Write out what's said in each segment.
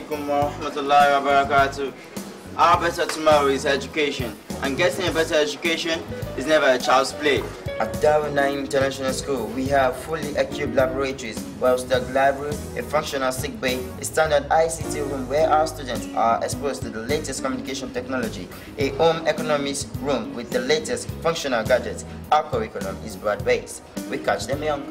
warahmatullahi wabarakatuh. Our better tomorrow is education, and getting a better education is never a child's play. At Darwin International School, we have fully equipped laboratories, well-stocked library, a functional sick bay, a standard ICT room where our students are exposed to the latest communication technology, a home economics room with the latest functional gadgets. Our curriculum is broad-based. We catch them young.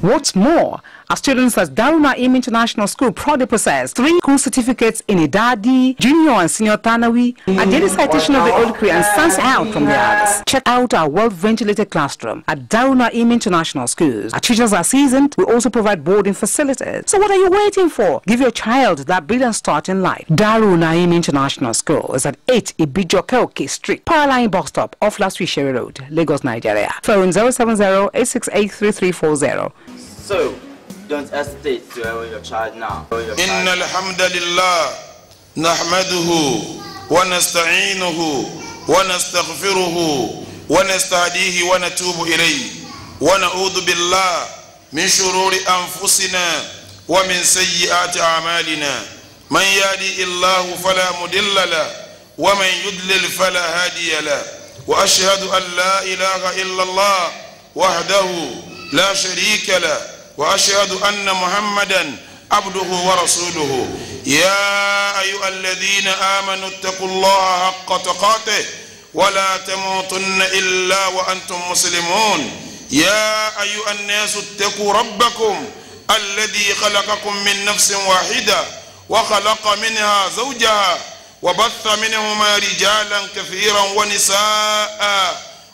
What's more, our students at Daruna Im International School proudly possess three school certificates in Idadi, Junior and Senior Thanawi, a daily mm, citation of the Old Korean stands out from the others. Check out our well-ventilated classroom at Daruna Im International Schools. Our teachers are seasoned. We also provide boarding facilities. So what are you waiting for? Give your child that brilliant start in life. Daru Naim International School is at 8 Ibijokeoke Street, Paraline Bus Stop off Sherry Road, Lagos, Nigeria. Phone 070 868 3340. So, Don't hesitate to enroll your child now. إن الحمد لله نحمده ونستعينه ونستغفره ونستهديه ونتوب إليه ونعوذ بالله من شرور أنفسنا ومن سيئات أعمالنا من يهدي الله فلا مضل له ومن يضلل فلا هادي له وأشهد أن لا إله إلا الله وحده لا شريك له وأشهد أن محمدا عبده ورسوله يا أيها الذين آمنوا اتقوا الله حق تقاته ولا تموتن إلا وأنتم مسلمون يا أيها الناس اتقوا ربكم الذي خلقكم من نفس واحدة وخلق منها زوجها وبث منهما رجالا كثيرا ونساء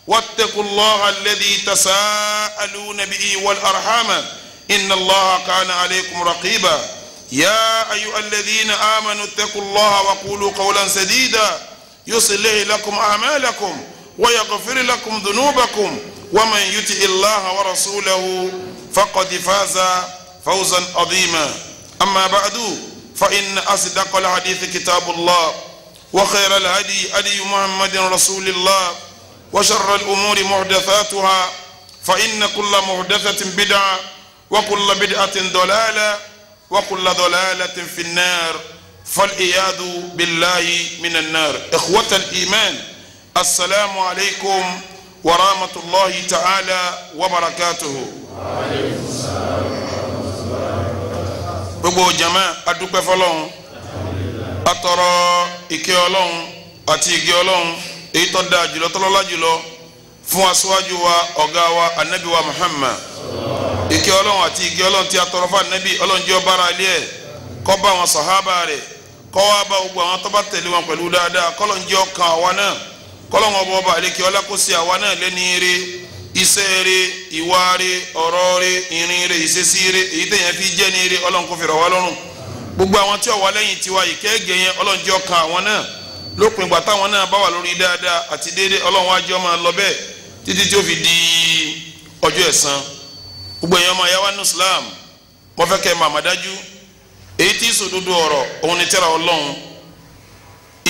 واتقوا الله الذي تساءلون به والأرحام إن الله كان عليكم رقيبا يا أيها الذين آمنوا اتقوا الله وقولوا قولا سديدا يصلح لكم أعمالكم ويغفر لكم ذنوبكم ومن يطع الله ورسوله فقد فاز فوزا عظيما أما بعد فإن أصدق الحديث كتاب الله وخير الهدي هدي محمد رسول الله وشر الأمور محدثاتها فإن كل محدثة بدعة وكل بدعة ضلالة وكل ضلالة في النار فالعياذ بالله من النار إخوة الإيمان السلام عليكم ورحمة الله تعالى وبركاته gbogbo jama adúpẹ́ fọ́lọ́run atọrọ ìkẹ́ Ọlọ́run àti ìgẹ́ Ọlọ́run èyí tó dáa jùlọ tọlọlá jùlọ fún aṣáájú wa ọgá wa anabi wa Muhammad. ìkẹ́ ọlọ́run àti ìkẹ́ ọlọ́run tí a fún ànábì ọlọ́run jẹ́ ọba ara ilé ẹ̀ kọ́ bá àwọn sàhábà rẹ̀ kọ́ wá bá gbogbo àwọn tẹ̀lé wọn pẹ̀lú dáadáa kọ́lọ́n jẹ́ ọkàn àwa náà kọ́lọ́n ọba ọba ke ọlákòsí àwa náà lẹ́ni ire iṣẹ́ ire ìwà ire ọ̀rọ̀ ire ire ìṣesí ire èyí fi jẹ́ ni gbogbo àwọn tí lẹ́yìn tiwa yẹn ọlọ́run náà lópin ìgbà táwọn gbogbo ẹ̀yọ́ ọmọ yàwá ní Islam mo fẹ́ kẹ́ ẹ̀ màmá dájú èyí tí sòdodo ọ̀rọ̀ òun ni tẹ́ra ọlọ́run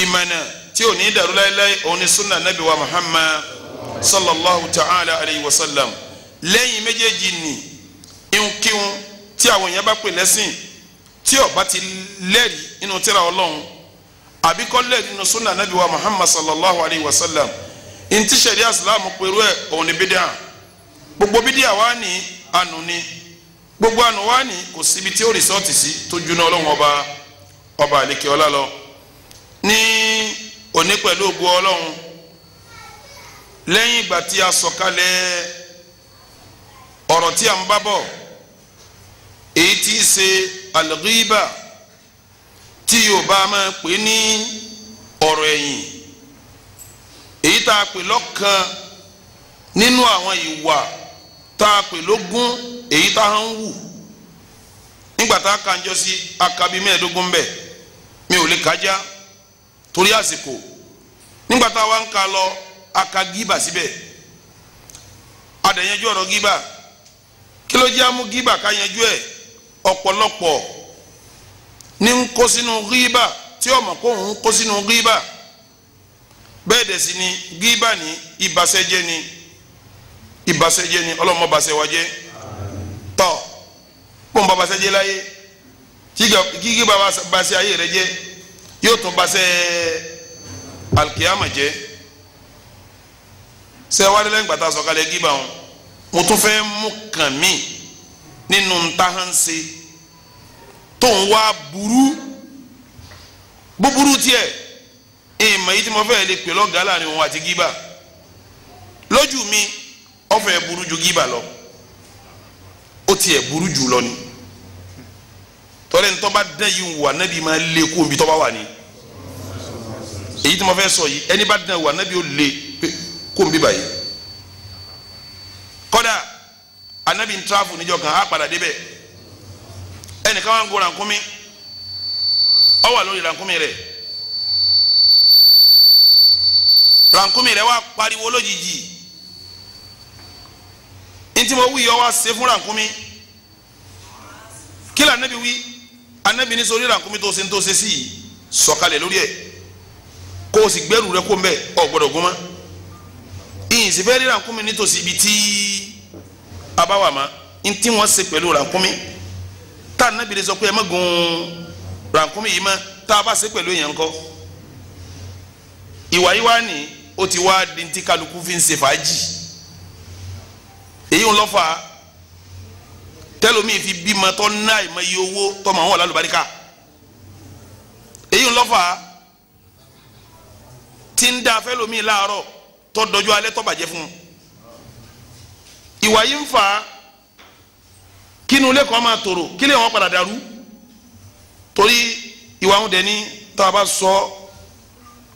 ìmọ̀nà tí ò ní dàrú láéláé òun ni sunna nabi wa Muhammad sallallahu ta'ala alayhi wa sallam lẹ́yìn méjèèjì ni ihunkihun tí àwọn èèyàn bá pè lẹ́sìn tí ó bá ti lẹ́rìí inú tẹ́ra ọlọ́run àbí kọ́ inú sunna nabi wa Muhammad sallallahu alayhi wa sallam ntí sẹ̀ríà Islam pẹ̀lú ẹ̀ òun ni bídíà gbogbo bídíà wa ni àánú ni gbogbo àánú wa ni kò síbi tí ó rìsọ́ọ̀tì sí tó júná ọlọ́run ọba ọba àlekè ọlá lọ ní òní pẹ̀lú ògo ọlọ́run lẹ́yìn ìgbà tí a sọ̀kalẹ̀ ọ̀rọ̀ tí a ń bá bọ̀ èyí tí í ṣe àlùgíbà tí yorùbá máa pè ní ọ̀rọ̀ ẹ̀yìn èyí tá a pè lọ́kan nínú àwọn ìwà. tá a pè èyí tá a ń wù nígbà tá a kà jọ sí mi ò lè kájá torí àsìkò nígbà tá a ka lọ aka gíbà síbẹ̀ adẹ̀yẹjú ọ̀rọ̀ gíbà kí ló jẹ́ amú gíbà ká yẹjú ẹ̀ ọ̀pọ̀lọpọ̀ ní ń kó sínú tí ọmọ kó ń kó sínú bẹ́ẹ̀ dẹ̀ sí ni ìbàsẹ̀jẹ́ ni ọlọ́mọ bàsẹ̀ wa jẹ́ tọ́ pọ́nba bàsẹ̀jẹ́ láyé kíkí bá bàsẹ̀ ayé rẹ jẹ́ yóò tún bàsẹ̀ alikiyama jẹ́ sẹ wàá lẹ́yìn gbàtà sọ̀kalẹ̀ gíba wọn mo tún fẹ́ mú kàn mí nínú ntahansi tó ń wá burú búburú tiẹ̀ ìmọ̀ yìí tí mo fẹ́ lè pè lọ́gàá láàrin òun àti gíba lójú mi ọfẹ buru ju gíba lọ ó tiẹ̀ burú jù lọ ni tọ́lẹ̀ ní tọ́ba dán yìí wà nábì máa lé kó omi tọ́ba wà ní èyí tí mo fẹ́ sọ yìí ẹni bá dán wà nábì ó lé kó omi báyìí kọ́dà anabi ntrafu níjọ kan á padà débẹ̀ ẹnìkan wà ń go rànkúmi ó wà lórí rànkúmi rẹ̀ rànkúmi rẹ̀ wà pariwo lójijì tí mo wí yọ wá ṣe fún rànkúmi kí lànà bí wí anabi ní sori rànkúmi tó ṣe ń tó ṣe sí i sọ̀kalẹ̀ lórí ẹ̀ kó o sì gbẹ́rù rẹ kó mbẹ́ ọ̀ gbọ́dọ̀ gún mọ́ ìyìn sì fẹ́ rí rànkúmi nítòsí ibi tí a bá wà má n tí wọ́n ṣe pẹ̀lú tá anabi lè sọ pé ẹ má gun rànkúmi yìí mọ́ tá a bá ṣe pẹ̀lú èèyàn ńkọ́ ìwà yìí wá ní o ti wá di ti kálukú fi ń ṣe fàájì èyí ń lọ́fà tẹlomi fi bímọ tọ́ ná ìmọ̀ iye owó tọmọ àwọn ọ̀làlùbáríkà èyí ń lọ́fà tí ń da fẹlomi láàárọ̀ tọ́ dọjú alẹ́ tọ́ bàjẹ́ fún un ìwà yìí ń fà á kínú ilé kan máa tòrò kílé wọn padà dàrú torí ìwà wọn dẹni tá a bá sọ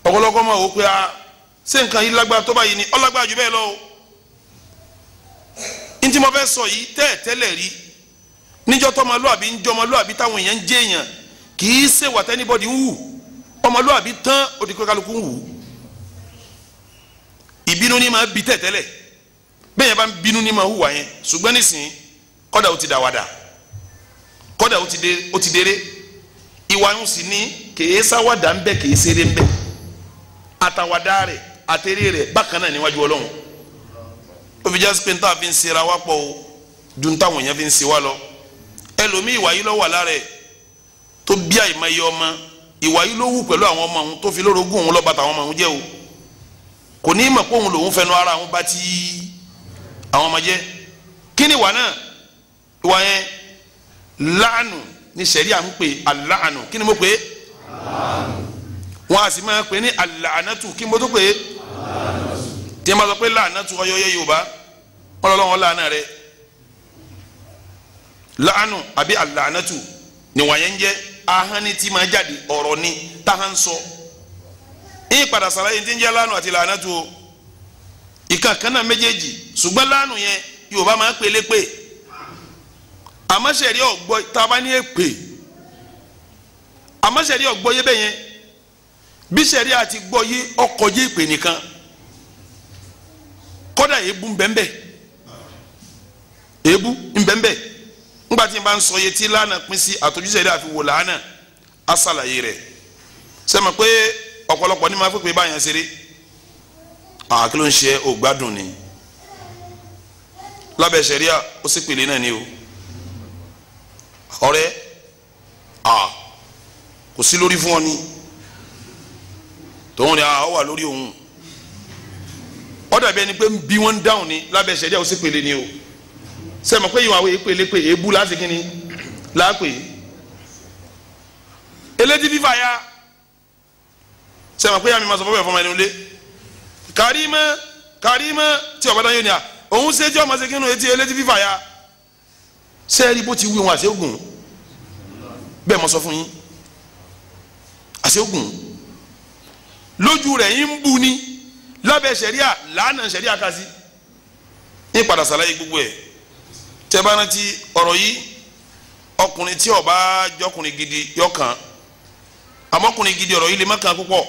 ọ̀pọ̀lọpọ̀ máa wò pé a ah, ṣé nǹkan yìí lágbára tó báyìí ni ó jù bẹ́ẹ̀ lọ ntí mo fẹ́ sọ yìí tẹ́ tẹ́lẹ̀ rí níjọ́ tó ọmọlúwàbí ń jọ ọmọlúwàbí táwọn èèyàn ń jẹ́ èèyàn kì í ṣe wàtẹ́ níbọ̀dì ń wù ọmọlúwàbí tán òdìkọ́ kálukú ń wù ìbínú ni máa bí tẹ́ tẹ́lẹ̀ bẹ́ẹ̀ yẹn bá ń bínú ni máa hùwà yẹn ṣùgbọ́n nísìnyí kọ́dà ó ti dàwàdà kọ́dà ó ti déré ìwà ń sì ní kèé sáwàdà ń bẹ kèé ń bẹ àtàwàdà rẹ̀ àtẹ̀rẹ̀ rẹ̀ bákan náà níwájú ọlọ́run ló fi jásí pé ní tá a fi ń sera wá pọ̀ o ju ní táwọn èèyàn fi ń se wá lọ ẹlòmíì ìwà yìí ló wà lára ẹ̀ tó bí àìmọye ọmọ ìwà yìí ló wù pẹ̀lú àwọn ọmọ òun tó fi lórogún òun lọ́ba tàwọn ọmọ òun jẹ́ o kò ní mọ̀ pé òun lòun fẹnu ara òun bá ti àwọn ọmọ jẹ́ kí ni ìwà náà ìwà yẹn láàánú ni sẹ̀rí à ń pè aláàánú kí ni mo pè é wọn a sì máa pè ní aláàánú kí n tó pè é tí n bá sọ pé láàánú ọyọ yẹ Yorùbá. ọlọ́wọ́n lànà rẹ lànà àbí àlànàtù níwáyé ń jẹ́ ahánni tí máa jáde ọ̀rọ̀ ni táhán sọ ń padà sàlàyé tí ti jẹ́ la'anu àti la'anatu o ìka kanna méjèèjì ṣùgbọ́n lànà yẹn Yorùbá máa ń pèlè pè àmọ́sẹ̀rí ọ̀gbọ́ tábà ní èpè àmọ́sẹ̀rí ọ̀gbọ́ yé bẹ́yẹn bí sẹ̀rí àti gbọ́ yé ọkọ̀ yé èpè nìkan kódà yé bú bẹ́ẹ̀ bẹ́ẹ̀. ebu nbẹ́nbẹ́ ńgbà mba n bá ti lana pin si lánà pín sí àtòjúṣe rẹ àfi wò lánà á ṣàlàyé n'i ma pé ọ̀pọ̀lọpọ̀ ní máa fẹ́ pé báyẹn ṣeré o gbadun ni lábẹ́ sẹ̀ríà ni o ọ̀rẹ́ a kò si lórí fún ọ ni tòun ni a ọ lórí òun pé bí dáhùn ni lábẹ́ o ó sì ni o. sẹ́mi pé ìwà àwọn èèpè lépè èébú láti kíni láàpè elétí fífa ya sẹ́mi pé àmì máa sọ fún bẹ́ẹ̀ fọmọ ẹni lé kàrímẹ́ kàrímẹ́ tí ọ̀bá dáyé ni à òun ṣe tí ọmọ ṣe kínú etí elétí fífa ya sẹ́ẹ̀rí bó ti wí wọn àṣẹ́gun bẹ́ẹ̀ mo sọ fún yín àṣẹ́gun lójú rẹ̀ yín ń bu ni lábẹ́ sẹ̀ríà lánàá sẹ̀ríà kásí ní padà sàlàyé gbogbo ẹ̀ tẹ́bánátì ọrọ yìí ọkùnrin tí ọba bá jọkùnrin gidi yọkàn àmọ́kùnrin gidi ọrọ yìí lè má kàn púpọ̀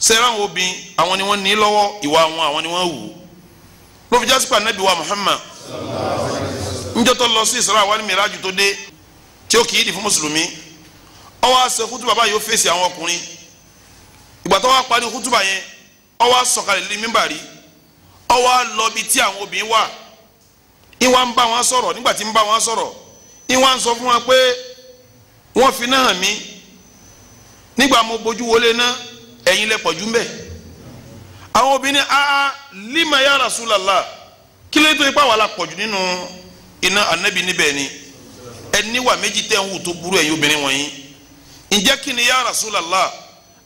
sẹ́ráhùn obìnrin àwọn ni wọ́n ní lọ́wọ́ ìwà wọn àwọn ni wọ́n wù ló fi jásípà wa Muhammad njẹ́tọ́ lọ sí Isra wal Miraj tó dé tí ó kì í di fún mùsùlùmí ó wá ṣe kútùbà báyìí ó fèsì àwọn ọkùnrin ìgbà tó wá parí kútùbà yẹn ó wá sọ̀kalẹ̀ mímbàrí ó wá lọ tí àwọn obìnrin wà ìwà ń bá wọn sọ̀rọ̀ nígbà tí ń bá wọn sọ̀rọ̀ ìwà ń sọ fún wọn pé wọ́n fi náà hàn mí nígbà mo bójú wọlé náà ẹ̀yin lẹ pọ̀jù mbẹ́ àwọn obìnrin aa lima ya Rasulullah kí ló tó ipá wà la pọ̀jù nínú iná anabi níbẹ̀ ni ẹni wà méjì tẹ̀ ń wù tó burú ẹ̀yin obìnrin wọ̀nyí ǹjẹ́ kí ni ya Rasulullah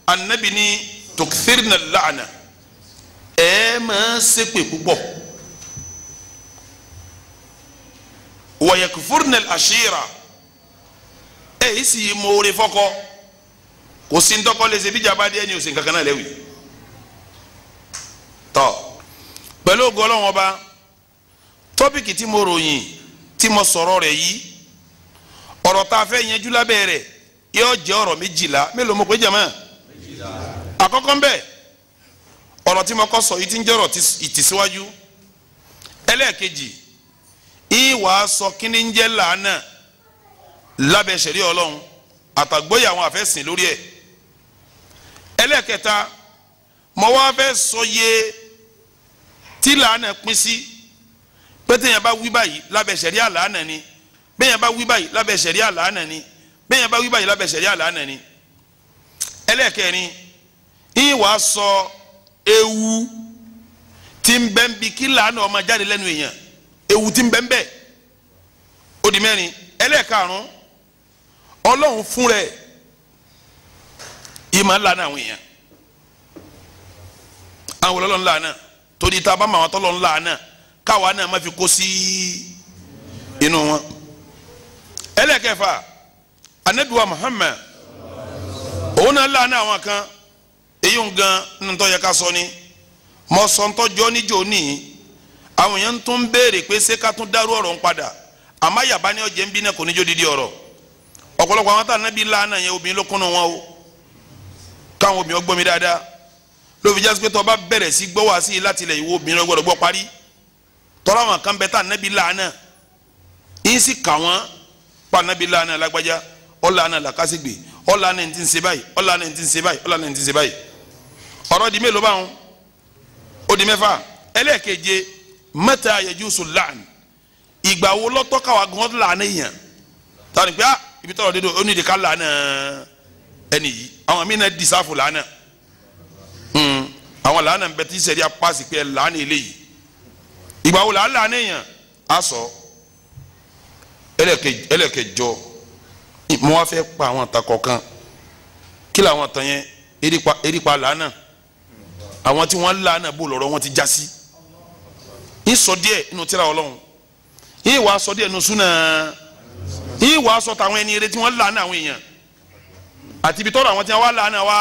anabi ni tukthirna la'ana ẹ̀ẹ́ máa ń ṣépè púpọ̀. wọ̀yẹ̀kùfúrúnẹ̀ àṣírà èyí sì yí moore fọ́kọ́ kò sí ntọ́kọ́ lè ṣe bíjà bá dé ẹni òsè kankan náà lẹ́wì tọ́ pẹ̀lú gọlọ́wọ́n ba tọ́pìkì tí mo ròyìn tí mo sọ̀rọ̀ rẹ̀ yìí ọ̀rọ̀ tá a fẹ́ yanjú lábẹ́ rẹ̀ yóò jẹ́ ọ̀rọ̀ méjìlá mélòó mo pé jàmá àkọ́kọ́ ń bẹ̀ ọ̀rọ̀ tí mo kọ́ sọ yìí ti ń jẹ́ ọ̀rọ̀ ìtìsíwájú ẹlẹ́ẹ̀kejì ìwà sọ kíní ń jẹ́ làánà lábẹ́ sẹ̀rí ọlọ́run àtàgbóyè àwọn àfẹ́sìn lórí ẹ̀ ẹlẹ́ẹ̀kẹta mo wá fẹ́ sọ yé tí làánà pín sí pété yẹn bá wí báyìí lábẹ́ sẹ̀rí àlàánà ni bẹ́ẹ̀ yẹn bá wí báyìí lábẹ́ sẹ̀rí àlàánà ni bẹ́ẹ̀ yẹn bá wí báyìí lábẹ́ sẹ̀rí àlàánà ni ẹlẹ́ẹ̀kẹrin ìwà sọ ewu tí ń bẹ́ẹ̀ bí kí làánà ọmọ jáde lẹ́nu èèyàn ewu ti ń bẹ ń bẹ ó di mẹ́rin ẹlẹ́ẹ̀karùn-ún ọlọ́run fún rẹ̀ yìí máa ń lànà àwọn èèyàn àwọn ọlọ́run lànà torí tá a bá màwọn tọ́lọ́run lànà káwa náà má fi kó sí inú wọn ẹlẹ́ẹ̀kẹfà anabiwa Muhammad òun náà lànà àwọn kan èyí ń gan ní tó ká sọ ni mọ̀sán tó jọ níjó nìyí àwọn èèyàn tún ń béèrè pé ṣé ká tún dárú ọ̀rọ̀ ń padà àmọ́ yàbá ni ọ̀jẹ̀ ń bí náà kò ní jó didi ọ̀rọ̀ ọ̀pọ̀lọpọ̀ àwọn táwọn nábì lánàá yẹn obìnrin ló kúnnú wọn o káwọn obìnrin gbọ́ mi dáadáa ló fi jásí pé tọ́ bá bẹ̀rẹ̀ sí gbọ́ wá sí i láti ilẹ̀ ìwọ obìnrin gbọ́dọ̀ gbọ́ parí tọ́lá àwọn kan bẹ táwọn nábì lánàá yín sì kà wọ́n pa nábì lánàá lágbájá ọ̀lànà làkásìgbè ọ̀lànà ẹ̀ ń ti ń ṣe báyìí ọ̀lànà ẹ̀ ń ti ń ṣe báyìí ọ̀rọ̀ mẹ́ta yajusu lan ìgbà wo lọ́tọ́ káwa gan lànà yẹn tani pé ah ibi tọrọ de do ó ní de ká lànà eh, ẹni yìí àwọn mi náà disafu lànà hmm, àwọn lànà bẹ tí sẹ́díà paasi pé lànà eléyìí ìgbà wo lànà lànà yẹn a sọ ẹlẹ́kẹjọ mo wá fẹ́ pa àwọn ta kọ̀ọ̀kan kí làwọn tán yẹn eripa eripa lànà àwọn tí wọ́n lànà bó lọ́rọ̀ wọn ti já sí. Si ìsọ díẹ̀ inú tíra Ọlọ́run ìwà sọ díẹ̀ inú súnà ìwà sọ tàwọn ẹni eré tí wọ́n lànà àwọn èèyàn àti ibi tọ́lọ̀ àwọn tí wọ́n lànà wá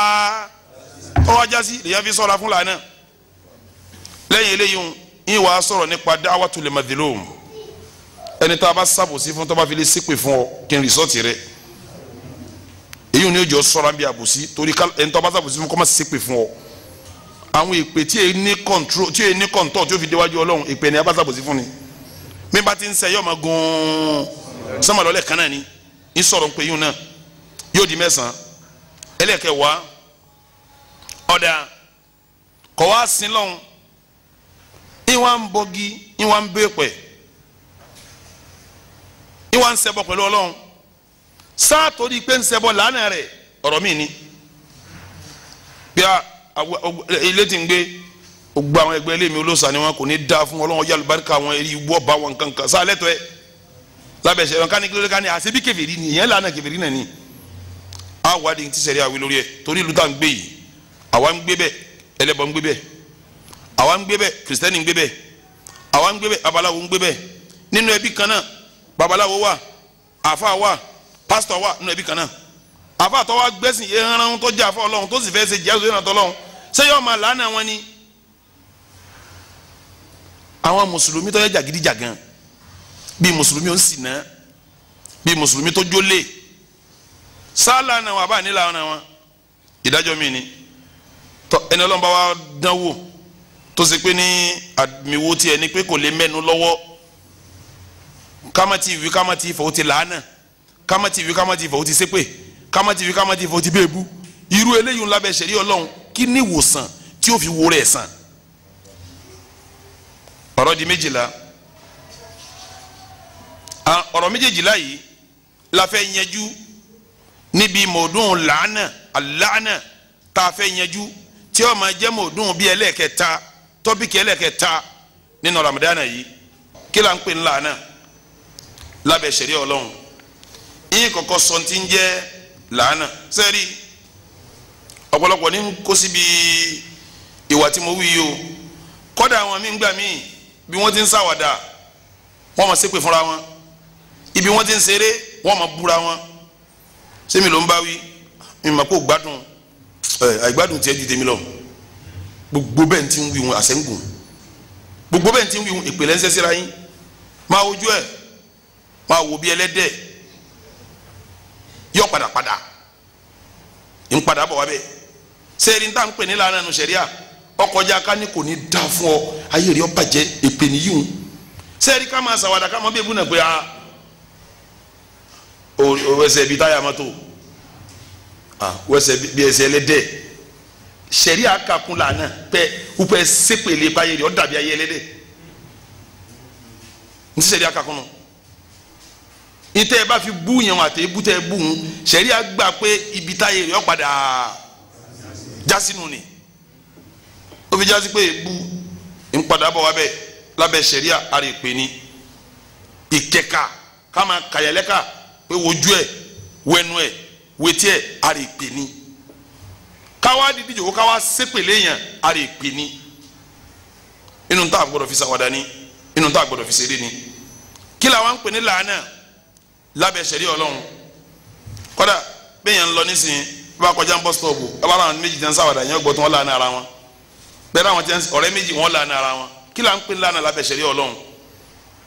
tọ́wọ́ jásí lèyàn fi sọ́ra fún lànà lẹ́yìn eléyìí ìwà sọ̀rọ̀ nípa dáwàtú lè madhilum ẹni tá a bá ṣàbòsí fún tó bá fi fún ọ kí n rìsọ́ọ̀tì rẹ èyí ni ó jọ sọ́ra bí àbòsí torí ẹni tó bá fún kọ́ má ṣépè fún ọ àwọn èpè tí èyí ní control tí èyí ní control tí ó fi déwájú ọlọ́run èpè ní abáṣàbòsí fún ni mi bá ti ń sẹ yóò máa gun sọmọlọlẹ kan náà ni ń sọ̀rọ̀ pé yún náà yóò di mẹ́sàn-án ẹlẹ́kẹ̀wá ọ̀dà kọ̀ wá sí lọ́hùn ìwà ń bọ́gi ìwà ń bẹ́pẹ̀ ìwà ń ṣẹbọ pẹ̀lú ọlọ́run sáà torí pé ń ṣẹbọ lánàá rẹ̀ ọ̀rọ̀ mi ni bí a ilé tí ń gbé gbogbo àwọn ẹgbẹ́ ilé mi olóòsàn ni wọn kò ní da fún ọlọ́wọ́n yálù barika wọn èyí wọ́ bá wọn kankan sá lẹ́tọ̀ ẹ lábẹ́sẹ̀ wọn kání kílódé kání àṣebí kẹfìrí ni ìyẹn lànà kẹfìrí náà ni àwádìí ti sẹ̀rí àwí lórí ẹ̀ torí ìlú tá à ń gbé yìí àwa ń gbé bẹ́ẹ̀ ẹlẹ́bọ ń gbé bẹ́ẹ̀ àwa ń gbé bẹ́ẹ̀ kìrìsìtẹ́nì ń gbé bẹ́ẹ̀ àwa ń gbé bẹ́ẹ̀ babaláwo ń gbé bẹ́ẹ̀ nínú ẹbí kan náà babaláwo wà àfa wà pásítọ̀ wà nínú ẹbí kan náà àfa tó gbẹ́sìn yẹn rán tó jẹ́ àfa ọlọ́run tó sì fẹ́ ṣe jẹ́ àṣọ ṣé yóò máa lánàá wọn ni àwọn mùsùlùmí tó yẹ jàgídíjàgan bíi mùsùlùmí ó ń sì náà bíi mùsùlùmí tó jólè sáàlà náà wọn àbá nílà náà wọn ìdájọ́ mi ni ẹni ọlọ́run bá wa dánwò tó ṣe pé ní àmìwò tiẹ̀ ni pé kò lè mẹ́nu lọ́wọ́ kámátì ìwé kámátì ìfọ̀ ó ti làánà kámátì ìwé kámátì ìfọ̀ ó ti ṣépè kámátì ìwé kámátì ìfọ̀ ó bẹ́ẹ̀ bú irú eléyìí ńlá bẹ́ẹ̀ ṣẹ̀rí ọlọ́run kí ni ìwòsàn tí ó fi wo rẹ̀ sàn ọ̀rọ̀ di méjìlá ọ̀rọ̀ méjèèjìlá yìí la fẹ́ yanjú níbi mọ̀ọ́dún làánà àlàánà tá a fẹ́ yanjú tí ó máa jẹ́ mọ̀ọ́dún bíi ẹlẹ́ẹ̀kẹta tọ́pìkì ẹlẹ́ẹ̀kẹta nínú ramadana yìí kí la ń pè ní làánà lábẹ́ sẹ̀rí ọlọ́run yín kọ́kọ́ sọ ti ń jẹ́ làánà sẹ́rí ọ̀pọ̀lọpọ̀ ní kó síbi ìwà tí mo wí yìí o kọ́dà àwọn míì ń gbà míì bí wọ́n ti ń ṣàwàdà wọ́n máa ṣépè fúnra wọn ibi wọ́n ti ń ṣeré wọ́n máa búra wọn sẹ́mi ló ń bá wí mi mà kó gbádùn ẹ àìgbádùn tiẹ̀ ju tèmi lọ gbogbo bẹ́ẹ̀ ń ti ń wí wọn àṣẹ́ngùn gbogbo bẹ́ẹ̀ ń ti ń wí wọn ìpè lẹ́sẹ̀ síra yín máa wojú ẹ̀ máa wo bí ẹlẹ́dẹ̀ yọ padà padà ń padà bọ̀ wá bẹ́ẹ̀ sẹ́ẹ̀rì tá à ń pè ní lànà nùsẹ̀ríà ọkọjá ká ní kò ní dá fún ọ ayé rí ọ bàjẹ́ èpè nìyíwò sẹ́ẹ̀rì ká máa sàwádà ká máa bí ebúnà pé a ah, wẹsẹ̀ bíi táyà mọ́tò wẹsẹ̀ ah, bíi ẹsẹ̀ ẹlẹ́dẹ̀ sẹ̀ríà kakun lànà pẹ́ wípé sépèlè báyé rí ọ dàbí ayé ẹlẹ́dẹ̀ ní sẹ̀ríà kakun náà ìtẹ́ ẹ bá fi bú yẹn àti ibú tẹ́ bú un sẹ̀ríà gbà pé ibi táyé rí ọ padà jásínú ni ó fi jásí pé èébú ń padà bọ̀ wábẹ̀ lábẹ́ sẹ̀ríà ara ìpè ni ìkẹ̀ka ká máa kàyẹ̀lẹ́ka pé wojú ẹ̀ wẹnu ẹ̀ wetí ẹ̀ ara ìpè ni káwá dídí jòkó káwá sépèlé yẹn ara ìpè ni inú tá a gbọdọ̀ fi ṣàwàdà ni inú tá a gbọdọ̀ fi ṣeré ni kí làwọn ń pè ní làánà lábẹ́ sẹ̀ríà ọlọ́run kọ́dà bẹ́ẹ̀ yẹn ń lọ nísìnyí bá kọjá ń bọ́ stọọbù ẹ bá láwọn méjì tẹ́ ń sáwàdà yẹn gbọ́ tí wọ́n lànà ara wọn bẹ́ẹ̀ láwọn tẹ́ ń ọ̀rẹ́ méjì wọ́n lànà ara wọn kí là ń pè lànà lábẹ́ sẹ́rí ọlọ́run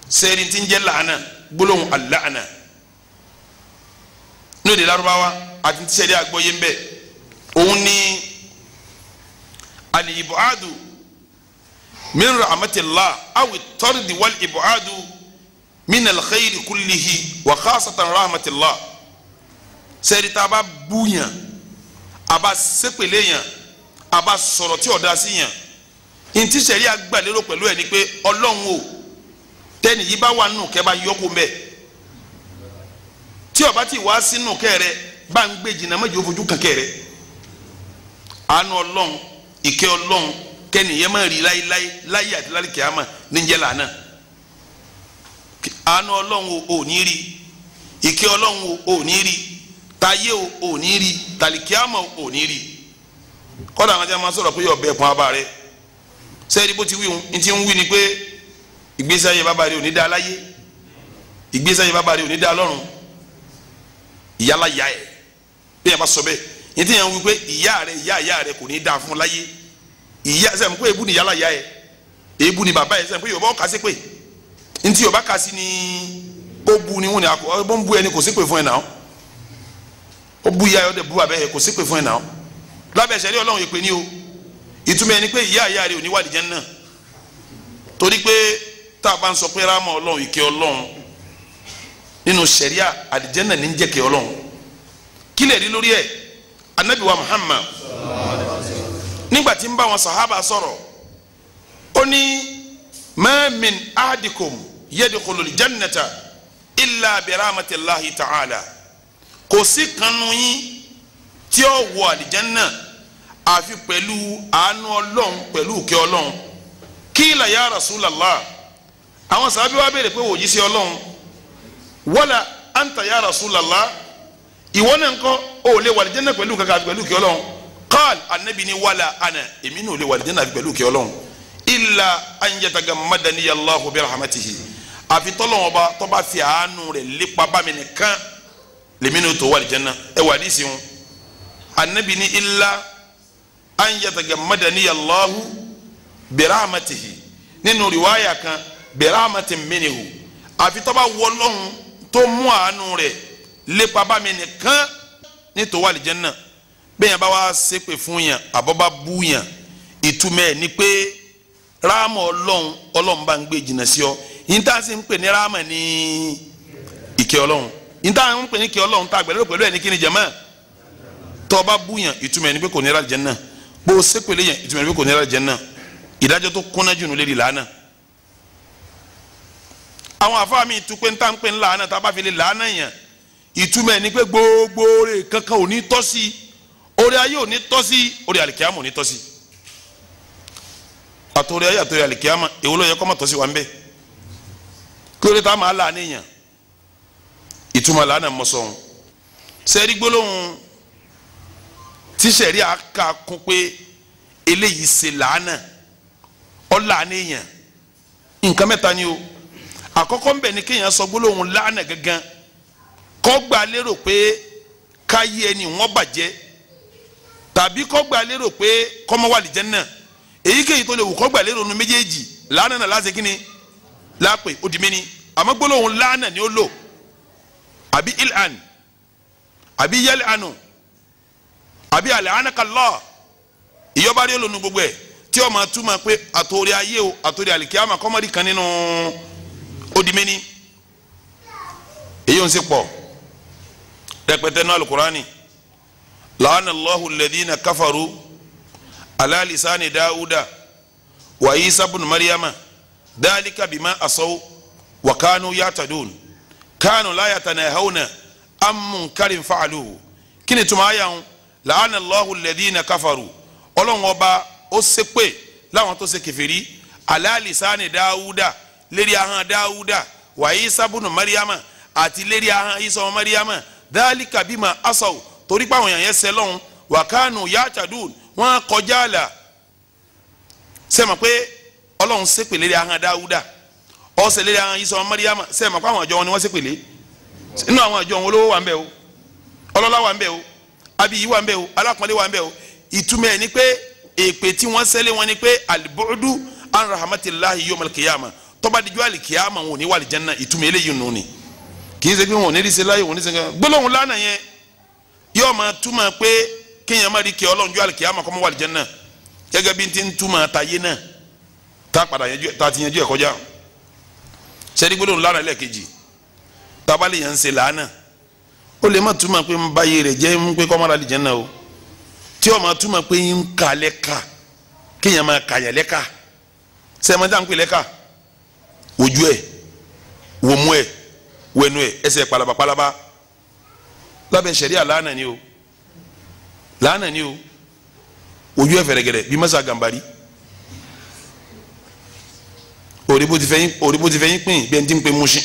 sẹ́rí ti ń jẹ́ lànà gbólóhùn àlànà ní òde lárúbáwá àti ti sẹ́rí àgbọ́yé òun ni àlè ìbọ̀ádù min rahmatillah awi tọ́rìdì wal ìbọ̀ádù min alkhairi kullihi wa khasatan rahmatillah sẹ́rí tá a bá búyàn aba sépèlé yàn àbá sọ̀rọ̀ tí ọ̀dà sí yàn ntí sẹ̀rí agbàlérò pẹ̀lú ẹ̀ ni pé ọlọ́run o tẹ́nì yìí bá wà nù kẹ́ bá yọ kó mbẹ́ tí ọba ti wá sínú kẹ́ rẹ bá ń gbé jìnnà méjì ojú kankẹ́ rẹ àánú ọlọ́run ìkẹ́ ọlọ́run kẹ́ni yẹn máa rí láyéláyé láyé àti láyé kìámà níjẹ́ lànà àánú ọlọ́run o ò ní rí ìkẹ́ ọlọ́run o ò ní rí tayé o ò ní rí tàlìkíámọ̀ ò ní rí kọ́dà àwọn tí a máa sọ̀rọ̀ pé ọ̀bẹ ẹ̀kún abá rẹ sẹ́yìn bó ti wí hun ní ti ń wí ni pé ìgbésí ayé bàbá rẹ ò ní dá láyé ìgbésí ayé bàbá rẹ ò ní dá lọ́run ìyálàyà ẹ̀ bí yàrá sọ bẹ́ẹ̀ ní ti yàn wí pé ìyá rẹ ìyá ìyá rẹ kò ní dá fún láyé ìyá sẹ́yìn pé èébú ni ìyálàyà ẹ̀ èébú ni bàbá ẹ̀ sẹ́yìn pé Yorùbá ọ̀ka sí pé ní ti Yorùbá ka sí ni ó bú ìyá rẹ̀ ó dẹ̀ bú abẹ́ yẹn kò sí pé fún ẹ̀ náà lábẹ́ ìṣẹ̀lẹ̀ ọlọ́run yìí pé ní o ìtumọ̀ ẹni pé ìyá ìyá rẹ̀ ò ní wà lìjẹ́ náà torí pé tá a bá ń sọ pé rámọ̀ ọlọ́run ìkẹ́ ọlọ́run nínú sẹ̀ríà àlìjẹ́ náà ní ń jẹ́kẹ́ ọlọ́run kí lè rí lórí ẹ̀ anabi Muhammad nígbà tí ń bá wọn sàhábà sọ̀rọ̀ ó ní ma min ahadikum yadkhulul jannata illa bi rahmatillahi ta'ala kò sí kanu yín tí ó wọ àlìjánná àfi pẹ̀lú àánú ọlọ́run pẹ̀lú ìkẹ́ ọlọ́run kíla ya Rasulullah àwọn sàbí wa béèrè pé òjì sí ọlọ́run wala anta ya Rasulullah ìwọ náà ńkọ́ ò lè wọ àlìjánná pẹ̀lú kankan àfi pẹ̀lú ìkẹ́ ọlọ́run qal anabi ni wala ana èmi ní ò lè wọ àlìjánná àfi pẹ̀lú ìkẹ́ ọlọ́run illa an yatagammadani Allahu rahmatihi àfi tọ́lọ́wọ́n ba tọ́ba fi àánú rẹ̀ lépa bá mi nìkan lèmi ni o tó wà lìjẹ́nà ẹ wà ní ìsìn anabi ni illa an yataghammadani Allahu birahmatihi nínú riwaya kan birahmatin minhu àfi tó bá wọlọ́hún tó mú àánú rẹ̀ lépa bá mi nìkan ní tó wà lìjẹ́nà bẹ́ẹ̀ yẹn bá wá ṣépè fún yàn àbọ̀bá bú yàn ìtumọ̀ ẹ̀ ni pé ráàmù ọlọ́run ọlọ́run bá ń gbé jìnnà sí ọ yín tá a sì ń pè ní ráàmù ní ìkẹ́ ọlọ́run níta ń pè ní kí ọlọ́run tá àgbẹ̀lẹ́ pẹ̀lú ẹ̀ ní kí ni jẹ̀mọ́ tó bá búyàn ìtumọ̀ ẹni pé kò ní ra jẹ́nà bó o sépèlé yẹn ìtumọ̀ ẹni pé kò ní ra jẹ́nà ìdájọ́ tó kúnná jù nílé làánà àwọn àfáà mi tu pé níta ń pè ní làánà tá a bá fi lè làánà yẹn ìtumọ̀ ẹni pé gbogbo oore kankan ò ní tọ́ sí oore ayé ò ní tọ́ sí oore àlìkíyàmù ò ní tọ́ sí àtòrí ayé àtòrí àlìkíyàmù èwo ló yẹ kó tọ́ sí wa ń bẹ́ẹ̀ kí ìtumọ̀ lànà mọ́sán sẹ́rí gbólóhùn tíṣẹ̀rí àka kún pé eléyìí ṣe làánà ọ̀làníyàn nǹkan mẹ́ta ni o àkọ́kọ́ ń bẹ̀ ni kéèyàn sọ gbólóhùn làánà gangan lérò pé káyé ẹni wọ́n bàjẹ́ tàbí lérò pé kọ́mọ wà lìjẹ́ wù méjèèjì náà láti kí ni àbí ilan àbí yẹlẹ anu àbí alẹ anakalọ ìyọba rí olónú gbogbo ẹ tí o máa túmọ̀ pé àtòrí ayé o àtòrí àlìkíyàmà kọ́mọ́dì kan nínú odimeni èyí ò ń ṣe pọ̀ rẹpẹtẹ náà alukurani laana allahu ladina kafaru ala lisani dauda wa isa bin maryama dalika bima asaw wa kanu yatadun kánú láyà tàn ẹ̀ hàwùnà amú kárí nfàlù kí ni tuma ayà ń làánà lọ́hùn lẹ́dí iná káfàrú ọlọ́run ọba ó ṣépè láwọn tó ṣe kẹfìrí aláàlì sáni dáúdà lérí ahọ́n dáúdà wàyí sábùnù mariama àti lérí ahọ́n isọ́ mariama dálíkà bímọ asaw torí pé àwọn èèyàn yẹn ṣẹ lọ́hùn wàkánù yàtàdùn wọn kọjá àlà sẹ́mi pé ọlọ́run ṣépè lérí ahọ́n dáúdà ọsẹ lé àwọn Ìsá Mariama sẹẹma kó àwọn àjọ wọn ni wọn sì pèlè inú àwọn àjọ wọn olówó wà ń bẹ o ọlọ́lá wà ń bẹ o abiyi wà ń bẹ o alákùnrin wà ń bẹ o ìtumọ̀ ẹ̀ ni pé èpè tí wọ́n sẹ́lẹ̀ wọn ni pé alibudu an rahmatulahi yom alikiyama tọ́ba alikiyama wọn ò ní wà alijanna ìtumọ̀ eléyìí nù ni kì í ṣe pé wọn ò ní ṣe láyé wọn ní ṣe gbólóhùn lánà yẹn yóò máa túmọ̀ pé kéèyàn má rí kí ọlọ́run alikiyama kọ́ mọ́ wà alijanna gẹ́gẹ́ bí n ti túmọ̀ tayé náà tá a padà yẹn tá a ti yẹn ju ẹ̀ kọjá sẹ́ni gbólóhùn lánàá lẹ́ẹ̀kejì tábàlì yẹn ń ṣe lánà ó lè má túmọ̀ pé ń bá yé rẹ̀ jẹ́ ń pé kọ́ mọ́ra lìjẹ́ náà o tí ó má túmọ̀ pé ń ka lẹ́ka kéèyàn máa kàyà lẹ́ka sẹ́ni ń pè lẹ́ka ojú ẹ̀ wò ẹ̀ wò ẹ̀ ẹsẹ̀ palaba palaba lábẹ́ sẹ̀ríà lánàá ni o lánàá ni o ojú ẹ̀ fẹ̀rẹ̀gẹ̀rẹ̀ bí mọ́sá gàmbari òrí bó ti fẹ́ yín òrí bó ti fẹ́ yín pín bẹ́ẹ̀ ti ń pe Mushin.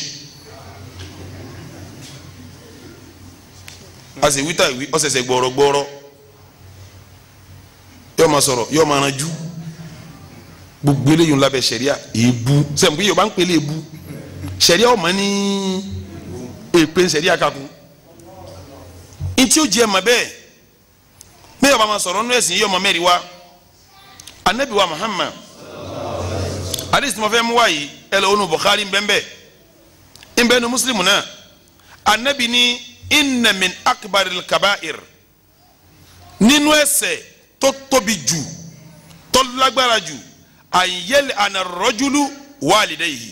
a sì wíta ìwí ọ̀sẹ̀sẹ̀ gbọ̀rọ̀ gbọ̀rọ̀ yóò máa sọ̀rọ̀ yóò máa ranjú gbogbo eléyìí ńlá bẹ sẹ̀ríà èébú sẹ́mi kí yorùbá ń pèlè èébú sẹ̀ríà ọ̀mọ́ ní èpè sẹ̀ríà kakú ntí ó jẹ́ ẹ̀ bẹ́ẹ̀ bẹ́ẹ̀ yóò máa sọ̀rọ̀ nínú ẹ̀sìn yóò máa mẹ́rin wá anabi Muhammad hadith mọfẹ mu wa yìí ẹ lọ onu bukhari nbẹnbẹ nbẹnu muslim náà anabi ni inna min akbaril kaba'ir nínú ẹ̀ṣẹ̀ tó tóbi jù tó lágbára jù àyẹlẹ anarọjulu wàlídẹyìí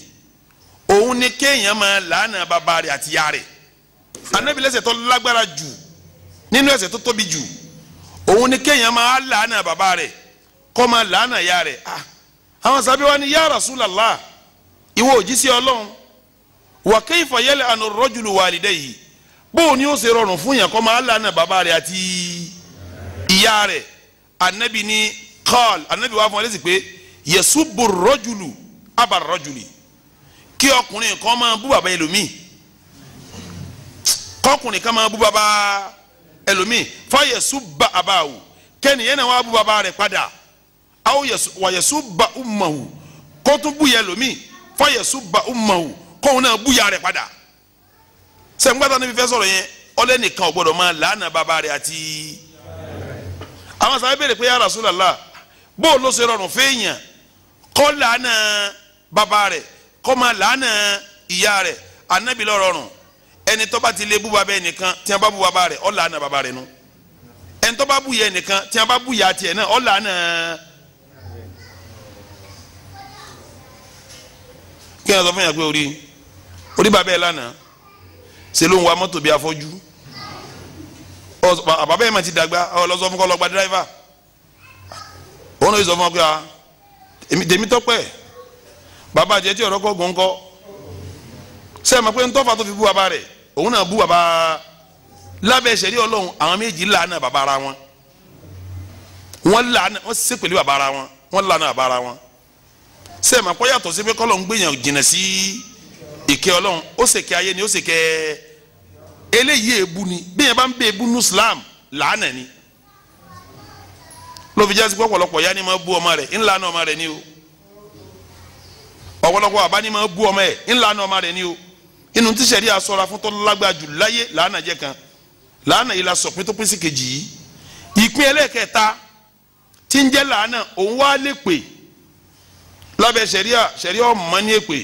òun ni kéèyàn máa làánà bàbá rẹ̀ àti ìyá rẹ̀ anabi lẹ́ṣẹ̀ tó lágbára jù nínú ẹ̀ṣẹ̀ tó tóbi jù òun ni kéèyàn máa làánà bàbá rẹ̀ kó máa làánà ìyá rẹ̀ ah àwọn sábẹ́ wa ni ya Rasulullah ìwọ òjíṣẹ́ ọlọ́run wa kayfa yal'anu ar-rajulu walidayhi bóun ni ó ṣe rọrùn fún yàn kó máa lànà bàbá rẹ̀ àti ìyá rẹ̀ anabi ni qal anabi wa fún wa lẹ́sìn pé yasubbu ar-rajulu aba ar kí ọkùnrin kan máa bú bàbá ẹlòmíì kọkùnrin kan máa bú bàbá ẹlòmíì fa yasubba abahu kẹ́niyẹn náà wá bú bàbá rẹ̀ padà. wa wàyẹ̀sù ba umahu kó tún búyẹ lomi fọyẹ̀sù ba umahu kóun náà búyà rẹ̀ padà sẹ̀ńgbàtà níbi fẹ́ sọ̀rọ̀ yẹn ọlẹ́nìkan ò gbọ́dọ̀ máa làánà bàbá rẹ̀ àti àwọn sábẹ́ bèrè pé ya Rasulullah ló ṣe rọrùn fẹ́yàn kó làánà bàbá rẹ̀ kó máa làánà ìyá rẹ̀ ànábì ló rọrùn ẹni ma ti lé bú bàbá ẹnìkan tí a bá bú bàbá rẹ̀ ó làánà bàbá a yà kí ẹ sọ fún yàn pé orí orí bàbá ẹ lánàá ṣe ló ń wa mọ́tò bí afọ́jú bàbá ẹ mà ti dàgbà ọ lọ sọ fún kọ́ lọ gba dírẹ́fà òun náà sọ fún ọ pé a ah, tèmi tọ́pẹ́ bàbá àjẹ tí ọ̀rọ̀ kọ́ gùn kọ́ ṣe é ma pé ntọ́fà tó fi bú bàbá rẹ̀ òun náà bú bàbá lábẹ́ ìṣẹ̀rí ọlọ́run àwọn méjì làánà bàbá ara wọn wọ́n làánà wọ́n ṣépè lé bàbá ara wọn wọ́n làánà bàbá ara wọn sẹ́ẹ̀ mà kọ́ yàtọ̀ sí pé kọ́lọ̀ ń gbìyànjú jìnnà sí ìkẹ́ ọlọ́run ó sì kẹ́ ayé ni ó sì kẹ́ eléyìí èébú ni bí yẹn bá ń bẹ èébú ní Islam làánà ni lóbi jásí pé ọ̀pọ̀lọpọ̀ ya ni máa bú ọmọ rẹ̀ ńlá náà ọmọ rẹ̀ ni o ọ̀pọ̀lọpọ̀ àbá ni máa bú ọmọ ẹ̀ ńlá náà ọmọ rẹ̀ ni o inú tí sẹ̀rí asọ́ra fún tọ́lágbá jù láyé làánà jẹ́ kan làánà yìí la sọ̀pin tó pín sí kejì yìí ìpín ẹlẹ́kẹta tí ń jẹ́ làánà òun wá lè pè lábẹ́ sẹ̀ríà sẹ̀ríà ọ̀mọ́ ní èpè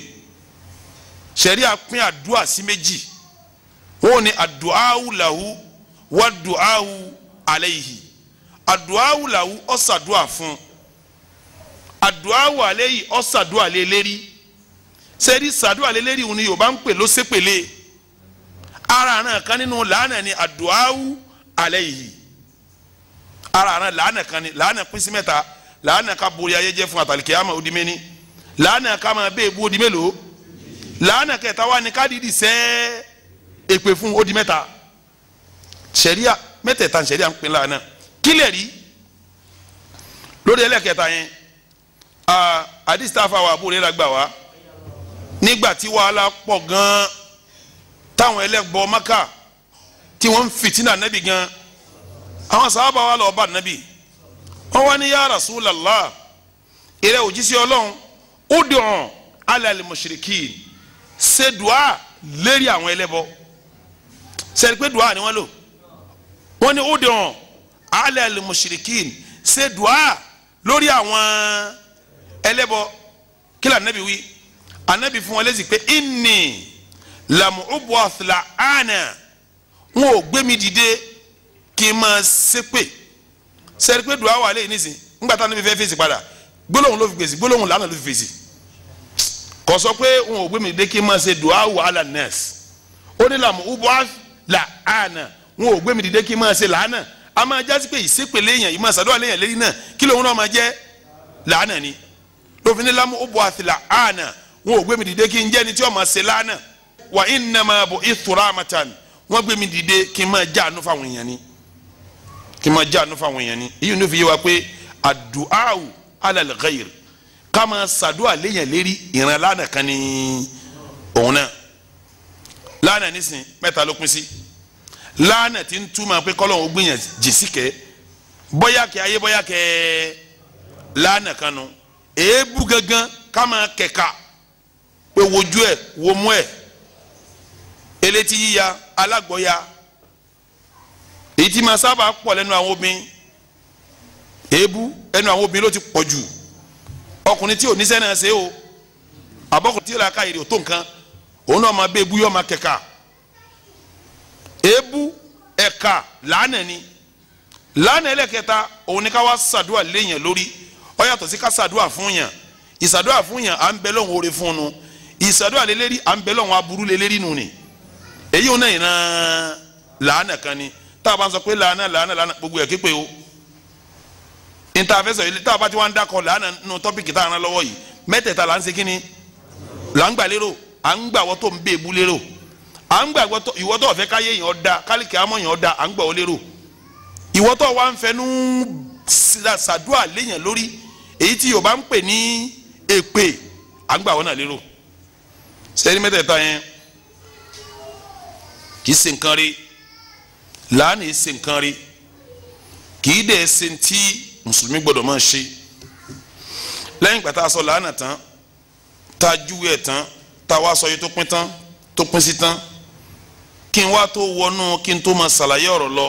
sẹ̀ríà pín àdúrà sí méjì wọ́n ní àdúràwù làwù wàdúràwù àlẹ́yìí àdúràwù làwù ọ̀sàdúà fún àdúràwù àlẹ́yìí ọ̀sàdúà lé lérí sẹ́rí sàdúà lé lérí òun ni Yorùbá ń pè ló ara àrùn kan nínú làánà ni àdúràwù àlẹ́yìí ara àrùn làánà kan ni làánà pín sí mẹ́ta laana ka bori ayé jẹ fún atalikiyama ó di méni laana ka ma bẹ́ẹ̀ bu ó di mélòó laana kẹta wa ni ká didi sẹ́ èpè fún ó di mẹ́ta sẹ̀ríà mẹ́tẹ̀ẹ̀ta sẹ̀ríà ń pè lórí ẹlẹ́kẹta yẹn adistafa wa abúlé la gbà wá nígbà tí wàhálà pọ̀ gan-an táwọn ẹlẹ́gbọ́ maka tí wọ́n ń fìtínà nẹ́bì gan àwọn sábà wà lọ́ọ́ bá nẹ́bì ó wá ní ya Rasulallah ìrẹ òjíṣẹ́ Ọlọ́run ó dì hàn alali mushrikin ṣe dùá lérí àwọn ẹlẹ́bọ sẹ́ni pé dùá ni wọ́n lò wọ́n ní ó dì hàn alali mushrikin ṣe dùá lórí àwọn ẹlẹ́bọ kí la wí Ànábì fún wọn lésì pé inni lamu ubuwa fila ana wọn ò gbé mi dìde kí n máa ṣépè sẹ́ni pé dùn àwọn àlẹ́ yìí nísìn ńgbà tá níbi fẹ́ fèsì padà gbólóhùn ló fi fèsì gbólóhùn lánàá ló fi fèsì kò sọ pé òun ò gbé mi dé kí n máa ṣe dùn àwọn àlà nẹ́ẹ̀sì ó ní làmú ubọ́ là àná wọn ò gbé mi dìde kí n máa ṣe làánà a máa jásí pé ìsépèlé èèyàn yìí máa ṣàdúrà léèyàn léyìn náà kí lóun náà máa jẹ́ làánà ni lófin ní lámú ubọ́ àti là àná wọn ò gbé mi dìde kí n jẹ́ ni tí wọ́n máa ṣe làánà kí n máa jáàánú fáwọn èèyàn ni èyí ló fi yé wa pé adu'awu alal ghayr ká máa sàdúà léyìn lérí ìran lánà kan ní òun náà lánà nísìn mẹ́ta ló pín sí lánà tí ń túmọ̀ pé kọ́lọ́hún ó gbìyàn jìsíkẹ́ bóyá kẹ́ ayé bóyá kẹ́ lánà kan nu èébú gangan ká máa kẹ̀ka pé wojú ẹ̀ womú ẹ̀ elétí yíya alágbọ̀ya èyí tí máa sábà pọ̀ lẹ́nu àwọn obìnrin èébú ẹnu àwọn obìnrin ló ti pọ̀ jù ọkùnrin tí ò níṣẹ́ náà ṣe o àbọ̀kùnrin tí ó la ká èrè ò tó nǹkan òun náà máa bẹ ebú yọ máa kẹ̀ka èébú ẹ̀ka làánà ni lánàá ẹlẹ́kẹta òun ni ká wá sàdúà léèyàn lórí ó yàtọ̀ sí ká sàdúà fún yàn ìsàdúà fún yàn à ń bẹ lọ́hùn oore fún un nu ìsàdúà lélẹ́rí à ń bẹ lọ́hùn aburú lélẹ́rí nu ni èyí òun náà yìí náà làánà kan ni tá a bá ń sọ pé làánà làánà làánà gbogbo ẹ̀ képe o ìtàfẹ́sọ̀ yìí tá a bá ti wá ń dakọ̀ làánà nínú tọ́pìkì tá a rán lọ́wọ́ yìí mẹ́tẹ̀ẹ̀ta là ń ṣe kínní là ń gbà lérò à ń gbà ń lérò à ń gbà ọ̀fẹ́ káyé yìí ọ̀dà kálíkì yìí ọ̀dà à ń gbà ó lérò wa ń fẹnu sàdúà léèyàn lórí èyí tí ń pè ní láàánú ṣe nǹkan rí kì í dẹ̀ ṣe tí mùsùlùmí gbọ́dọ̀ máa ṣe lẹ́yìn ìgbà tá a sọ làánà tán tá a júwe ẹ̀ tán tá a wá sọ yìí tó pín tán tó pín sí tán kí n wá tó wọnú kí n tó máa ṣàlàyé ọ̀rọ̀ lọ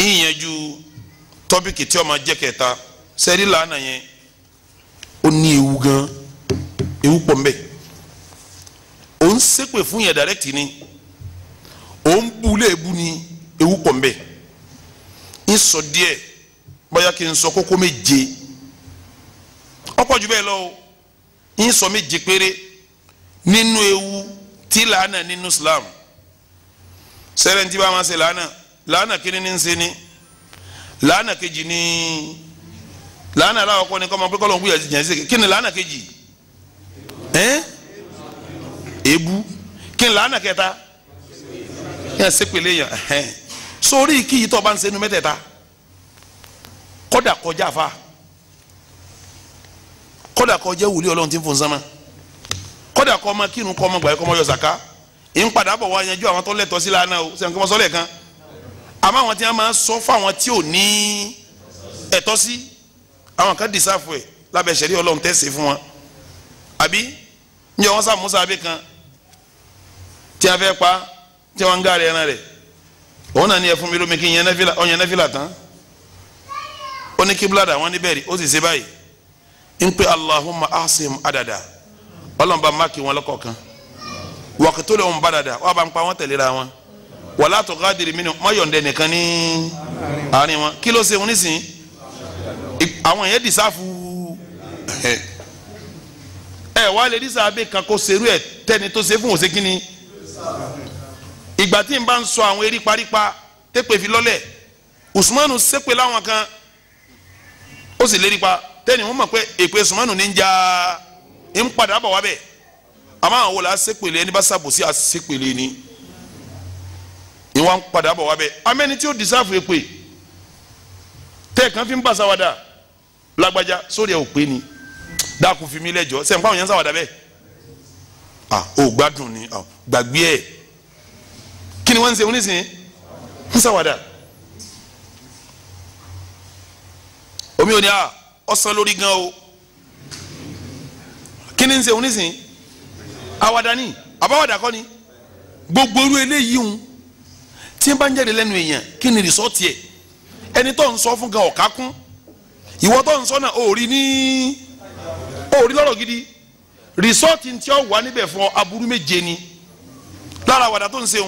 ìyẹnjú tọ́pìkì tí ó máa jẹ́ kẹta sẹ́rí làánà yẹn ó ní ewu gan ewu pọ̀ mbẹ́ òun ṣépè fún yẹn direct ni òun bu léèbù ni ewu pọ̀ mbẹ́ ń sọ díẹ̀ bóyá kí n sọ kókó méje ọ̀pọ̀ jù bẹ́ẹ̀ lọ o ń sọ méje péré nínú ewu tí làánà nínú Islam sẹ́rẹ̀ntì bá máa ṣe làánà làánà kí ni ní ń ṣe ni làánà kejì ni làánà aláwọ̀ kọ́ni kọ́ ma pé kọ́lọ́n kúyà jẹ́ ṣe kí ni làánà kejì ẹ́n èébú kí ni làánà kẹta yẹn ṣépele yẹn sórí kíyì tó o bá ń senu mẹ́tẹ̀ẹ̀ta kódà kọjá fa kódà kọjá wùlí ọlọ́run ti ń fún sánmà kódà kọ́ ọmọ kírun kọ́ ọmọ gbàyẹ kọ́ ọmọ yọ sàká ń padà bọ̀ wá yanjú àwọn tó lẹ́tọ̀ọ́ sí lánàá o sẹ́yìn kí wọ́n sọ lẹ́ẹ̀kan àmọ́ àwọn tí wọ́n máa ń sọ fáwọn tí ò ní ẹ̀tọ́ sí àwọn kan dìsáfù ẹ̀ lábẹ́ sẹ́rí ọlọ́run tẹ̀sí fún wọn àbí ń yọ wọn sá musa abẹ́ kan tí wọ́n fẹ́ pa tí wọ́n ń gáàrí ẹran rẹ̀ òun náà ní ẹ fún mi lómi kí n yẹn náfìlà ọ yẹn náfìlà tán ó ní kíbla dà wọ́n ní ó sì ṣe báyìí ń pẹ́ asim adada ọlọ́mọba máàkì wọn lọ́kọ̀ọ̀kan wàkútó lè wọn bá dada wọ́n bá ń pa wọn tẹ̀léra wọn wàlá tó gádìrì mí ni wọ́n yọ̀ǹdẹ̀ nìkan ní àárín wọn kí ló ṣe wọn nísìnyí àwọn yẹn dìsáfù ẹ wàá lè dísà abẹ́ kan kó serú ẹ tẹ́ni tó ṣe fún òṣèkínni ìgbà tí n bá ń sọ àwọn eríparípa tẹ́pẹ́ fi lọ́lẹ̀ Usmanu sẹ́pẹ́ láwọn kan ó sì lérípa tẹ́ni wọ́n mọ̀ pé èpè Usmanu ní ń ja ń padà bọ̀ wá bẹ̀ àmọ́ àwọn wòlá ẹni bá sàbòsí ni ìwà ń padà bọ̀ wá bẹ̀ amẹ́ni tí ó dìsáfù èpè tẹ́ẹ̀ kan fi ń bà sáwádà lágbájá sórí ò ni fi mí lẹ́jọ́ sẹ́ǹpá òyìn sáwádà ah gbádùn ni kí ni wọ́n ń ṣe onísìn ń ṣàwàdà omi ò ní à ah, ọsàn lórí gan o kí ni ń ṣe onísìn àwàdà ni àbáwàdà kọ́ ni gbogbo irú eléyìí ń tí n bá ń jáde lẹ́nu èèyàn kí ni rìsọ́ọ̀tì ẹ̀ ẹni tó ń sọ fún gan ọ̀ká kún ìwọ tó ń sọ náà òòrí ní òòrí lọ́rọ̀ gidi rìsọ́ọ̀tì tí ó wà níbẹ̀ fún aburú méje ni lára àwàdà tó ń ṣe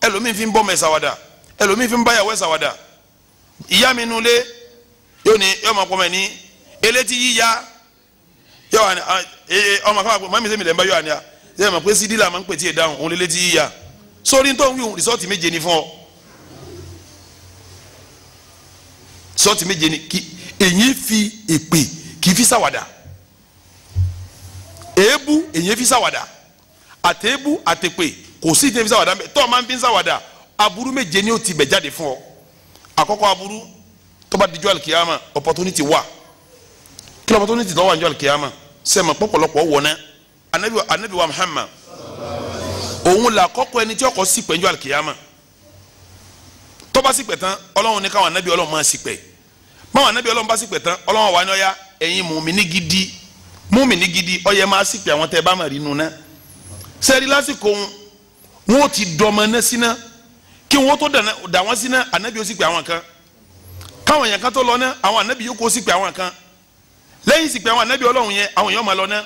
ẹlòmíì fi ń bọ́ ọmọ ẹ̀ ṣàwàdà ẹlòmíì fi ń báyàwó ẹ̀ ṣàwàdà ìyá mi nulẹ̀ yóò ní yóò máa pọ̀ mẹ́ ní elétí yíya yóò wà ní ah, eh, eh, ọmọ akọ́wà pé mọ́mí sẹ́mi lẹ́nu bá yóò wà ní a yóò máa pé sídìí là máa ń pè tí ì dáhùn òun lélétí yíya sórí tó ń wí rìsọ́ọ̀tì méje ni fún ọ rìsọ́ọ̀tì méje ni kí èyí fi èpè kì í fi ṣàwàdà èébú èyí fi ṣàwàdà àtèébú àtèpè kò sí ìtẹ́ fi sáwàdà mẹ́ tọ́ ọ máa ń fi sáwàdà aburú méje ni ó ti bẹ̀ jáde fún ọ àkọ́kọ́ aburú tó bá dijọ́ alikiyama opportunity wa, kí ló opportunity tó wà níjọ́ alikiyama sẹ́mi pọ̀pọ̀lọpọ̀ wọ̀ ná anabi anabi wa Muhammad òun là kọ́kọ́ ẹni tí ọkọ̀ sì pẹ̀ níjọ́ alikiyama tó bá sì pẹ̀ tán ọlọ́run ní káwọn anabi ọlọ́run máa sì pẹ̀ báwọn anabi ọlọ́run bá sì pẹ̀ tán ọlọ́run wà ní ọ̀ya ẹ̀yin mùmíní gidi mùmíní gidi ó yẹ máa sì pẹ̀ wọn ti dọmọ náà síná kí wọn tó dà wọn síná anabi ó sì pé àwọn kan káwọn yẹn kan tó lọ náà àwọn anabi yóò kó sì pé àwọn kan lẹ́yìn sì pé àwọn anabi ọlọ́run yẹn àwọn yẹn ó máa lọ náà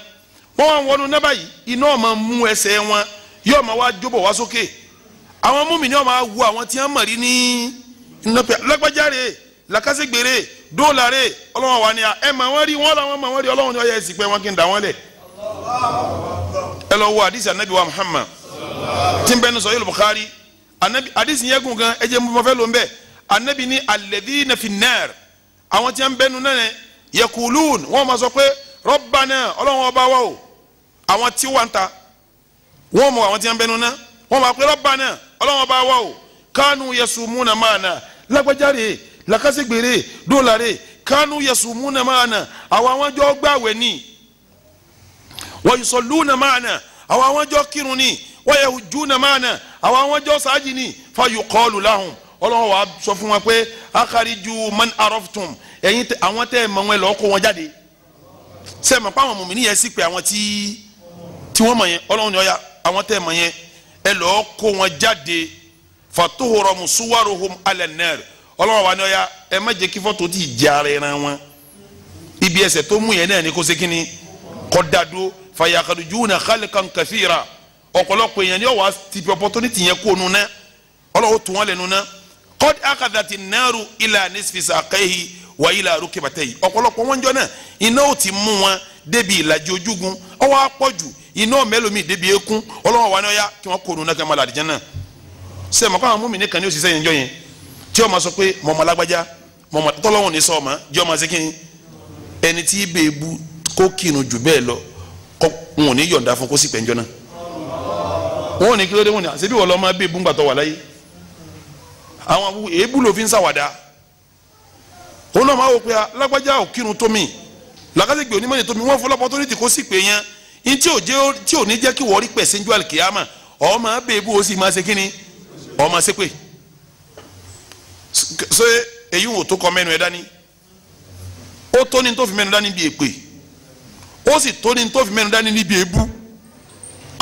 wọ́n wá wọnú náà báyìí iná ó máa mú ẹsẹ̀ wọn yóò máa wá jóbọ̀ wá sókè àwọn múmìnì ó máa wo àwọn tí wọ́n mọ̀rí ní ìnàpẹ̀ lọ́gbàjáre làkàṣègbèrè dóòlàrè ọlọ́run wa ni ẹ mà wọ́n rí wọ́n làwọn mà wọ́n rí ọlọ́run ni ó yẹ ẹ̀sìn pé wọ́n kí n dà wọ́n lẹ̀ ẹ lọ wo àdìsí anabi wa Muhammad tí n bẹ ní sọyìn Bukhari anabi hadisi yẹn kun kan ẹ jẹ́ mo fẹ́ ló ń bẹ anabi ni alladhina fi nnar àwọn tí wọn bẹ nu nana yakulun wọn ma sọ pé Rabbana Ọlọ́run ọba wa o àwọn tí wọn ta wọn mọ àwọn tí wọn bẹ nu na wọn ma pé Rabbana Ọlọ́run ọba wa o kanu yasumuna maana lagbajare lakasegbere dolare kanu yasumuna maana àwọn àwọn jọ gbàwẹ̀ ni wa yusalluna maana àwọn àwọn jọ kírun ni wọ́n yẹ ojú náà máa nà àwọn àwọn jọ sáájì ni fàyò kọ́ọ̀lù láhùn ọlọ́wọ́ wa sọ fún wọn pé akariju man aroftum ẹ̀yin àwọn tẹ́ ẹ̀ mọ̀ wọn lọ́ọ́ kó wọn jáde sẹ́ẹ̀ mọ̀ pé àwọn mùmí nìyẹn sì pé àwọn tí tí wọ́n mọ̀ yẹn ọlọ́wọ́ ni ọ̀ya àwọn tẹ́ ẹ̀ mọ̀ yẹn ẹ lọ́ọ́ kó wọn jáde fatuhoro musuwarohom alanar ọlọ́wọ́ wa ni ọ̀ya ẹ má jẹ́ kí fọ́tò ti jára wọn ibi ẹsẹ̀ tó mú yẹn náà ni kó na khalqan kathira ọ̀pọ̀lọpọ̀ èèyàn ni ó wá ti fi opportunity yẹn kó nu ná ọlọ́wọ́ tó wọn lẹ́nu ná qad akadhati naru ila nisfi saqayhi wa ila rukibatayhi ọ̀pọ̀lọpọ̀ wọn jọ náà iná ò ti mú wọn débi ìlàjì ojúgun ọwọ́ apọ̀jù iná mẹ́lòmíì débi eékún ọlọ́wọ́ wa ni ó yá kí wọ́n kó nu ná kí wọ́n máa lọ àlùjánnà sẹ́mi kọ́ àwọn múmi-ín kan ní òṣìṣẹ́ yẹn jọ yẹn tí ọmọ sọ pé mọ̀mọ́ lágbájá mọ̀mọ́ tọ́lọ́wọ́n ní sọ ọmọ jẹ́ ọmọ síkìn ẹni tí ibè kó kinu jù bẹ́ẹ̀ lọ kọ́ wọn ò ní yọ̀ǹda fún kó sì pẹ́ńjọ́ náà wọn ò ní kí ló dé wọn ni àṣebí wọn lọ máa bẹ ebúngbà tó àwọn èébú ló fi ń ṣàwàdà ó lọ́ọ́ máa wò pé alágbájá ah, òkírun tó mi làkàtẹ́gbẹ̀ onímọ̀lẹ̀ tó mi wọ́n fọlọ́pọ̀ tó ní ti kó sì pé yẹn ní tí ò ní jẹ́ kí wọ́ọ́rí pẹ̀ síjú àlìkìyàmà ọ̀ máa bẹ ebú ó sì máa ṣe kíni ọ̀ máa ṣe pé ṣé èyí wò tó kọ mẹ́nu ẹ̀ dání ó tó ní tó fi mẹ́nu dání bí èpè ó sì tó ní tó fi mẹ́nu dání níbi èébú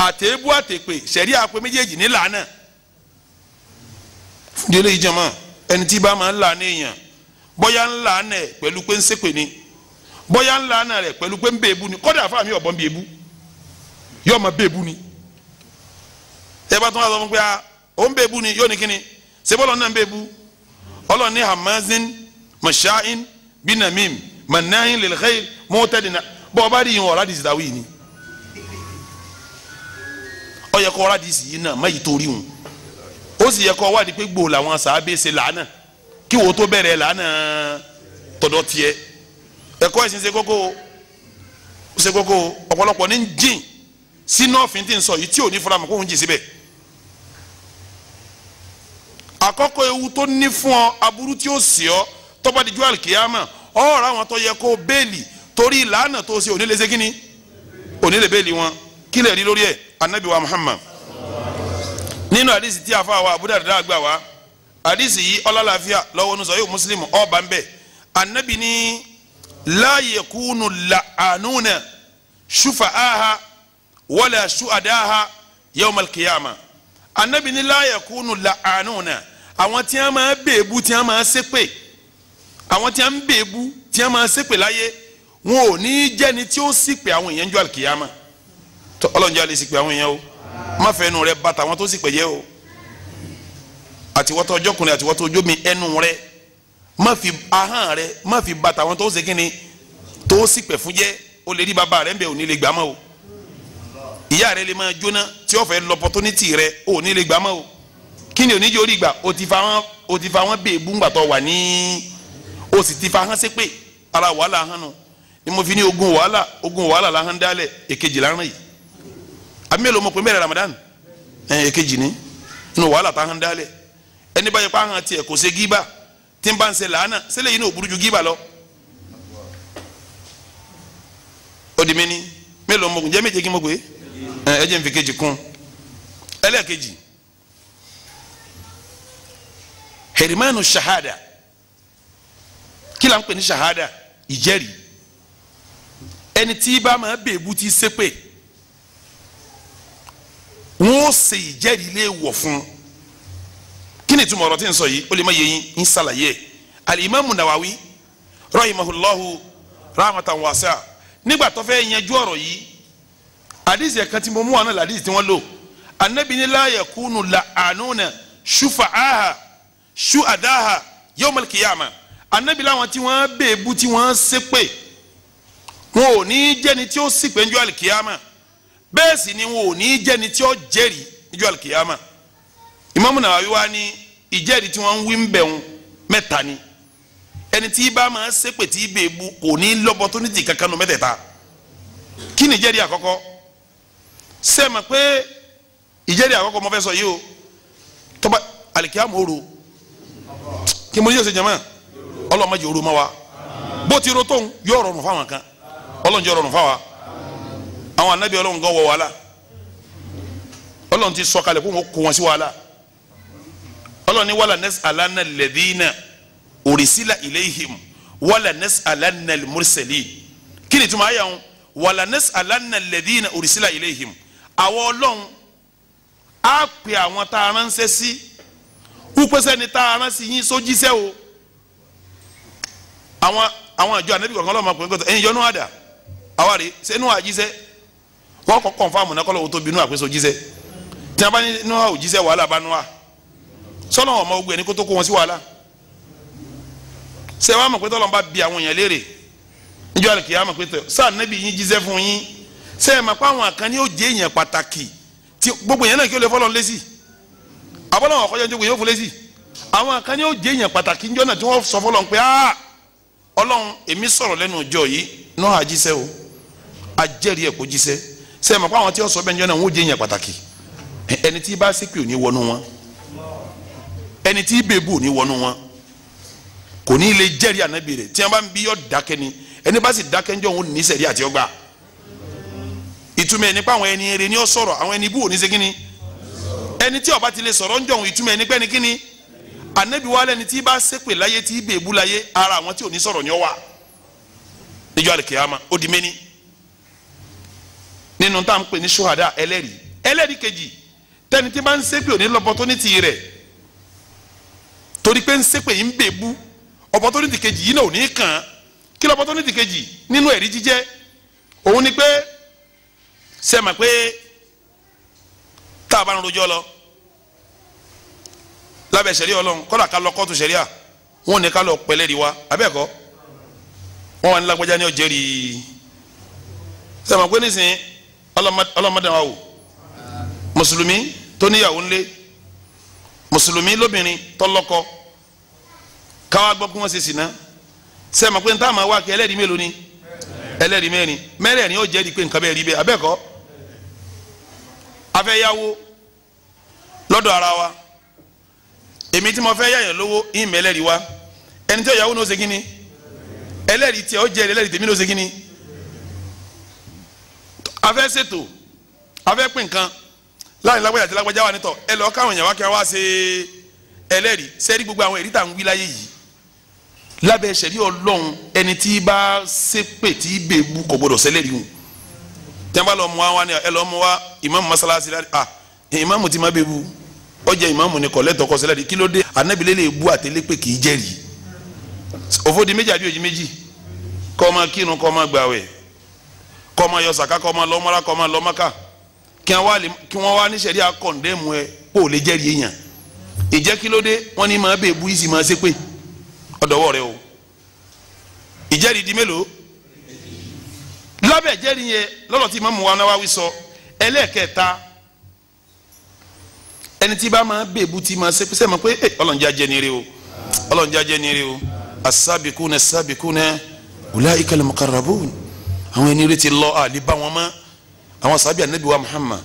àtẹ̀bú àtẹ̀pè sẹ̀rí àpè méjèèjì ní làánà délé ìjọmọ ẹni tí bá máa ń làánà èèyàn bóyá ń làánà ẹ pẹ̀lú pé ń ṣépè ni bóyá ń làánà rẹ pẹ̀lú pé ń bèébú ni kódà fáàmì ọ̀bọ̀n bèébú yóò máa bèébú ni ẹ bá tún wá sọ fún pé ah, ó ń bèébú ni yóò ní kíni sebọ́lọ́ náà ń bèébú ọlọ́run ní hamazin mashain binamim manahin lilkhayr mọ́tẹ́dínà bọ́ọ̀ bá rí ìwọ̀n ọ̀rá dìsítàwí ni ọyẹ kọ rádìsì yìí náà má yìí torí wọn ó sì yẹ kọ wádìí pé gbòò làwọn sàábé ṣe làánà kí wo tó bẹ̀rẹ̀ làánà tọ̀dọ̀ tiẹ̀ ẹ̀kọ́ ẹ̀sìn ṣe kókó o ṣe kókó o ọ̀pọ̀lọpọ̀ ní jìn sínú ọ̀fìn tí ń sọ yìí tí ò ní fura mọ̀ kó ń jìn síbẹ̀ àkọ́kọ́ ewu tó ní fún ọ aburú tí ó sì ọ tọ́ba dijú ọ̀rọ̀ àwọn tó yẹ kó bẹ́ẹ̀lì torí làánà tó ṣe onílé ṣe kíni onílé bẹ́ẹ̀lì wọn kílẹ̀ rí lórí ẹ̀ anabi wa muhammad nínú àdìsí tí a fọ àwọn abúdàdà àgbà wa àdìsí yìí ọlọ́láfíà lọ́wọ́ nù sọ́yìn muslim ọba ń bẹ̀ anabi ní láàyè kúnnù làánúnà ṣùfàáha wọlé ṣùadáha yawmal qiyama anabi ní láàyè kúnnù làánúnà àwọn tí a máa bèébú tí a máa ṣépè àwọn tí a ń bèébú tí a máa ṣépè láyé wọn ò ní jẹ́ni tí ó sì pè àwọn èèyàn jọ àlùkìyàmà ọlọ́njẹ́ alẹ́ sì pé àwọn èèyàn o má fẹ́ ẹnu rẹ bàtà àwọn tó sì pẹ̀yẹ́ o àtiwọ́tọ̀ ọjọ́kùnrin àtiwọ́tọ̀ ojómi ẹnu rẹ má fi ahọ́n rẹ má fi bàtà àwọn tó ṣe kíni tó sì pẹ̀ fún jẹ́ o lè rí bàbá rẹ ń ò ní lè gbà mọ́ o ìyá rẹ lè máa jóná tí ó fẹ́ lọ́pọ̀tónítì rẹ ò ní lè gbà mọ́ o kí ni oníjó rí gbà o ti fa wọn o ti wà ní o sì ti fa hán sépè ara wàhálà hán nu ni mo fi ní ogun wàhálà ogun wàhálà la hán dálẹ̀ èkejì láràn yìí àbí mélòó mọ̀ pé mẹ́rẹ̀ Ramadan ẹ̀ ẹ̀ ni inú wàhálà tá a hàn dálẹ̀ ẹni bá yẹ pa hàn tiẹ̀ kò ṣe gíbà tí n bá ń ṣe làánà sẹ́lẹ̀ yìí ní òbúrú ju gíbà lọ. ó di mi ní mélòó mọ̀ jẹ́ méje kí mo pè é ẹ jẹ́ fi kejì kún ẹlẹ́ẹ̀kejì hẹ̀rìmánu ṣahada kí là ń pè ní ṣahada ìjẹ́rìí ẹni tí bá máa bèbú ti ṣépè wọ́n ṣe ìjẹ́rìí lé wọ̀ fún kí ni ìtumọ̀ ọ̀rọ̀ tí ń sọ yìí ó lè má yẹ yín ń ṣàlàyé alimami nawawi rahimahulahu rahmatan wasa nígbà tó fẹ́ yanjú ọ̀rọ̀ yìí àdìsí ẹ̀kan tí mo mú àná làdìsí tí wọ́n lò anabi ni la ànúnà ṣùfà áhà ṣù àdáhà yawmal kiyama anabi láwọn tí wọ́n bèébú tí wọ́n ṣépè wọn ò ní jẹ́ni tí ó sì pé ń jọ́ bẹ́ẹ̀ sì ni wọn ò ní í jẹ́ni tí ó jẹ́rìí níjọ́ alikiyama Imamu Nawawi wá ní ìjẹ́rìí tí wọ́n ń wí ń bẹ̀ wọn mẹ́ta ni ẹni tí bá máa ṣépè tí bè bu kò ní lọ́bọ tó ní ti kankan nu mẹ́tẹ̀ẹ̀ta kí ni ìjẹ́rìí àkọ́kọ́ sẹ́ẹ̀mà pé ìjẹ́rìí àkọ́kọ́ o tọ́ba alikiyama ó ro kí mo ní jama ọlọ́mọdé ó ro ma wa bó ti ro tóun yóò rọrùn àwọn anabi ọlọ́run gan wọ wàhálà ọlọ́run ti sọ kalẹ̀ kó wọn kó wọn sí wàhálà ọlọ́run ní wàhálà nẹ́sì alánà lẹ́dínà òrìṣìlá ilayhim wàhálà nẹ́sì alánà mursalin kí ni tuma ayà wọn wàhálà nẹ́sì alánà lẹ́dínà òrìṣìlá ilayhim àwọn ọlọ́run á pè àwọn tá a ránṣẹ́ sí wípésẹ́ ni tá a ránṣẹ́ yín sójíṣẹ́ o àwọn àwọn àjọ anabi kọ̀ọ̀kan ọlọ́run máa pè é ẹ̀yin yọ nù àdà àwárí sẹ́nu àjíṣẹ́ wọ́n kọ́ kọ́nfàmù náà kọ́lọ́wọ́ tó binú àpèsè òjíṣẹ́ tí a bá ní nua òjíṣẹ́ wàhálà bá nua sọ́nà ọmọ ogun ẹni kó tó kó wọn sí wàhálà ṣé wàá mọ̀ pé tọ́lọ́n bá bi àwọn èèyàn léèrè níjọ́ àlùkìyà mọ̀ pé tọ́ sáà nẹ́bí yín jíṣẹ́ fún yín ṣé ẹ̀ mọ̀ pé àwọn àkànní yóò jẹ́ èèyàn pàtàkì tí gbogbo èèyàn náà kí ó lè fọ́lọ́n lé sí àbọ̀lọ́wọ̀n ọ̀kọ́jọ́ ní yóò fún lé sí àwọn ṣe é mọ̀ pé àwọn tí wọ́n sọ bẹ́ẹ̀ níjọ́ náà wọ́n jẹ́ èèyàn pàtàkì ẹni tí bá ṣépè ò ní wọnú wọn ẹni tí bèbú ò ní wọnú wọn kò ní lè jẹ́rìí ànábì rẹ̀ tí wọ́n bá ń bí yọ dákẹ́ ni ẹni bá sì dákẹ́ níjọ́ òun ní sẹ̀rí àti ọgbà ìtumọ̀ ẹni pé àwọn ẹni eré ni ó sọ̀rọ̀ àwọn ẹni bú ò ní ṣe kíni ẹni tí ó ti lè sọ̀rọ̀ níjọ́ òun ìtumọ̀ ẹni pé ni kíni ànábì wa lẹni tí bá ṣépè láyé tí bèbú láyé ara àwọn tí ò ní sọ̀rọ̀ ni ó wà níjọ́ àlùkìyámà ó di méní nínú tá à ń pè ní ṣuhada ẹlẹ́rìí ẹlẹ́rìí kejì tẹni tí bá ń ṣépè òní lọ́pọ̀tọ́nìtì rẹ̀ torí pé ń ṣépè yìí ń bèbú ọ̀pọ̀tọ́nìtì kejì yìí náà ò ní kàn án kí lọ́pọ̀tọ́nìtì kejì nínú ẹ̀rí jíjẹ́ òun ni pé sẹ́mà pé tá a bá ń rojọ́ lọ lábẹ́ sẹ̀rí ọlọ́run kọ́dà ká lọ kọ́ọ̀tù sẹ̀ríà wọn ní ká lọ pẹ̀lẹ́rìí wa abẹ́ẹ̀kọ́ wọn wà ní lágbájá ní ọ̀jẹ̀rìí sẹ́mà pé nísìnyí ọlọ́mọdé wa wò mùsùlùmí tó níyàwó ńlé mùsùlùmí lóbìnrin tọ́lọ́kọ káwá gbọ́ kí wọ́n ṣe sìnà sẹ́mi pé ntáàmà wá kí ẹlẹ́rìí mélòó ni ẹlẹ́rìí mẹ́rin mẹ́rẹ̀ẹ̀rin yóò jẹ́ di pé nǹkan bẹ́ẹ̀ rí bẹ́ẹ̀ abẹ́ẹ̀kọ́ afẹ́yàwó lọ́dọ̀ ara wa èmi tí mo fẹ́ yàyàn lówó ìmẹ̀lẹ́rìí wa ẹni tí ó yàwó ní ó ṣe kí ni ẹlẹ́rìí tiẹ̀ ó jẹ́ ẹlẹ́rìí tèmi ní ó ṣe kí ni afẹ́ ṣètò afẹ́ pín nǹkan láàrin lágbájá àti lágbájá wà nítọ̀ ẹ lọ́ọ́ káwọn èèyàn wá kí wọ́n wá ṣe ẹlẹ́rìí sẹ́rí gbogbo àwọn ẹ̀rí tà ń wí láyé yìí lábẹ́ ṣẹ̀rí ọlọ́run ẹni tí bá ṣépè tí bèbú kò gbọdọ̀ sẹ́lẹ̀rì hù tí wọ́n bá lọ mú wa ni ẹ lọ́ọ́ mú wa ìmáàmù masalasi la ah ìmáàmù ti má bèbú ọjà ìmáàmù ni kọ̀lẹ́tọ̀ kọ́ sẹ́lẹ̀rì kí ló dé anábìlẹ̀ lè bú àtẹlẹ́ pé kì í jẹ́rìí òfòdì méjì àbí òjì méjì kọ́ ọ máa kírun kọ́ ọ máa gbàwẹ̀ kọ́mọ yọ sàká kọ́mọ lọ́mọ́ra kọ́mọ lọ́mọ́ká kí wọ́n wá ní sẹ́ríà kọ̀ǹdẹ́mù ẹ kó o lè jẹ́rìí èèyàn ìjẹ́ kí ló dé wọ́n ní máa bèè buísì máa ṣe pé ọ̀dọ̀wọ́ rẹ o ìjẹ́rìí di mélòó lábẹ́ ìjẹ́rìí yẹn lọ́rọ̀ tí Imamu wa náwá wí sọ ẹlẹ́ẹ̀kẹta ẹni tí bá máa bèè bu ti máa ṣe pé sẹ́mi pé ọlọ́njẹ́ ajẹ́ ni rí o ọlọ́njẹ́ ajẹ́ ni o as-sabiquna as-sabiquna ulaika al-muqarrabun àwọn ẹni rẹ ti lọ àlè bá wọn mọ́ àwọn sábìà nẹ́bí wa Muhammad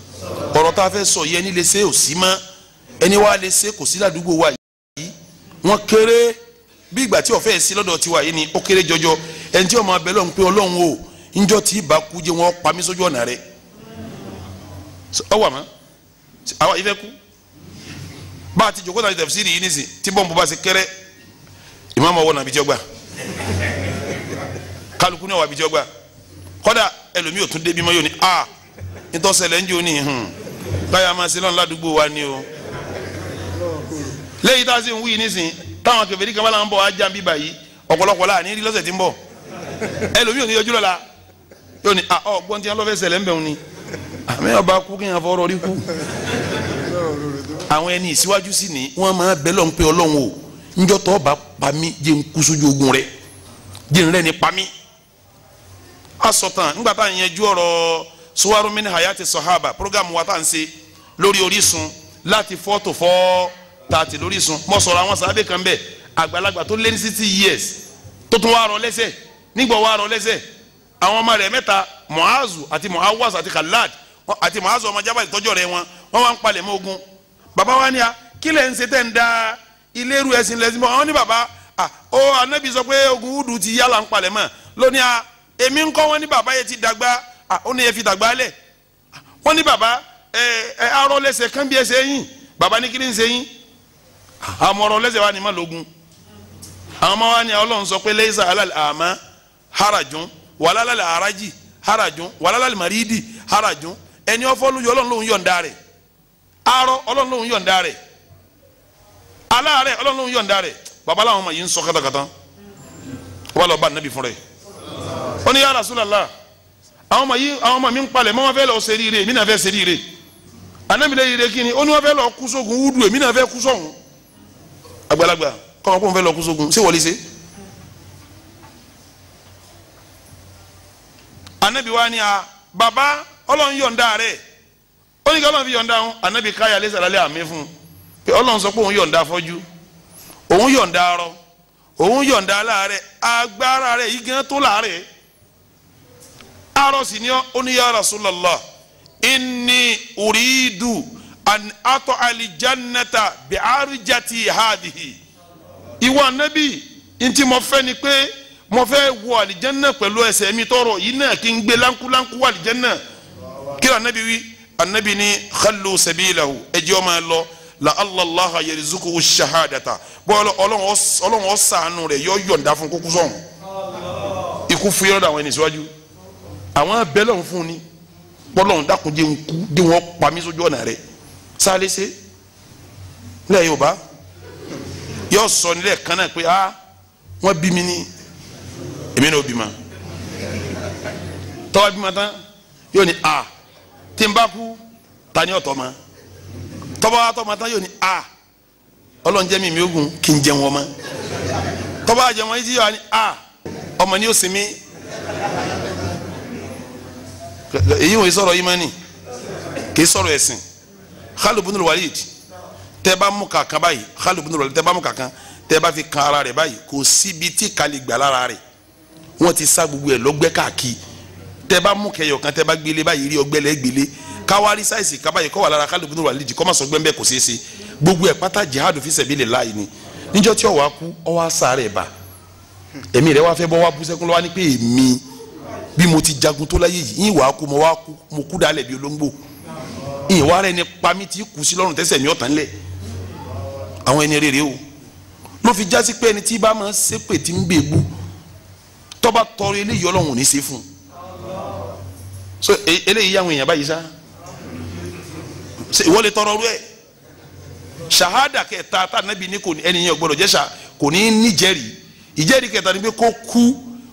ọ̀rọ̀ tá a fẹ́ sọ yìí ẹni lè ṣe ò sí mọ́ ẹni wa lè ṣe kò sí ládùúgbò wa yìí wọ́n kéré bí ìgbà tí ọ̀fẹ́ sí lọ́dọ̀ tiwa yìí ni ó kéré jọjọ ẹni tí ọmọ abẹ́ lọ́n pé ọlọ́run o níjọ́ tí ìbá kú jẹ́ wọn pa mí sójú ọ̀nà rẹ̀ ọwọ́ àmọ́ àwọn ìfẹ́ kú bá a ti jòkó tàbí tẹ̀fisìrì yìí nìsín tí bọ́ǹbù bá ṣe kéré ìmáàmù ọwọ́ nàbíjọ́gbà kálukú ní ọwọ́ àbíjọ́gbà kọ́dà ẹlòmíì ò tún débi mọ́ yóò ní a ah, ntọ́sẹ̀lẹ̀ ń jó ní hun káyà máa ṣe lọ́nà ládùúgbò wa ni o. lẹ́yìn tá a sì ń wúyi nísìn táwọn kẹfẹ́ díkan bá là ń bọ̀ ajá bí báyìí ọ̀pọ̀lọpọ̀ la ní rí lọ́sẹ̀ tí ń bọ̀ ẹlòmíì ò ní yọjú lọ́la yóò ní a ah, ọ gbọ́n tí wọ́n lọ́fẹ́ ṣẹlẹ̀ ń bẹ̀ ni àmì ọba kú kí n fọ rí kú. àwọn ẹni ìsíwájú sí ni wọ́n máa bẹ lọ́n pé ọlọ́run o njọ́tọ̀ ọba pa mí jẹ́ ń kú sójú ogun rẹ̀ jẹ́ ń rẹ́ni pa mí asọ̀tàn nígbà tá à ń yanjú ọ̀rọ̀ suwaru min hayati sahaba programu wa tá à ń ṣe lórí Orísun láti four to four thirty lórí Orísun mo sọ̀rọ̀ àwọn sàábẹ̀ kan bẹ́ẹ̀ àgbàlagbà tó lé ní sixty years tó tún wá rọ lẹ́sẹ̀ nígbà wá rọ lẹ́sẹ̀ àwọn ọmọ rẹ̀ mẹ́ta muhazu àti muhawas àti khalad àti muhazu ọmọ jabal tọ́jọ́ rẹ̀ wọn wọ́n wá ń palẹ̀ mọ́ ogun baba wa ni a kí lẹ̀ ń ṣe tẹ̀ ń da ilé ru ẹ̀sìn lẹ́sìn bọ́ àwọn ní baba ó anabi sọ pé ogun udu ti yálà ń palẹ̀ mọ́ lónìí a èmi ń kọ́ wọn ní bàbá yẹn ti dàgbà ó ní yẹn fi dàgbà lẹ̀ wọ́n ní bàbá ẹ arọ lẹsẹ kán bí yín bàbá ní kiri ń yín lẹsẹ wa ni ma lógun àwọn ọmọ wa ni sọ pé lẹsẹ àmà harajun wàlálẹ̀ harajun maridi harajun ẹni yọ̀ǹda arọ yọ̀ǹda yọ̀ǹda sọ kátàkátà lọ bá ó ní ya Rasulullah àwọn ọmọ yìí àwọn ọmọ mi ń palẹ̀ mọ́ wọn fẹ́ lọ ṣe rire èmi náà fẹ́ ṣe rire anamílẹ̀ rire kí ni ó ní wọn fẹ́ lọ kú sógun wúdu èmi náà fẹ́ kú sọ̀hún àgbàlagbà kọ́mọ kó n fẹ́ lọ kú sógun ṣé wọlé ṣe. anabi wa ni a baba ọlọ́run yọ̀ǹda rẹ̀ ó ní kí ọlọ́run fi yọ̀ǹda òun anabi káyà lẹ́sàlálẹ́ àmì fún un pé ọlọ́run sọ pé òun yọ̀ǹda fọ́jú òun yọ̀ǹda arọ òun yọ̀ǹda láàrẹ̀ agbára rẹ̀ yìí gan tó láàrẹ̀ arọ́sì ni ó ní ya Rasulullah inni uridu an atọ́ alijannata bi arjati hadihi ìwọ anabi ntí mo fẹ́ ni pé mo fẹ́ wọ alijanna pẹ̀lú ẹsẹ̀ mi tọrọ yìí náà kí n gbé lankulanku wọ alijanna kí anabi wí anabi ni khallu sabilahu ẹ jẹ́ ó máa lọ. la alalaha yerizuku shahadata bọ́ọ̀lù ọlọ́run ọ̀sánù rẹ̀ yọ yọ̀ǹda fún kókó sọ̀hún ikú fún yọ̀ǹda àwọn ẹni síwájú àwọn abẹ́lẹ̀ fún ni bọ́lọ́run dákun jẹ́ dé wọn pa sójú ọ̀nà rẹ̀ nílẹ̀ yorùbá yọ sọ nílẹ̀ kan náà pé bí mi ma tọ́wọ́ bí ma tán yóò ní tí n bá ni ọ̀tọ̀ ma. tọ́ba wa tọ́ ma tán yóò ní a ah, ọlọ́run jẹ́ mi mi ogun kí n jẹun ọmọ tọ́ba àjẹun wọn yìí ti yọ a ah, ọmọ ni ó sinmi èyí wòye sọ̀rọ̀ yìí mọ́ni kì í sọ̀rọ̀ ẹ̀sìn Khalid bin Walid tẹ́ bá mú kankan báyìí Khalid bin Walid tẹ́ bá mú kankan tẹ́ bá fi kan ara rẹ̀ báyìí kò síbi tí kálí gbà lára rẹ̀ wọ́n ti sá gbogbo ẹ̀ lọ́gbẹ́ káàkiri tẹ́ bá mú gbélé báyìí rí ọgbẹ́ gbélé káwárí sáìsì kábàyè kọ́ wà lára Khalid ibn Walid kọ́ máa sọ gbẹ́ńbẹ́ kò ṣeé ṣe gbogbo ẹ̀ pátá jihad fi sabilillah ni níjọ́ tí ọ̀wá kú ọ̀wá sáré bá ẹ̀mí rẹ̀ wá fẹ́ bọ́ wá bú sẹ́kún lọ́wọ́ ní pé èmi bí mo ti jagun tó láyé yìí ìwà kú mo wá kú mo kú dálẹ̀ bí olóńgbò ìwà rẹ̀ ni pami ti kù sí lọ́rùn tẹ́sẹ̀ mi ọ̀tàn lẹ̀ àwọn ẹni rere o ló fi jásí pé ẹni tí bá máa ń ṣépè tí ń bèbú tọ́ba tọrọ eléyìí ọlọ́run ò ní ṣe fún un so e-, eléyìí àwọn èèyàn báyìí sáà ṣe ìwọ lè tọrọ rú ẹ ṣahada kẹta tànàbí ni kò ní ẹni yẹn gbọ́dọ̀ jẹ ṣá kò ní níjẹrìí ìjẹrìí kẹta ni pé kó kú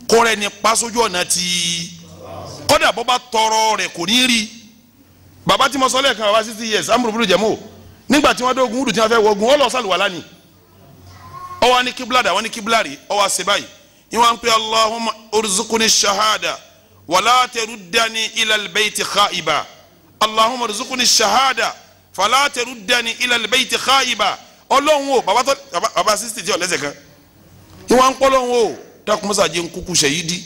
kọrẹ ni pasójú ọ̀nà tí kọ́dà bọ́ tọrọ rẹ̀ kò ní rí bàbá tí mo sọ lẹ́ẹ̀kan bàbá sixty years amúrúbúrú jẹ̀mú nígbà tí wọ́n dé ogun udu tí wọ́n fẹ́ wọ́gun ó lọ sàlùwàlá ni ó wá ní kíbla wọ́n ní kíbla rí ó wá ṣe báyìí ìwọ̀n Allahumma urzukuni shahada wàlá tẹ̀rù dání ilal bayti khaiba allahumma rizukuni shahada falatẹru dani ilal bayti khaiba ọlọ́run o baba tó baba sisi ti ọlẹ́sẹ̀ kan ìwà ń pọ́lọ́run o dákúmọ́sá jẹ́ ń kúkú ṣèyídì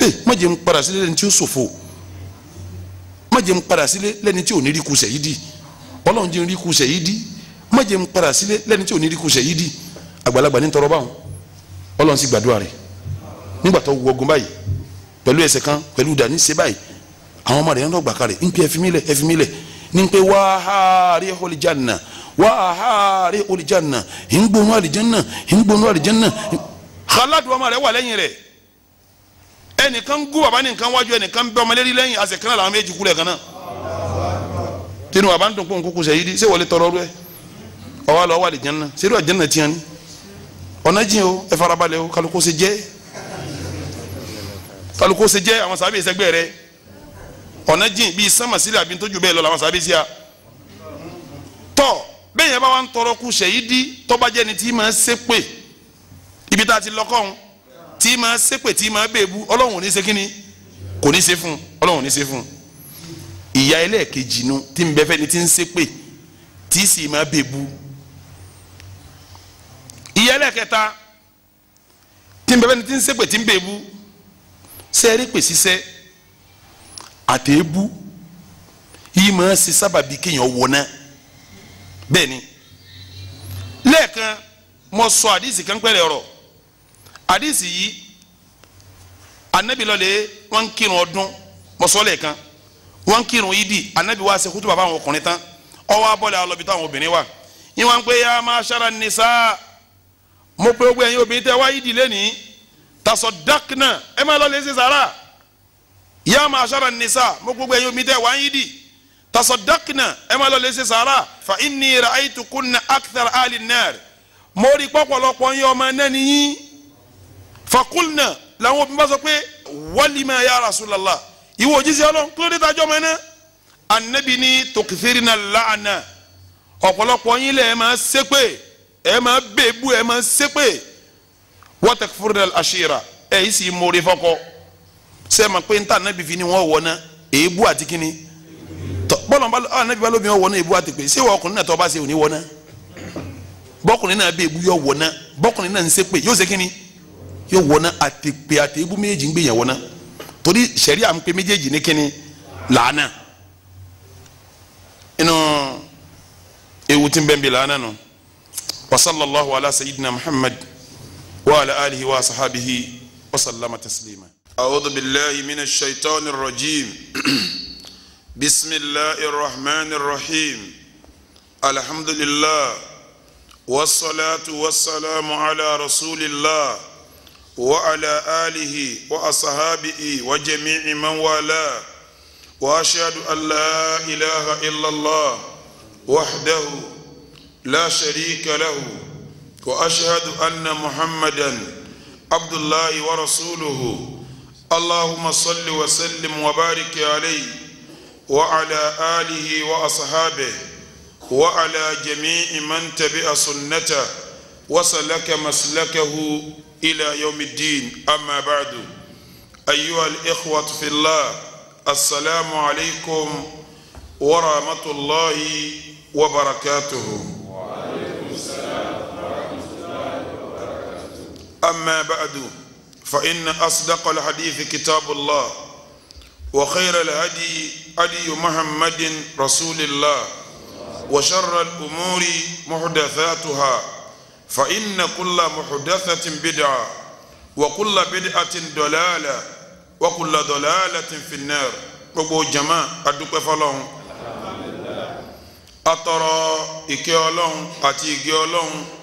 ee eh, má jẹ́ ń padà sílé lẹ́ni tí ó ṣòfò má jẹ́ ń padà sílé lẹ́ni tí ò ní rí kú ṣèyídì ọlọ́run jẹ́ ń má jẹ́ ń padà sílé tí ò ní rí kú ṣèyídì ní tọrọ báwọn ọlọ́run sì gbàdúrà rẹ̀ nígbà tó wọgun báyìí pẹ̀lú ẹsẹ̀ kan pẹ̀lú dání ṣe báyìí àwọn ọmọ rẹ̀ ń rọ̀gbà kalẹ̀ ń pe ẹfimilẹ̀ ẹfimilẹ̀ ní pé wàhálì olùjànà wàhálì olùjànà ń gbónú àlìjánà ń gbónú àlìjánà haladu ọmọ rẹ̀ wà lẹ́yìn rẹ̀ ẹnìkan gún baba nìkan wájú ẹnìkan bẹ́ ọmọ lérí lẹ́yìn àṣẹ kan náà làwọn méjì kúlẹ̀ kan náà tinu baba ń dùn kún kúkú sẹ́yìn ṣé wọlé tọrọ rẹ ọwọ́ àlọ́ wà àlìjánà ṣé àjánà tiẹ̀ ni ọ̀nà jìn o ẹ o kálukó ṣe jẹ́ kálukó àwọn sábẹ́ ìṣẹ́gbẹ́ rẹ̀ ọ̀nà jìn bíi sánmàsílẹ̀ àbí tójú bẹ́ẹ̀ lọ làwọn sábẹ́ sí a tọ́ bẹ́ẹ̀ yẹn bá wà ń tọrọ kú sẹ́yìn dí tọ́bajẹ́ ni tí máa ṣépè ibi tá a ti lọ́kọ́ tí máa ṣépè tí máa bèbú ọlọ́run ò ní ṣe kíni kò ní ṣe fún ọlọ́run ò ní ṣe fún ìyá ẹlẹ́ẹ̀kejì nu tí ń bẹ ni tí ń ṣépè tí sì máa bèbú ìyá ẹlẹ́ẹ̀kẹta tí ń bẹ fẹ́ ni tí ń ṣépè tí ń bèbú sẹ́ẹ̀rí pèsè sẹ́ẹ̀ àti èébú yìí máa ṣe sábàbí kéèyàn wò ná bẹ́ẹ̀ ni lẹ́ẹ̀kan sọ àdìsí kan ọ̀rọ̀ àdìsí yìí anabi lọ́lẹ̀ wọ́n ń kírun ọdún mo sọ lẹ́ẹ̀kan wọ́n ń kírun anabi wá ṣe kútùbà fáwọn ọkùnrin tán ọwọ́ abọ́lẹ̀ alọ́bi táwọn obìnrin wà yín wọ́n ń pè nisa mo pe ogun ẹ̀yin obìnrin tẹ́ wá ìdí lẹ́nìí ẹ máa lọ́lẹ̀ ṣe sàrà. ya ma'ashara nisa mo gbogbo ẹ̀yin omi tẹ́ wá ń yí di tasadakna ẹ máa lọ lè ṣe sàrà fa inni ra'aytu kunna akthar ali nar mo rí pọ̀pọ̀lọpọ̀ ń yọ ọmọ náà nìyí fakulna làwọn òbí bá sọ pé walima ya rasulallah ìwọ òjíṣẹ́ ọlọ́run kí ló dé tajọ́ ọmọ náà anabi ni tokithirina laana ọ̀pọ̀lọpọ̀ yín lẹ̀ ẹ máa ṣépè ẹ máa bèbú ẹ máa ṣépè wa takfurna al-ashira ẹ̀ yìí sì mórí fọ́kọ́ sẹ́ẹ̀mà pé níta anabi fi ni wọ́n wọ ná èébú àti kínní bọ́lá anabi bá lóbi wọn wọ ná èébú àti pé ṣé wọ́n ọkùnrin náà tọ́ bá ṣe òní wọ ná bọ́kùnrin náà bí èébú yọ wọ ná bọ́kùnrin náà ń ṣe pé yóò ṣe kínní yóò wọ ná àti pé àti èébú méjèèjì ń gbìyànwọ́ ná torí sẹ̀rí à ń pè méjèèjì ní kínní làánà inú ewu tí ń bẹ́ẹ̀ bí làánà nù wa sallallahu ala sayyidina muhammad wa ala alihi wa sahabihi wa sallama taslima. أعوذ بالله من الشيطان الرجيم بسم الله الرحمن الرحيم الحمد لله والصلاة والسلام على رسول الله وعلى آله وأصحابه وجميع من والاه وأشهد أن لا إله إلا الله وحده لا شريك له وأشهد أن محمدا عبد الله ورسوله اللهم صل وسلم وبارك عليه وعلى آله وأصحابه وعلى جميع من تبع سنته وسلك مسلكه إلى يوم الدين أما بعد أيها الإخوة في الله السلام عليكم ورحمة الله وبركاته وعليكم السلام ورحمة الله وبركاته أما بعد فإن أصدق الحديث كتاب الله وخير الهدي هدي محمد رسول الله وشر الأمور محدثاتها فإن كل محدثة بدعة وكل بدعة ضلالة وكل ضلالة في النار gbogbo جماعة أدوك fọ́lọ́run أترى إكيالون Ọlọ́run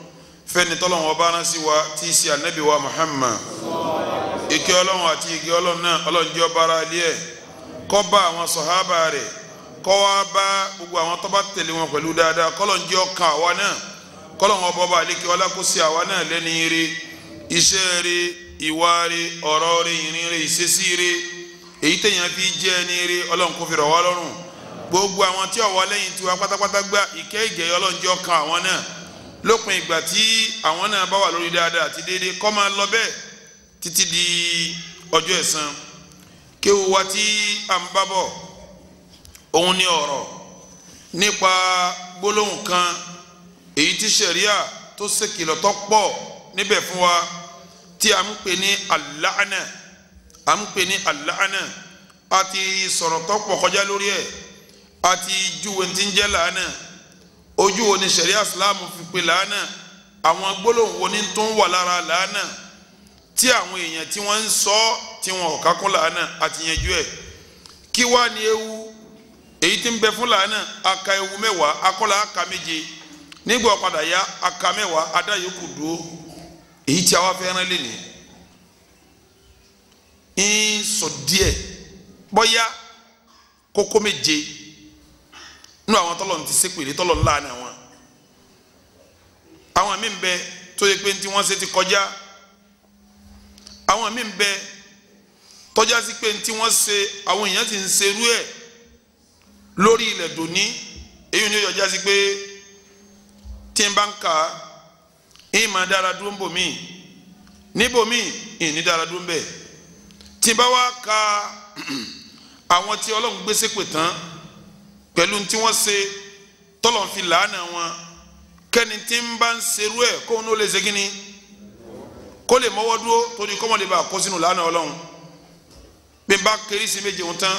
fẹ́ni tọ́lọ́wọ́n ọba rán sí wa tí í ṣe ànábì wa Muhammad ìkẹ́ ọlọ́run àti igi ọlọ́run náà ọlọ́run jẹ́ ọba ara ilé ẹ̀ kó bá àwọn sọ̀hábà rẹ̀ kó wá bá gbogbo àwọn tó bá tẹ̀lé wọn pẹ̀lú dáadáa kọ́lọ́run jẹ́ ọkàn àwa náà kọ́lọ́run ọba ọba àlékè ọlá kó sí àwa náà lẹ́ni ire iṣẹ́ ire ìwà ire ọ̀rọ̀ ire ìrìn ire ìṣesí ire èyí téèyàn fi jẹ́ ẹni ire ọlọ́run kó fi rọ̀ wá gbogbo àwọn tí ọ̀wọ́ lẹ́yìn tiwa pátápátá gbá ìkẹ́ ìgẹ̀yọ́ ọlọ́run jẹ́ ọkàn àwọn náà lópin ìgbà tí àwọn náà bá wà lórí dáadáa àti déédéé kọ́ máa lọ bẹ́ẹ̀ títí di ọjọ́ ẹ̀san kéwu wa tí a ń bá bọ̀ òun ni ọ̀rọ̀ nípa gbólóhùn kan èyí tí ṣẹ̀ríà tó ṣèkìlọ̀ tó pọ̀ níbẹ̀ fún wa tí a ń pè ní aláàánà a ń pè ní aláàánà a ti sọ̀rọ̀ tó pọ̀ kọjá lórí ẹ̀ a ti júwe ti ń jẹ́ làánà ojú wo ni sẹ̀ríà islam fi pe làánà àwọn gbólóhùn wo ni tó ń wà lára làánà tí àwọn èèyàn tí wọ́n ń sọ tí wọn ò kákún làánà àti yanjú ẹ̀ kí wá ni ewu èyí tí ń bẹ fún làánà aka ewu mẹ́wàá akọ́lá aka méje nígbà ọ̀padà ya aka mẹ́wàá adáyókù dúró èyí tí a wá fẹ́ rán lé ń sọ díẹ̀ bọ́yá kókó méje nínú àwọn tọ́lọ̀ ti sépèlé tọ́lọ̀ ńlá ni àwọn àwọn míì ń bẹ tó yẹ pé ntí wọ́n ṣe ti kọjá àwọn míì ń bẹ tọ́já sí pé ntí wọ́n ṣe àwọn èèyàn ti ń ṣerú ẹ̀ lórí ilẹ̀ dòní èyí ni ó yọjá sí pé tí n bá ń kà á ìyìn máa dára dúró ń bò míì níbò míì ìyìn ní dára dúró ń bẹ̀ tí n bá wá ka àwọn tí ọlọ́run gbé ṣépè tán pẹ̀lú tí wọ́n ṣe tọ́lọ̀ fi làánà wọn kẹ́ni tí ń bá ń serú ẹ̀ kó ní ó lè ṣe kí ni kó lè mọ́wọ́ dúró torí kọ́mọ̀ lè bá kó sínú làánà ọlọ́run bí n bá kéré sí méje òun tán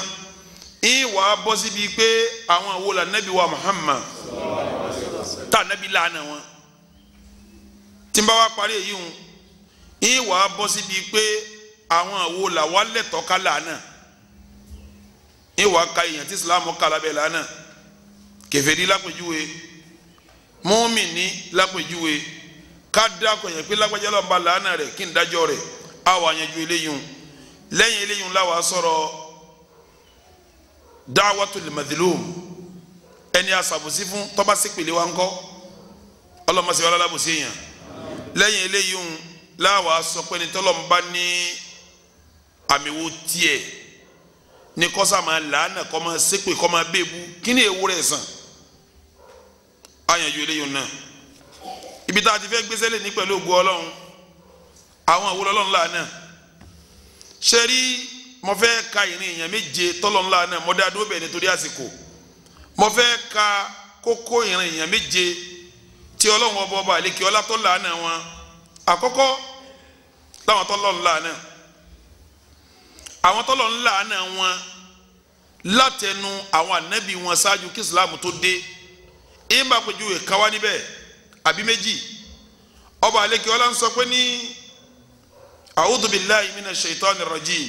ń wà á bọ́ síbi pé àwọn àwo là nẹ́bí wa Muhammad tá nẹ́bí làánà wọn tí n bá wá parí èyí hùn ń wà á bọ́ síbi pé àwọn àwo là wà lẹ́tọ̀ọ́ ká làánà ìwà ka èèyàn tí ìsìláàmù kà lábẹ́ lánàá kèfèrí lápèjúwe mùmíní lápèjúwe ká dákọ̀ yẹn pé lágbájá lọ́nba lánàá rẹ̀ kí n dájọ́ rẹ̀ á wà yẹn ju eléyìí lẹ́yìn eléyìí láwa sọ̀rọ̀ da'watul madhlum ẹni asàbòsí fún tọ́ba sípèlé wa ńkọ́ ọlọ́mọsí wa lálábòsí èèyàn lẹ́yìn eléyìí láwa sọ pé ní tọ́lọ́mùbá ní àmì wo tiẹ̀ ní kọ́sà máa làánà kọ́ máa ṣépè kọ́ máa bẹ́ẹ̀bù kí ni èwúrẹ́ sàn àyànjú eléyìí náà ibi tá a ti fẹ́ gbéṣẹ́ lè ní pẹ̀lú ògùn ọlọ́run àwọn àwòrán ọlọ́run làánà ṣe rí mo fẹ́ ka ìrìn èèyàn méje tọ́lọ́run làánà mo dá dúró bẹ̀ nítorí àsìkò mo fẹ́ ka kókó ìrìn èèyàn méje tí ọlọ́run ọba ọba àlékè ọlá tó làánà wọn àkọ́kọ́ táwọn tọ́lọ́run àwọn tọ́lọ̀ ń làánà wọn látẹnu àwọn ànábì wọn ṣáájú kí islam tó dé ìmọ̀ àpèjú ìkáwá níbẹ̀ àbí méjì ọba àlekè ọlá ń sọ pé ní a'udhu billahi minash shaitani rajim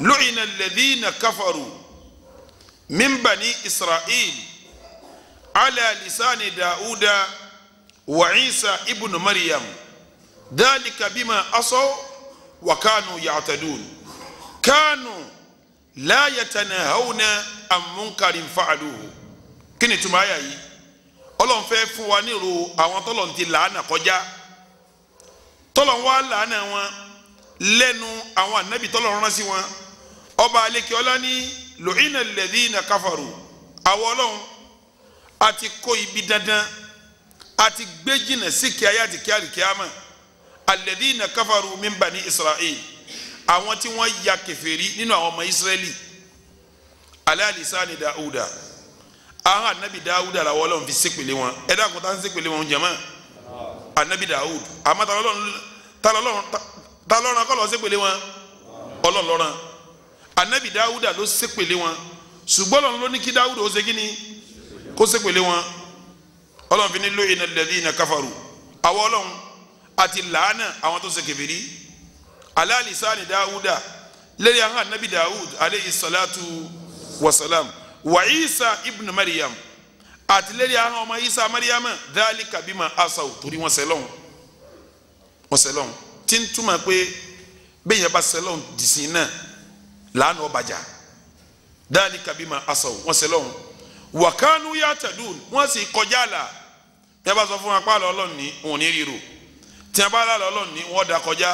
lu'ina alladhina kafaru min bani isra'il ala lisani dauda wa isa ibnu maryam dhalika bima asaw wa kanu ya'tadun kanu la yatanahawna an munkarin fa'aluhu kí ni tuma ayà yìí ọlọ́run fẹ́ fún wa nílùú àwọn tọ́lọ̀ ti làánà kọjá tọ́lọ̀ wa làánà wọn lẹ́nu àwọn ànábì tọ́lọ̀ rán sí wọn ọba aleke ọlá ní lu'ina alladhina kafaru àwọn ọlọ́run a ti kó ibi dandan a ti gbé jìnnà sí kíáyà àti kíárìkíámà. Kia alladhina kafaru min bani israel àwọn tí wọ́n ya kèfèrí nínú àwọn ọmọ israẹli ala lisani dauda àwọn anabi dauda làwọn Ọlọ́run fi ṣépèlé wọn ẹ dákun tá ń ṣépèlé wọn jẹmọ anabi daud àmọ́ talọrun kọlọ ṣépèlé wọn ọlọlọrun anabi dauda ló ṣépèlé wọn ṣùgbọ́n Ọlọ́run ló ní kí dauda ó ṣe kí ni kó ṣépèlé wọn Ọlọ́run fi ní lóye ní alladhina kafaru àwọn Ọlọ́run àti làánà àwọn tó ṣe kèfèrí aláàlísáàni dáwúdà lẹ́yìn àwọn anabi dawud aleyhi salatu wasalam wa isa ibn mariam àti lẹ́yìn àwọn ọmọ isa mariam dhalika kabima asaw torí wọn sẹlọ́n wọn sẹlọ́n tí ń túmọ̀ pé bẹ́ẹ̀ yẹn bá sẹlọ́n dìsín náà làánà ọbàjá dhalika bima asaw wọn sẹlọ́n wàkánú yàtàdùn wọn sì kọjá àlà yẹn bá sọ fún wa pààlọ́ ọlọ́ọ̀ni òun ní ríro tí wọn bá lálẹ́ ọlọ́run ní wọ́n da kọjá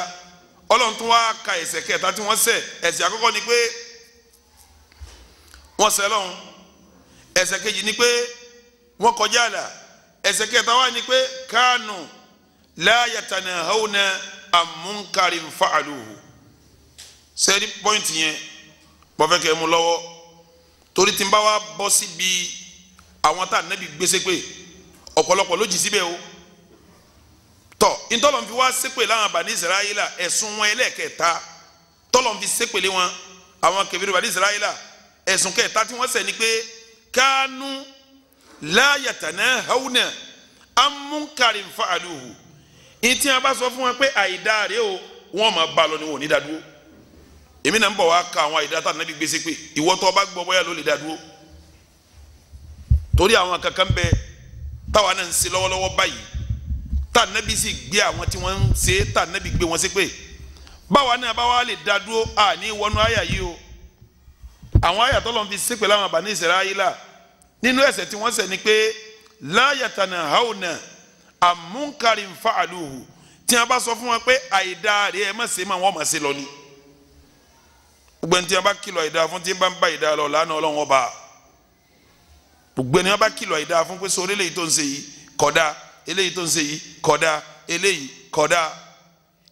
ọlọ́run tún wá ka ẹ̀ṣẹ̀ kẹta tí wọ́n ṣẹ̀ ẹ̀ṣẹ̀ àkọ́kọ́ ni pé wọ́n ṣẹ̀ lọ́hùn ẹ̀ṣẹ̀ kejì ni pé wọ́n kọjá àlà ẹ̀ṣẹ̀ kẹta wá ni pé kánù láyàtànà hàwùnà àmúnkárí fàálùhù sẹ́ẹ̀dí pọ́ìntì yẹn pọ́fẹ́ kẹ́ lọ́wọ́ torí tí n bá wá bọ́ síbi àwọn tá a nẹ́bi gbèsè pé ọ̀pọ̀lọpọ̀ ló jì síbẹ̀ o tọ ntọ́lọ́n fi wá ṣépè láwọn bani israẹla ẹ̀sùn wọn ẹlẹ́kẹta tọ́lọ́n fi ṣépèlé wọn àwọn kẹfìrí bani israẹla ẹ̀sùn kẹta tí wọ́n ṣẹ̀ ni pé kánú láyàtàná haúnà amúnkàrí nfa àlùhù ìtì a bá sọ fún wọn pé àìdá rèé o wọn máa bá a lọ ni wọn ò ní dá dúró èmi náà ń bọ̀ wá ka àwọn àìdá tá nàbí gbèsè pé ìwọ tó bá gbọ́ bóyá ló lè dá torí àwọn kankan bẹ táwa náà ń ṣe lọ́wọ́lọ́wọ́ báyìí tá nẹ́bí sì gbé àwọn tí wọ́n ń ṣe tá nẹ́bí gbé wọn sí pé báwa náà báwa lè dá dúró àní wọnú àyà yìí o àwọn àyà tó lọ́n fi ṣépè láwọn àbáni Ísírẹ́lì nínú ẹ̀ṣẹ̀ tí wọ́n ṣẹ̀ ni pé láyàtànà haúnà àmúkarin fàálùhù tí a bá sọ fún wọn pé àìdá rẹ ẹ má ṣe máa wọ́n máa ṣe lọ ni gbogbo ẹni tí a bá kìlọ̀ àìdá fún tí bá ń bá àìdá lọ lánà ọlọ́run ọba gbogbo ẹni a bá kìlọ̀ àìdá fún pé sọ orílẹ̀ yìí tó ń ṣe yìí kódà eléyìí tó ń ṣe yìí kódà eléyìí kódà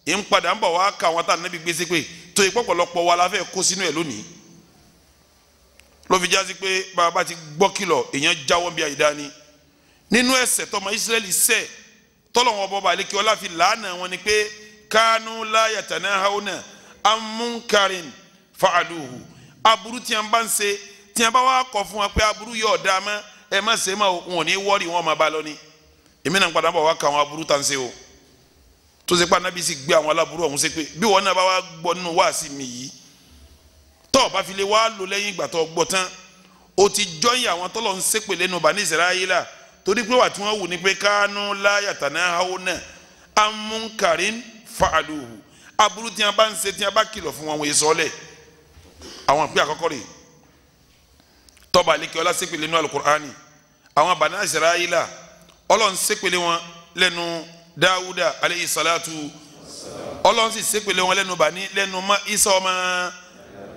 ń ń bọ̀ wá ka àwọn táwọn níbi gbèsè pé tó ipò pọ̀lọpọ̀ wa la fẹ́ kó sínú ẹ̀ lónìí ló fi jásí pé bàbá ti gbọ́ kìlọ̀ èèyàn jáwọ́ bí àyídá ni nínú ẹ̀ṣẹ̀ tọmọ Israẹli ṣẹ̀ tọ́lọ̀wọ́n bọ́ba àlekí ọlá fi làánà wọn ni pé kánú láyàtàná haúnà amúnkarin fàálùhù aburú tí a bá ń ṣe tí a bá wà kọ̀ fún wa pé aburú yóò dá a mọ́ ẹ má ṣe má wọn ò wọ́ọ̀rì wọn má ba lọ ni èmi náà padà bọ̀ wá ka àwọn aburú tá n ṣe o tó ṣe pé anabi sì gbé àwọn aláburú ọ̀hún ṣe pé bí wọn náà bá wá gbọ́ nínú wáàsí mi yìí tó o bá fi lè wá lò lẹ́yìn ìgbà tó o gbọ́ tán o ti jọ́yìn àwọn tọ́lọ̀ ń ṣépè lẹ́nu bani israẹ́lá torí pé wà tí wọ́n wù ní pé kánú láyàtà náà hàwó náà amúnkarin fàlùhù aburú tí a bá ń ṣe tí a bá kìlọ̀ fún wọn wọ́n èso ọlẹ̀ àwọn àpè ọlọ́run ṣépele wọn lẹ́nu dáwúdà aleyhi salatu ọlọ́run sì ṣépele wọn lẹ́nu bani lẹ́nu isa ọmọ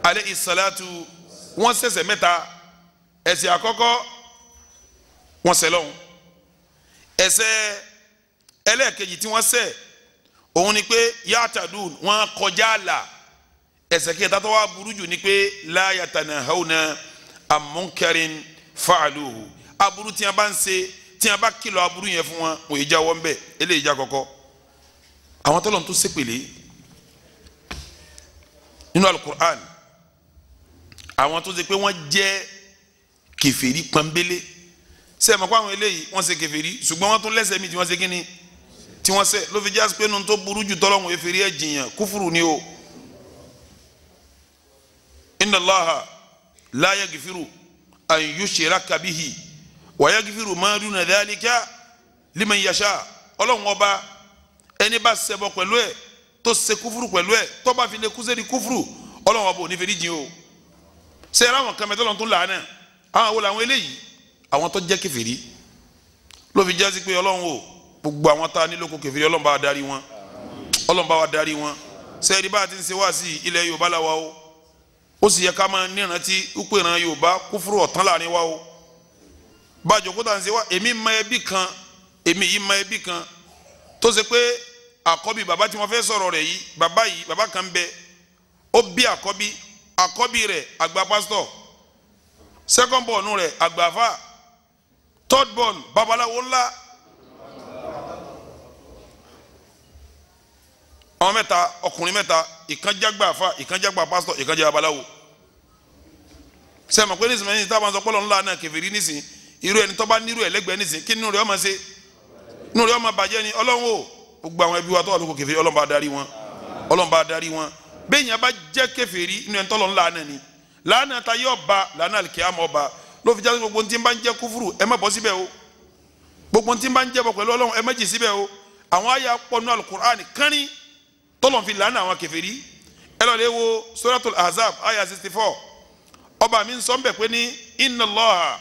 aleyhi salatu wọ́n ṣẹ̀ṣẹ̀ mẹ́ta ẹ̀ṣẹ̀ àkọ́kọ́ wọ́n ṣẹ̀ lọ́hùn ẹ̀ṣẹ̀ ẹlẹ́ẹ̀kejì tí wọ́n ṣẹ̀ òun ni pé yàtàdù wọ́n kọjá àlà ẹ̀ṣẹ̀ kẹta tó wà burú jù ni pé láyàtànà hàwùnà amúnkẹrin fàlùhù aburú tí wọ́n bá ń ṣe tí a bá kìlọ̀ aburú yẹn fún wa mo ìjà wọ́n bẹ́ẹ̀ eléyìí ìjà kọ́kọ́ àwọn tọ́lọ̀ tó sépèlé nínú alukur'an àwọn tó ṣe pé wọ́n jẹ́ kèfèrí pọ́nbélé ṣe é mọ̀ pé àwọn eléyìí wọ́n ṣe kèfèrí ṣùgbọ́n wọ́n tún lẹ́sẹ̀ mi tí wọ́n ṣe kíni tí wọ́n ṣe ló fi jásí pé nu tó burú jù tọ́lọ́hún èfèrí ẹ̀ jìyàn kúfùrù ni o inna Allaha la yaghfiru an yushraka bihi wa yaghfiru ma duna dhalika liman yasha ọlọ́run ọba ẹni bá ṣẹbọ pẹ̀lú ẹ̀ tó ṣe kúfúrú pẹ̀lú ẹ̀ tó bá fi lè kú sẹ́ni kúfúrú ọlọ́run ọba ò ní fẹ́ díjìn o ṣe é ráwọn kan mẹ́tọ́ lọ́n tún làánà àwọn wo làwọn eléyìí àwọn tó jẹ́ kèfèrí ló fi jásí pé ọlọ́run o gbogbo àwọn tá a nílò kó kèfèrí ọlọ́run bá wa darí wọn ọlọ́run bá la wa o bàjọ́ kó tà ń ṣe wá èmi mọ ẹbí kan èmi yìí mọ ẹbí kan tó ṣe pé àkọ́bí bàbá tí wọ́n fẹ́ sọ̀rọ̀ rẹ̀ yìí bàbá yìí bàbá kan bẹ ó bí àkọ́bí àkọ́bí rẹ̀ àgbà pásítọ̀ second born rẹ̀ àgbà fà third born babaláwo ńlá àwọn mẹ́ta ọkùnrin mẹ́ta ìkànjágbà fà ìkànjágbà pásítọ̀ ìkànjá babaláwo sẹ́mi pé nísìnyí táwọn sọ pé Ọlọ́run ńlá náà kẹfìrí nísìnyí irú ẹni tó bá nírú ẹ lẹ́gbẹ̀ẹ́ nísìn kí nínú rẹ ọmọ ṣe nínú rẹ ọmọ bàjẹ́ ni ọlọ́run o gbogbo àwọn ẹbí wa tó wà lóko kèfèrí ọlọ́run bá darí wọn ọlọ́run bá darí wọn bẹ́ẹ̀ yẹn bá jẹ́ kèfèrí inú ẹni tọ́lọ́ ńlá náà ni lánà ta yóò ba lánà kìámọ̀ ọba ló fi jáde gbogbo ntí bá ń jẹ́ kúfúrú ẹ má bọ́ síbẹ̀ o gbogbo ntí bá ń jẹ́ bọ̀ pẹ̀lú ọlọ́run ẹ má jì síbẹ̀ o àwọn àyà pọnú alukur'an kánrin tọ́lọ̀ fi lánà àwọn kèfèrí ẹ lọ́ọ́ lè wo inna Allaha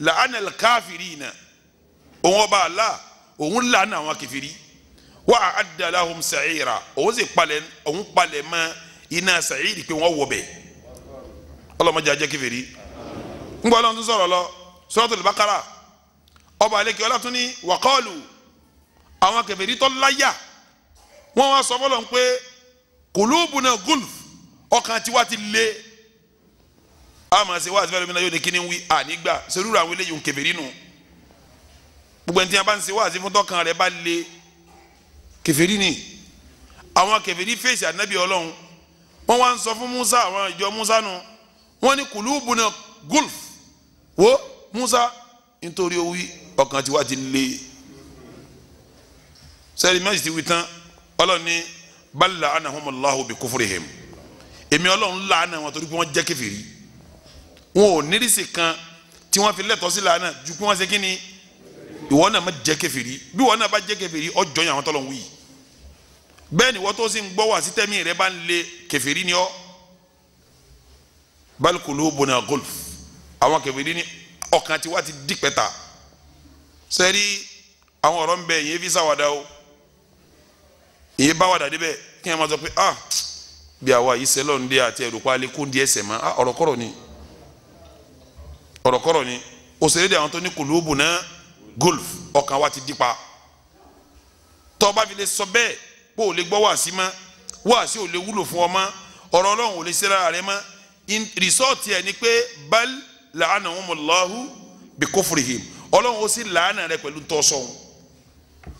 làánà káfírínà òun ọba àlá òun làánà àwọn kẹfìrí wà á dàláhùn sàìrà òun sì palẹ̀ òun palẹ̀ mọ́ iná sàìrì pé wọ́n wọ̀ bẹ̀ ọlọ́mọdé ajẹ́ kẹfìrí ńgbọ́ ọlọ́run tún sọ̀rọ̀ lọ suratul Baqara ọba àlekè ọlọ́tún ní wàkọ́ọ̀lù àwọn kẹfìrí tó láyà wọ́n wá sọ pé kùlùbùnà gulf ọkàn tiwa ti le a máa ṣe wáàsí fẹ́ẹ́ lómìnira yóò ní kíni wí ànígbà serúra àwọn eléyìí kèfèrí nù gbogbo ẹni tí a bá ń ṣe wáàsí fún tọkàn rẹ bá le kèfèrí ni àwọn kèfèrí fèsì ànábì ọlọ́run wọ́n wá ń sọ fún Musa àwọn ìjọ Musa nu wọ́n ní kulubuna gulf wo Musa nítorí ó wí ọkàn tiwa ti le sẹ́ẹ̀lì mẹ́sì ti wí tán ọlọ́run ní bala anahumalahu bi kufurihim èmi ọlọ́run láàánà wọn torí pé wọ́n jẹ́ kèfèrí wọn ò nírìsì kan tí wọ́n fi lẹ́tọ̀ọ́ sí lànà ju pé wọ́n ṣe kí ni ìwọ náà má jẹ́ kèfèrí bí wọ́n náà bá jẹ́ kèfèrí ọjọ́ yàn àwọn tọ́lọ̀ ń wí bẹ́ẹ̀ ni wọ́n tó sì ń gbọ́ wá sí tẹ́mí rẹ bá ń le kèfèrí ni ọ́ balikolo bona golf àwọn kèfèrí ni ọkàn tiwa ti di pẹ́ta sẹ́rí àwọn ọ̀rọ̀ ń bẹ yẹn fi sáwádà o èyí bá wàdà débẹ̀ kí ẹ máa sọ pé ah bí àwa yìí sẹ́lọ̀ ń dé àti ẹ̀rù pa alẹ́ kó ń di ẹsẹ̀ mọ́ ah, ọ̀rọ̀ kọ̀rọ̀ ni ọ̀rọ̀kọ́rọ̀ ni ó ṣe déédéé àwọn tó ní kùlùbù náà golf ọkàn wa ti dí pa tó bá fi lè sọ bẹ́ẹ̀ pé o lè gbọ́ wàásí mọ́ wàásí ò lè wúlò fún ọ mọ́ ọ̀rọ̀ ọlọ́run ò lè ṣe lára rẹ mọ́ rìsọ́ọ̀tì ẹ̀ ni pé bal la'anahumullahu bi kufrihim ọlọ́run ó sì làánà rẹ pẹ̀lú tọ́sọ̀hún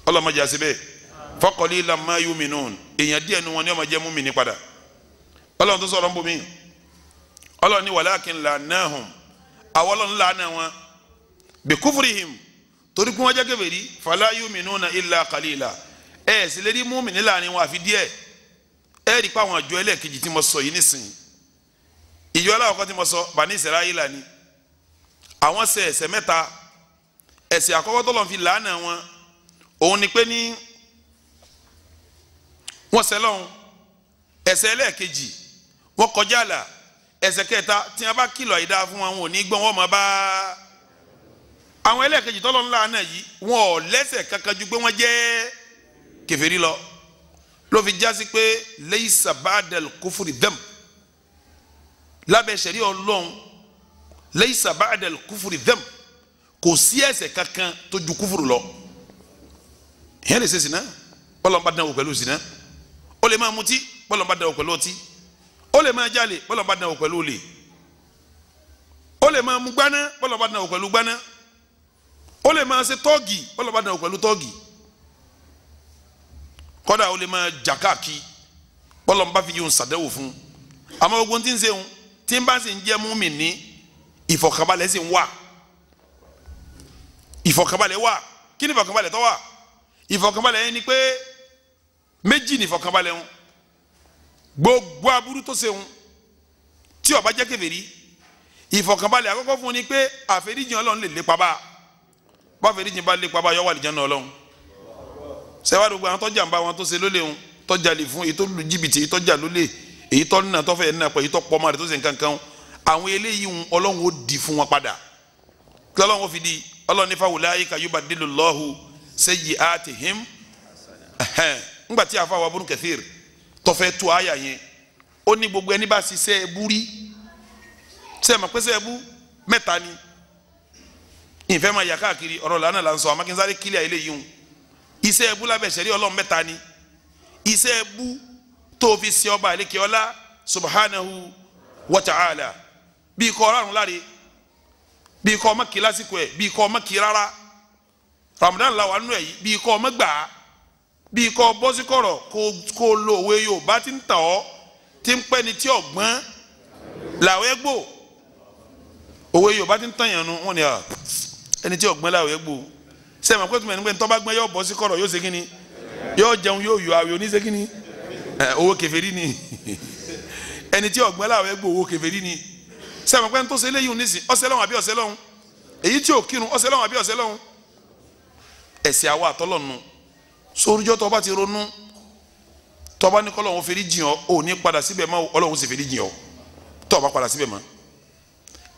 ọlọ́mọdé àṣẹ bẹ́ẹ̀ fọkànlí lamma yuminun èèyàn díẹ̀ nu wọn ni ọmọ jẹ́ mú mi ní padà ọlọ́run tó sọ̀rọ̀ ń bomi ọlọ́run ní walakin la'anahum àwọn ọlọ́run lànà wọn bi kufrihim torí kí wọ́n jẹ́ kèfèrí fala yu'minuna illa qalila ẹ̀ sì lè rí múmìnì láàrin wọn àfi díẹ̀ ẹ̀ rí pa àwọn àjọ ẹlẹ́ẹ̀kejì tí mo sọ yìí nísìnyí ìjọ aláwọ̀kọ́ tí mo sọ bani Israila ni àwọn ṣe ẹ̀ṣẹ̀ mẹ́ta ẹ̀ṣẹ̀ àkọ́kọ́ tọ́lọ́run fi lànà wọn òun ni pé ní wọ́n ṣẹ̀ lọ́hùn ẹlẹ́ẹ̀kejì wọ́n kọjá àlà ẹsẹ̀ kẹta tí wọ́n bá kìlọ̀ àìdá fún wọn wọn ò ní gbọ́n wọn mọ̀ bá àwọn ẹlẹ́ẹ̀kejì tọ́lọ́ ńlá náà yìí wọn ò lẹ́sẹ̀ kankan ju pé wọ́n jẹ́ kèfèrí lọ ló fi jásí pé lẹ́yìn sàbádẹ́lì kófùrì dẹ́m lábẹ́ sẹ̀rí ọlọ́run lẹ́yìn sàbádẹ́lì kófùrì dẹ́m kò sí ẹ̀ṣẹ̀ kankan tó ju kófùrù lọ ìyẹn lè ṣe sìnà bọ́lá bá dánwò pẹ̀lú sìnà ó lè máa mutí bọ́lá bá dánwò pẹ̀lú ọtí ó lè máa jalè bọ́lọ̀ bá dánwò pẹ̀lú olè ó lè máa mú gbaná bọ́lọ̀ bá dánwò pẹ̀lú gbaná ó lè máa ṣe tọ́ọ̀gì bọ́lọ̀ bá dánwò pẹ̀lú tọ́ọ̀gì kọ́dà ó lè máa jà káàkiri bọ́lọ̀ bá fi yóò ṣàdẹ́wò fún àmọ́ ogun tí ń ṣe òun tí ń bá sì ń jẹ́ mú mi ní ìfọ̀kànbalẹ̀ sì ń wà ìfọ̀kànbalẹ̀ wà kí ni ìfọ̀kànbalẹ̀ tó wà ìfọ̀kànbalẹ̀ yẹn ni pé méjì ni ìfọ̀kànbalẹ̀ ń gbogbo aburú tó ṣe ń tí ó bá jẹ́ kèfèrí ìfọ̀kànbalẹ̀ àkọ́kọ́ fún ni pé àfẹríjìn Ọlọ́run lè lépa bá bá àfẹríjìn bá lépa bá yọ wà lìjẹun náà Ọlọ́run sẹwàá gbogbo àwọn tọjà ń bá wọn tó ṣe lólè ń tọjà lè fún èyí tó lu jìbìtì èyí tọjà lólè èyí tọ́ nínà tọ́fẹ̀ nínà pẹ̀ èyí tọ́ pọ́ ọmọ rẹ̀ tó ṣe nǹkan kan àwọn eléyìí ń Ọlọ́run ó di fún wọn padà kí Ọlọ́run ó fi di Ọlọ́run ní fáwọn láyé kà yóò bá délò tọ́fẹ́ tu àyà yẹn ó ní gbogbo ẹni bá ṣiṣẹ́ ẹbú rí ṣe mọ̀ pé ṣe ẹbú mẹ́ta ni ìfẹ́ máa yà káàkiri ọ̀rọ̀ lánàá là ń sọ amákinsáré kílíà eléyìí hùn iṣẹ́ ẹbú lábẹ́ ṣẹ̀rí ọlọ́run mẹ́ta ni iṣẹ́ ẹbú tó fi ṣe ọba àlékè ọlá subhanahu wa ta'ala bí ikọ̀ ọ̀rọ̀ àrùn láre bí ikọ̀ ọmọ kì lásìkò ẹ̀ bí ikọ̀ ọmọ rárá Ramadan làwọn àánú ẹ̀ yìí bí ikọ̀ ọmọ bíi kọ́ bọ́ sí kọ̀rọ̀ kó lo òwe Yorùbá ti ń tà ọ́ ti ń pẹ́ ni tí ọ̀gbọ́n làwẹ́ gbò òwe Yorùbá ti ń tàn yàn nu wọ́n ní à ẹni tí ọ̀gbọ́n làwẹ́ gbò sẹ́mi àpótí mẹ́rin pé ní tọ́ba gbọ́n yóò bọ́ sí kọ̀rọ̀ yóò ṣe kínni yóò jẹun yóò yọ àwẹ̀ oníṣe kínni owó kèfèrí ni ẹni tí ọ̀gbọ́n làwẹ́ gbò owó kèfèrí ni sẹ́mi àpótí tó sóríjọ́ tó bá ti ronú tó bá ní kọ́ lọ́wọ́ fèrè jìn ọ́ ò ní padà síbẹ̀ mọ́ ọlọ́wọ́ sì fèrè jìn ọ́ tó padà síbẹ̀ mọ́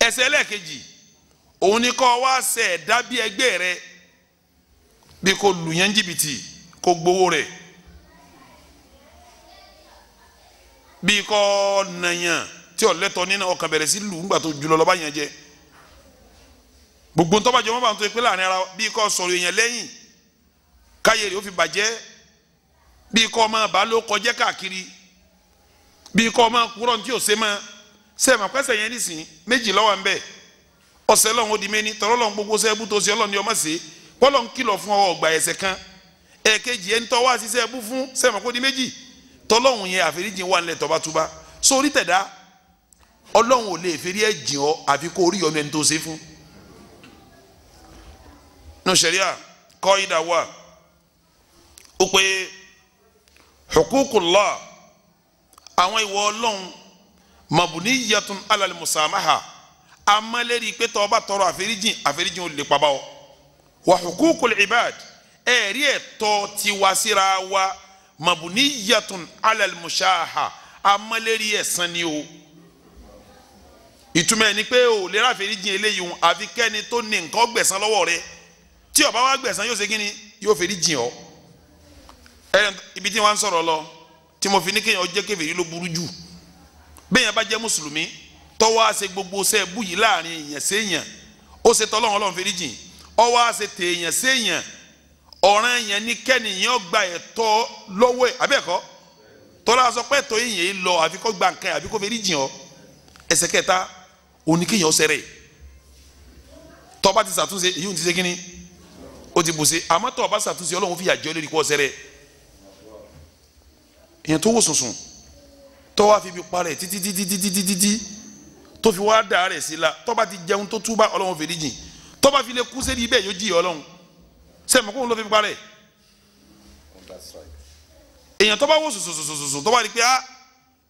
ẹsẹ̀ ẹlẹ́ẹ̀kejì òun ni kọ́ wá ṣẹ̀ ẹ̀dá bí ẹgbẹ́ rẹ bí kò lù yẹn jìbìtì kò gbowó rẹ̀ bí kò nàyàn tí ọ̀lẹ́tọ̀ nínú ọkàn bẹ̀rẹ̀ sí lù ńgbà tó jùlọ lọ́ba yẹn jẹ gbogbo ntọ́bàjọ́ mọ́ba tó yẹ pé láàrin ara bí kò sọ̀rọ̀ èèyàn lẹ́yìn káyé rẹ̀ ó fi bàjẹ́ bíi kọ́ ọmọ bá ló kọjẹ́ káàkiri bíi kọ́ ọmọ kúrọ̀ tí ò ṣe mọ́ sẹ́ẹ̀ mà pẹ́sẹ̀ yẹn nísìn méjì lọ́wọ́ ń bẹ̀ ọ̀sẹ̀ lọ́hún ó di méní tọ́lọ́ lọ́hún gbogbo sẹ́ẹ̀bù tó ṣe ọlọ́ni ọmọ ṣe kọ́lọ́ ń kìlọ̀ fún ọ ọgbà ẹ̀ṣẹ̀ kan ẹ̀ẹ̀kejì ẹ̀ ń tọ́ wá sí sẹ́ẹ̀bù fún sẹ́ẹ̀ mà kó di méjì tọ́lọ́hún yẹn àfẹ́ríjì wà nílẹ̀ tọ́bátúbá sórí tẹ̀dá ọlọ́run ò lè fẹ́rí ẹ̀ jìn ọ àfi kó orí ọ̀nà ẹni tó ṣe fún. nù kọ́ ìdá wà ó pé hukukullah àwọn ìwọ ọlọ́run mabuni yatun alali musamaha amalẹ́rìí pé tó bá tọrọ àfẹ́ríjìn àfẹ́ríjìn ò lè pa bá ọ wa hukukul ibad ẹ̀rí ẹ̀tọ́ tiwa wa mabuni yatun alali mushaha amalẹ́rìí ẹ̀san ni o ìtumọ̀ ni pé o lè ráfẹ́ríjìn eléyìí hùn àfi kẹ́ni tó ní nǹkan gbẹ̀san lọ́wọ́ rẹ tí ó bá wá yóò ṣe ni yóò fẹ́ríjìn ọ́ ẹ ibi tí wọn sọ̀rọ̀ lọ tí mo fi ní kéèyàn jẹ́ kèfèrí ló burú jù bẹ́ẹ̀ yẹn bá jẹ́ mùsùlùmí tó wá ṣe gbogbo ṣe bú yìí láàrin èèyàn séèyàn ó ṣe tọ́lọ́run ọlọ́run fèrè jìn ó wá ṣe tèèyàn séèyàn ọ̀ràn yẹn ní kẹ́nìyàn gba ẹ̀tọ́ lọ́wọ́ ẹ̀ abẹ́ẹ̀kọ́ tọ́lá sọ pé ẹ̀tọ́ yìnyín yìí lọ àfi kó gba nǹkan àfi kó fèrè jìn ọ ẹsẹ̀ kẹta òní kéèyàn ṣẹrẹ̀ tọ́ba ti ṣàtúnṣe èyí ò ti ṣe kínní ó ti bù àmọ́ tọ́ba ṣàtúnṣe ọlọ́run fìyà jẹ́ lórí kó ṣẹrẹ̀ èèyàn tó wò sùnsùn tó wá fi ibi parẹ́ títí títí títí títí tó fi wá dà rẹ̀ sí la tó bá ti jẹun tó túbà ọlọ́run fèrè jìn tó bá fi lè kú sẹ́ni bẹ́ẹ̀ yóò jì ọlọ́run sẹ́mi kóhun ló fi parẹ́ èèyàn tó bá wò sùnsùnsùnsùn tó bá rí pé ah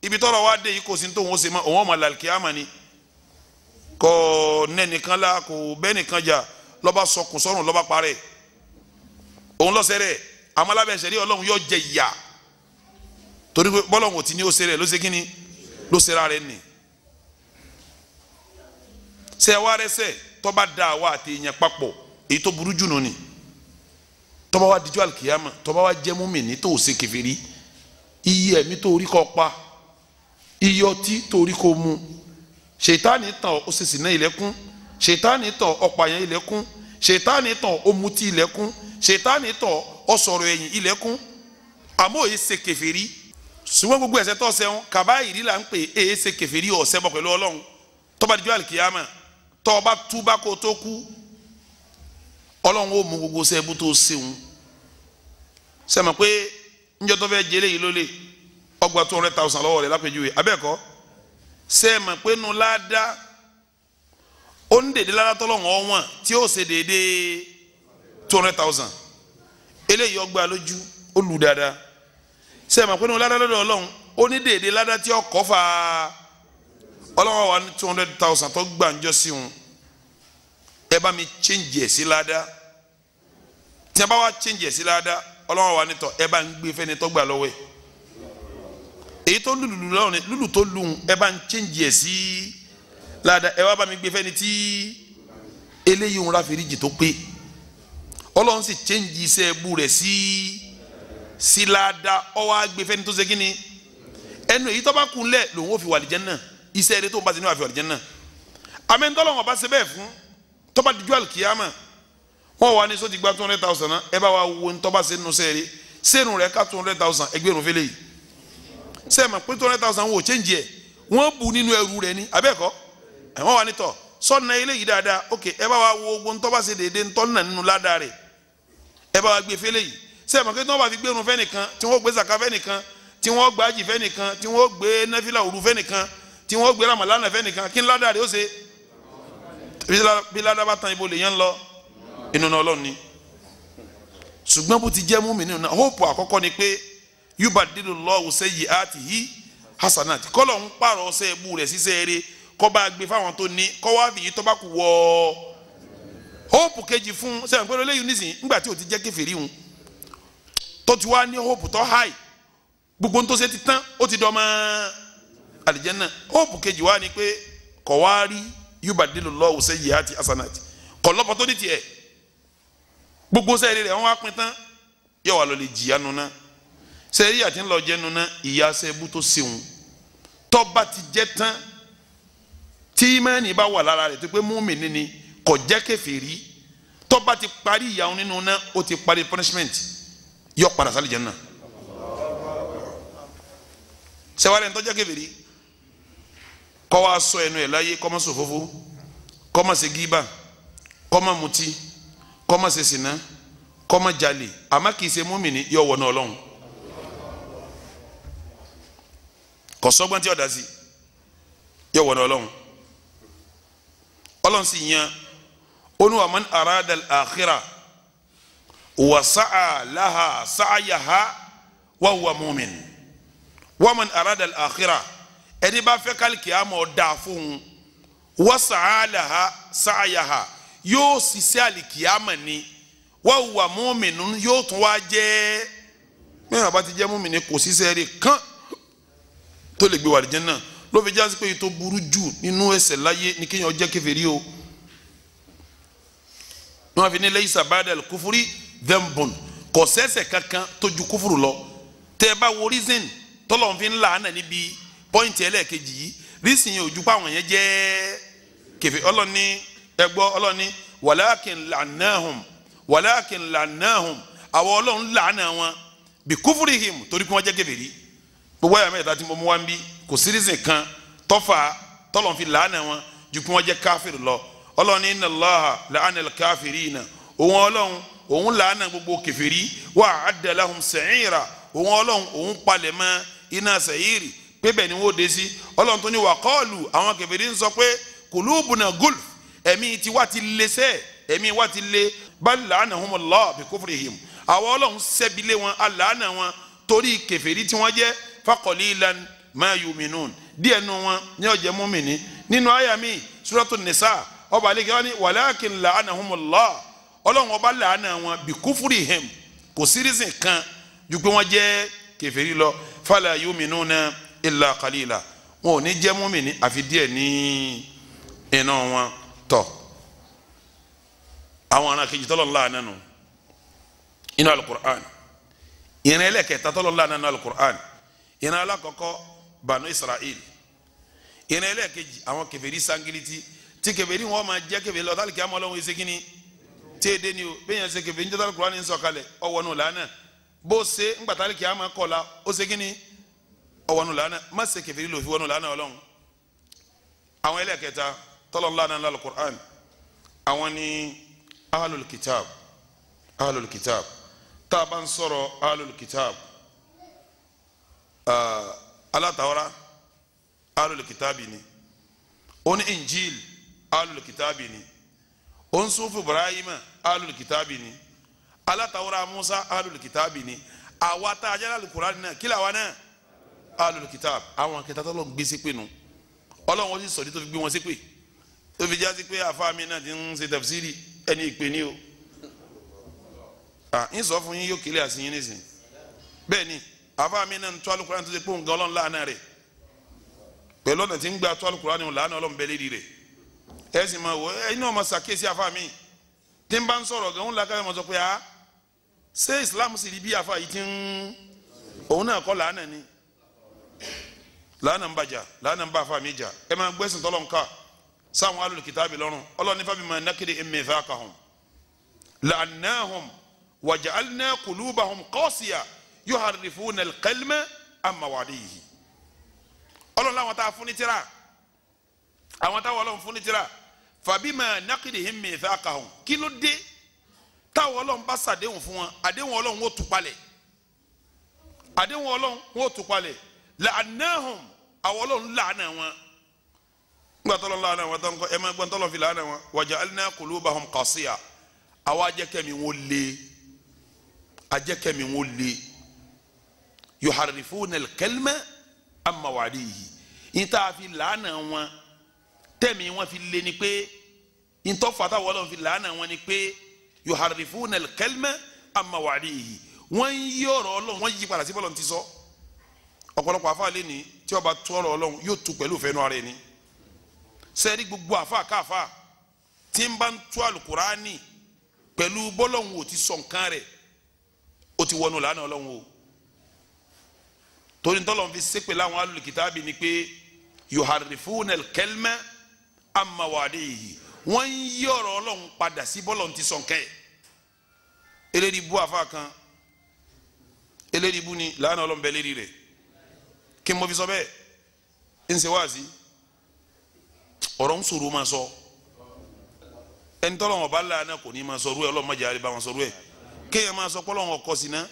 ibi tọ́rọ̀ wá dé yìí kò sí tóun ó ṣe mọ́ òun ọmọ làlùkìyàmà ni kò nẹnìkan la kò bẹ́nìkan jà lọ́ba sọkùn sọ́run lọ́ba parẹ́ òun lọ́sẹ̀ rẹ̀ àmọ́ lábẹ́ ìṣẹ̀lẹ̀ ọlọ́run yóò jẹ ìyà torí pé bọ́lọ̀hún ti ní ó ṣeré ló ṣe kí ni ló ṣe ra rẹ̀ nì ṣe ẹ wá rẹsẹ̀ tọ́ba da àwa àti èèyàn papọ̀ èyí tó burú jù ni tọ́ba wa dijọ́ alikiyama tọ́ba wa jẹ́ múmi ní tó ṣe kẹfìrí iye ẹ̀mí tó orí kọ́ pa iye ọtí tó orí kọ́ mu ṣètánì tàn ó ṣe sìnà ilẹ̀kùn ṣètánì tàn ọ̀pààyàn ilẹ̀kùn ṣètánì tàn ó mutí ilẹ̀kùn ṣètánì tàn ó sọ̀rọ̀ ẹ̀yìn ilẹ̀kùn àmọ́ èyí ṣe kẹfìrí ṣùgbọ́n gbogbo ẹ̀ṣẹ̀ tó ṣẹ̀ ń kaba ìrí là ń pè é é ṣe kèfèrí ọ̀sẹ̀ bọ̀ pẹ̀lú ọlọ́run tó bá dijọ́ àlìkìyàmà tó o bá túbá kó o tó kú ọlọ́run ó mú gbogbo ṣẹ́bù tó ṣeun sẹ́mi pé níjọ́ tó fẹ́ jẹ́lé yìí lólè ọgbà two hundred thousand lọ́wọ́ rẹ̀ lápẹ́jùwe abẹ́ẹ̀kọ́ sẹ́mi pé nu ládá ó ń dèdè ládá tọ́lọ́run ọ̀wọ́n tí ó ṣe déédéé two hundred thousand eléyìí ọgbà lójú ó lù dáadáa sẹ́yìn máa pé nínú ládàá lọ́dọ̀ ọlọ́run ó ní dèédé ládàá tí ọkọ̀ fà á ọlọ́run wa ní two hundred thousand tó gbà ń jọ sí wọn ẹ bá mi change ẹ̀ sí ládàá tí a bá wá change ẹ̀ sí ládàá ọlọ́run wa ní tọ́ ẹ bá ń gbé fẹ́ni tó gbà lọ́wọ́ ẹ̀ èyí tó lùlù lọ́rùn ni lùlù tó lù ẹ bá ń change ẹ̀ sí ládàá ẹ wá bá mi gbé fẹ́ni tí eléyìí ń ra fèrèjì tó pé ọlọ́run sì change iṣẹ́ ẹbú rẹ̀ sí. Si, Silada láada ọwọ́ agbèfẹ́ ni tó ṣe kíni ẹnu èyí tó bá kun lẹ̀ lòun ò fi wà lìjẹ́ náà iṣẹ́ eré tó ń bá ṣe ní wà fi wà lìjẹ́ náà àmì ńtọ́lọ̀ wọn bá ṣe bẹ́ẹ̀ fún tó bá dijú àlùkìyàmà wọn wà ní sọ́ọ́tì gba two hundred thousand náà ẹ bá wa wo ní tó bá ṣe nínú sẹ́ẹ̀rẹ́ sẹ́ẹ̀rù rẹ̀ ká two hundred thousand ẹgbẹ́ ìrùn fẹ́lẹ́ yìí sẹ́ẹ̀mà pé two hundred thousand wò change ẹ̀ wọ́n bù nínú ẹrù rẹ̀ ní abẹ́ẹ̀kọ́ àwọn wà ní tọ̀ sọ́ọ̀nà eléyìí dáadáa ok ẹ bá wa wo gbogbo ní tó bá ṣe déédéé ní tọ́lá nínú ládàá rẹ̀ ẹ bá wa gbé fẹ́lẹ́ yìí ṣe mọ̀ pé tí wọ́n bá fi gbé irun fẹ́nìkan tí wọ́n gbé zaka fẹ́nìkan tí wọ́n gbé ají fẹ́nìkan tí wọ́n gbé nẹ́fìlà òru fẹ́nìkan tí wọ́n gbé ramalana fẹ́nìkan kí ńlá dàrí ó ṣe bí ládàbà tán ibo lè yẹn lọ inú náà ọlọ́run ni ṣùgbọ́n bó ti jẹ́ mú mi nínú náà hóòpù àkọ́kọ́ ni pé yubadilu Allahu sayyiatihi hasanati kọ́lọ̀ ń pààrọ̀ ọsẹ ẹ̀bù rẹ̀ ṣiṣẹ́ eré kọ́ bá gbé fáwọn tó ní kọ́ wá fìyí tọ́ bá kú wọ́ hóòpù kejì fún sẹ́wọ̀n pé lóléyìn nísìnyí nígbà tí ò ti jẹ́ kèfèrí hùn tó ti wá ní hope tó high gbogbo tó ṣe ti tán ó ti dọ́mọ àlìjẹ́nà hope kejì wá ni pé kọ̀ wá rí yubadilullahu sayyiati hasanati kọ̀ lọ́pọ̀ tó ní tiẹ̀ gbogbo sẹ́ẹ̀rì rẹ̀ wọ́n á pin tán yóò wá lọ lè jìyà nu náà sẹ́ẹ̀rì àti ńlọ jẹ́ nu náà ìyá sẹ́ẹ̀bù tó ṣeun tọ́ba ti jẹ́ tán tí ìmánì bá wà lára rẹ̀ tó pé múmi ni kò jẹ́ kèfèrí tọ́ba ti parí ìyà nínú náà ó ti parí punishment yọ padà sálì jẹ́ nà sẹ́wálẹ̀ ntọ́jà kẹfìrí kọ́ wa sọ ẹnu ẹ̀ láyé kọ́ ma sọ fófó kọ́ ma ṣe gíbà kọ́ ma mutí kọ́ ma ṣe sìnà kọ́ ma jalè àmọ́ kìí ṣe múmìnì yọ wọ̀ náà lọ́hùn kọ́sọ́gbọ́n tí ọ̀dà sí yọ wọ̀ náà lọ́hùn ọlọ́run sì yan oníwàmọ́ni aradal akhira wasa'a laha sa'ayaha wa huwa mumin waman arada al-akhirah ẹni bá fẹ́ kálíkìámọ̀ ọ̀dà fún wasa'a laha sa'ayaha yóò ṣiṣẹ́ àlìkìámọ̀ ni wa huwa mumin yóò tún wá jẹ́ mẹ́rin àbá ti jẹ́ mumin ni kò ṣiṣẹ́ rẹ̀ kán tó lè gbé wà lìjẹ́ náà ló fi jásí pé ètò burú jù nínú ẹsẹ̀ láyé ni kéèyàn jẹ́ kèfèrí o wọ́n fi ní laysa ba'da al dhanbun kò sẹ́ṣẹ̀ kankan tó ju kúfùrù lọ tẹ́ ẹ bá wo reason tọ́lọ̀ fi ń là á nà níbi pọ́ìntì ẹlẹ́ẹ̀kejì yìí reason yẹn ò ju páwọn yẹn jẹ́ kẹfẹ́ ọlọ́ni ẹgbọ́ ọlọ́ni wàlákin lànàhùn wàlákin lànàhùn àwọn ọlọ́run làánà wọn bí kúfùrìhìm torí pé wọ́n jẹ́ kẹfẹ́ rí gbogbo àyàmẹ́ ìta tí mo mú wá ń bí kò sí reason kan tọ́fà tọ́lọ̀ fi làánà wọn ju pé wọ́n jẹ́ káfíìrì lọ ọlọ́ni inna làánà káfíìrì náà òun ọlọ́run òun làánà gbogbo kèfèrí wà á dẹ̀láhùn sẹ̀yìnra òun ọlọ́run òun palẹ̀ mọ́ iná sẹ̀yìnrì pé bẹ́ẹ̀ ni wọ́n dé sí ọlọ́run tó ní wà kọ́ọ̀lù àwọn kèfèrí ń sọ pé kùlùbùnà gulf ẹ̀mí tiwa ti lé sẹ́ẹ̀ ẹ̀mí wa ti lé bal la'anahumullahu bi kufrihim àwọn ọlọ́run sẹ́bilé wọn àlànà wọn torí kèfèrí tí wọ́n jẹ́ faqalilan ma ọlọ́run ọba làánà wọn bí kúfúrì hẹm kò sí reason kan ju pé wọ́n jẹ́ kèfèrí lọ fala yu'minuna illa qalila wọn ò ní jẹ́ mùmínì àfi díẹ̀ ní iná wọn tọ̀ àwọn ará kejì tọ́lọ̀ ńlá ànánú inú alukur'an ìrìn ẹlẹ́kẹ̀ẹ́ta tọ́lọ̀ ńlá ànánú alukur'an ìrìn alákọ̀ọ́kọ́ banu israel ìrìn ẹlẹ́kẹ̀ẹ́jì àwọn kèfèrí sangiliti tí kèfèrí wọn máa jẹ́ kèfèrí lọ́tàlì kí á mọ́ téèdé ni o béèyàn ṣe kẹfẹ níjọ́ tálùkùrọ̀ ni ń sọ̀kalẹ̀ lánà bó ṣe ń gbàtàlì máa kọ́ la ó ṣe ni ọ̀wọ́nù lánà má ṣe kẹfẹ nílò fi wọ́nù lánà ọlọ́run àwọn lánà àwọn ni ahlul kitab ahlul kitab tá a bá ń sọ̀rọ̀ ah, injil ahlul kitab ni. òun sùfù ibrahima alul kitabi ni alatawura musa alul kitabi ni àwa tá a jẹ́ alukurani náà kí làwa náà alul kitab àwọn akẹ́tà tó lọ́n gbé nu ọlọ́run ó sì sọ̀dí tó fi gbé wọn sípè tó fi jásí pé àfa mi náà ti ń ṣe tafsiri ẹni ìpè ní o n sọ fún yín yóò kílẹ̀ àsìyín nísìnyí bẹ́ẹ̀ ni àfa mi náà ń tó alukurani tó ti pé òun gan ọlọ́run láàánú rẹ̀ pẹ̀lú ọ̀nà tí ń gba tó alukurani òun láàánú ọlọ́run bẹ́ẹ̀ lédi rẹ̀ tẹ́sí ma wo ẹ̀yin náà ma ṣàkíyèsí afa mi tí n bá ń sọ̀rọ̀ gan ń la káyọ̀ ma sọ pé a ah, ṣé Islam sì rí bí afa yìí ti ń òun náà kọ́ làánà ni làánà ń bàjà làánà ń bá afa mi jà ẹ máa gbẹ́sìn tọ́lọ̀ ń ká sáwọn alul kitabi lọ́rùn ọlọ́ni fábí ma nàkìrì ẹ̀mẹ́ fẹ́ aka hàn la'annahum wa ja'alna qulubahum qasiya yuharrifuna al-kalima amma wa'dihi ọlọ́ni làwọn fàbímà nàkìdìhìn mìthaqahum kí ló dé táwọn ọlọ́run bá ṣàdéhùn fún wọn àdéhùn ọlọ́run wọ́n tú palẹ̀ àdéhùn ọlọ́run wọ́n tú palẹ̀ làánáhùn àwọn ọlọ́run làánà wọn nígbà tọ́lọ́ làánà wọn tó ń kọ́ ẹ máa gbọ́n fi làánà wọn waja'alna qulubahum qasiya àwọn ajẹ́kẹ́mi wọn lé ajẹ́kẹ́mi wọn lé yuharrifuna al-kalima amma yìí yìí tá a wọn tẹ̀mí wọn fi lé ni pé ntọ́fàtà wọlọ́n fi làánà wọn ni pé yuharrifuna al-kalima amma wa'dihi wọ́n ń yí ọ̀rọ̀ ọlọ́run wọ́n yí padà sí bọ́lọ̀ ti sọ ọ̀pọ̀lọpọ̀ afa lé ní tí ó bá tú ọ̀rọ̀ ọlọ́run yóò tú pẹ̀lú fẹ́nu ara ẹni sẹ́ẹ̀rí gbogbo afa káfa tí ń bá ń tú alukurani pẹ̀lú bọ́lọ́run ò ti sọ nǹkan rẹ̀ ó ti wọnú làánà ọlọ́run o torí ntọ́lọ́run fi ṣépè láwọn alùkìtàbí ni pé yuharrifuna al-kalima amma wa'dihi wọ́n ń yí ọ̀rọ̀ ọlọ́run padà sí bọ́lọ̀ ti sọ nkẹ́ eléyìí bú afa kan eléyìí bú ni làánà ọlọ́run bẹ lérí rẹ̀ kí n mọ fi sọ bẹ́ẹ̀ ń ṣe wáàsí ọ̀rọ̀ ń sòro máa sọ ẹni tọ́lọ̀ wọn bá làánà kò ní máa sọ rú ẹ ọlọ́run máa jẹ́ àríbá wọn sọ rú ẹ kéèyàn máa sọ pọ́lọ́ wọn sí náà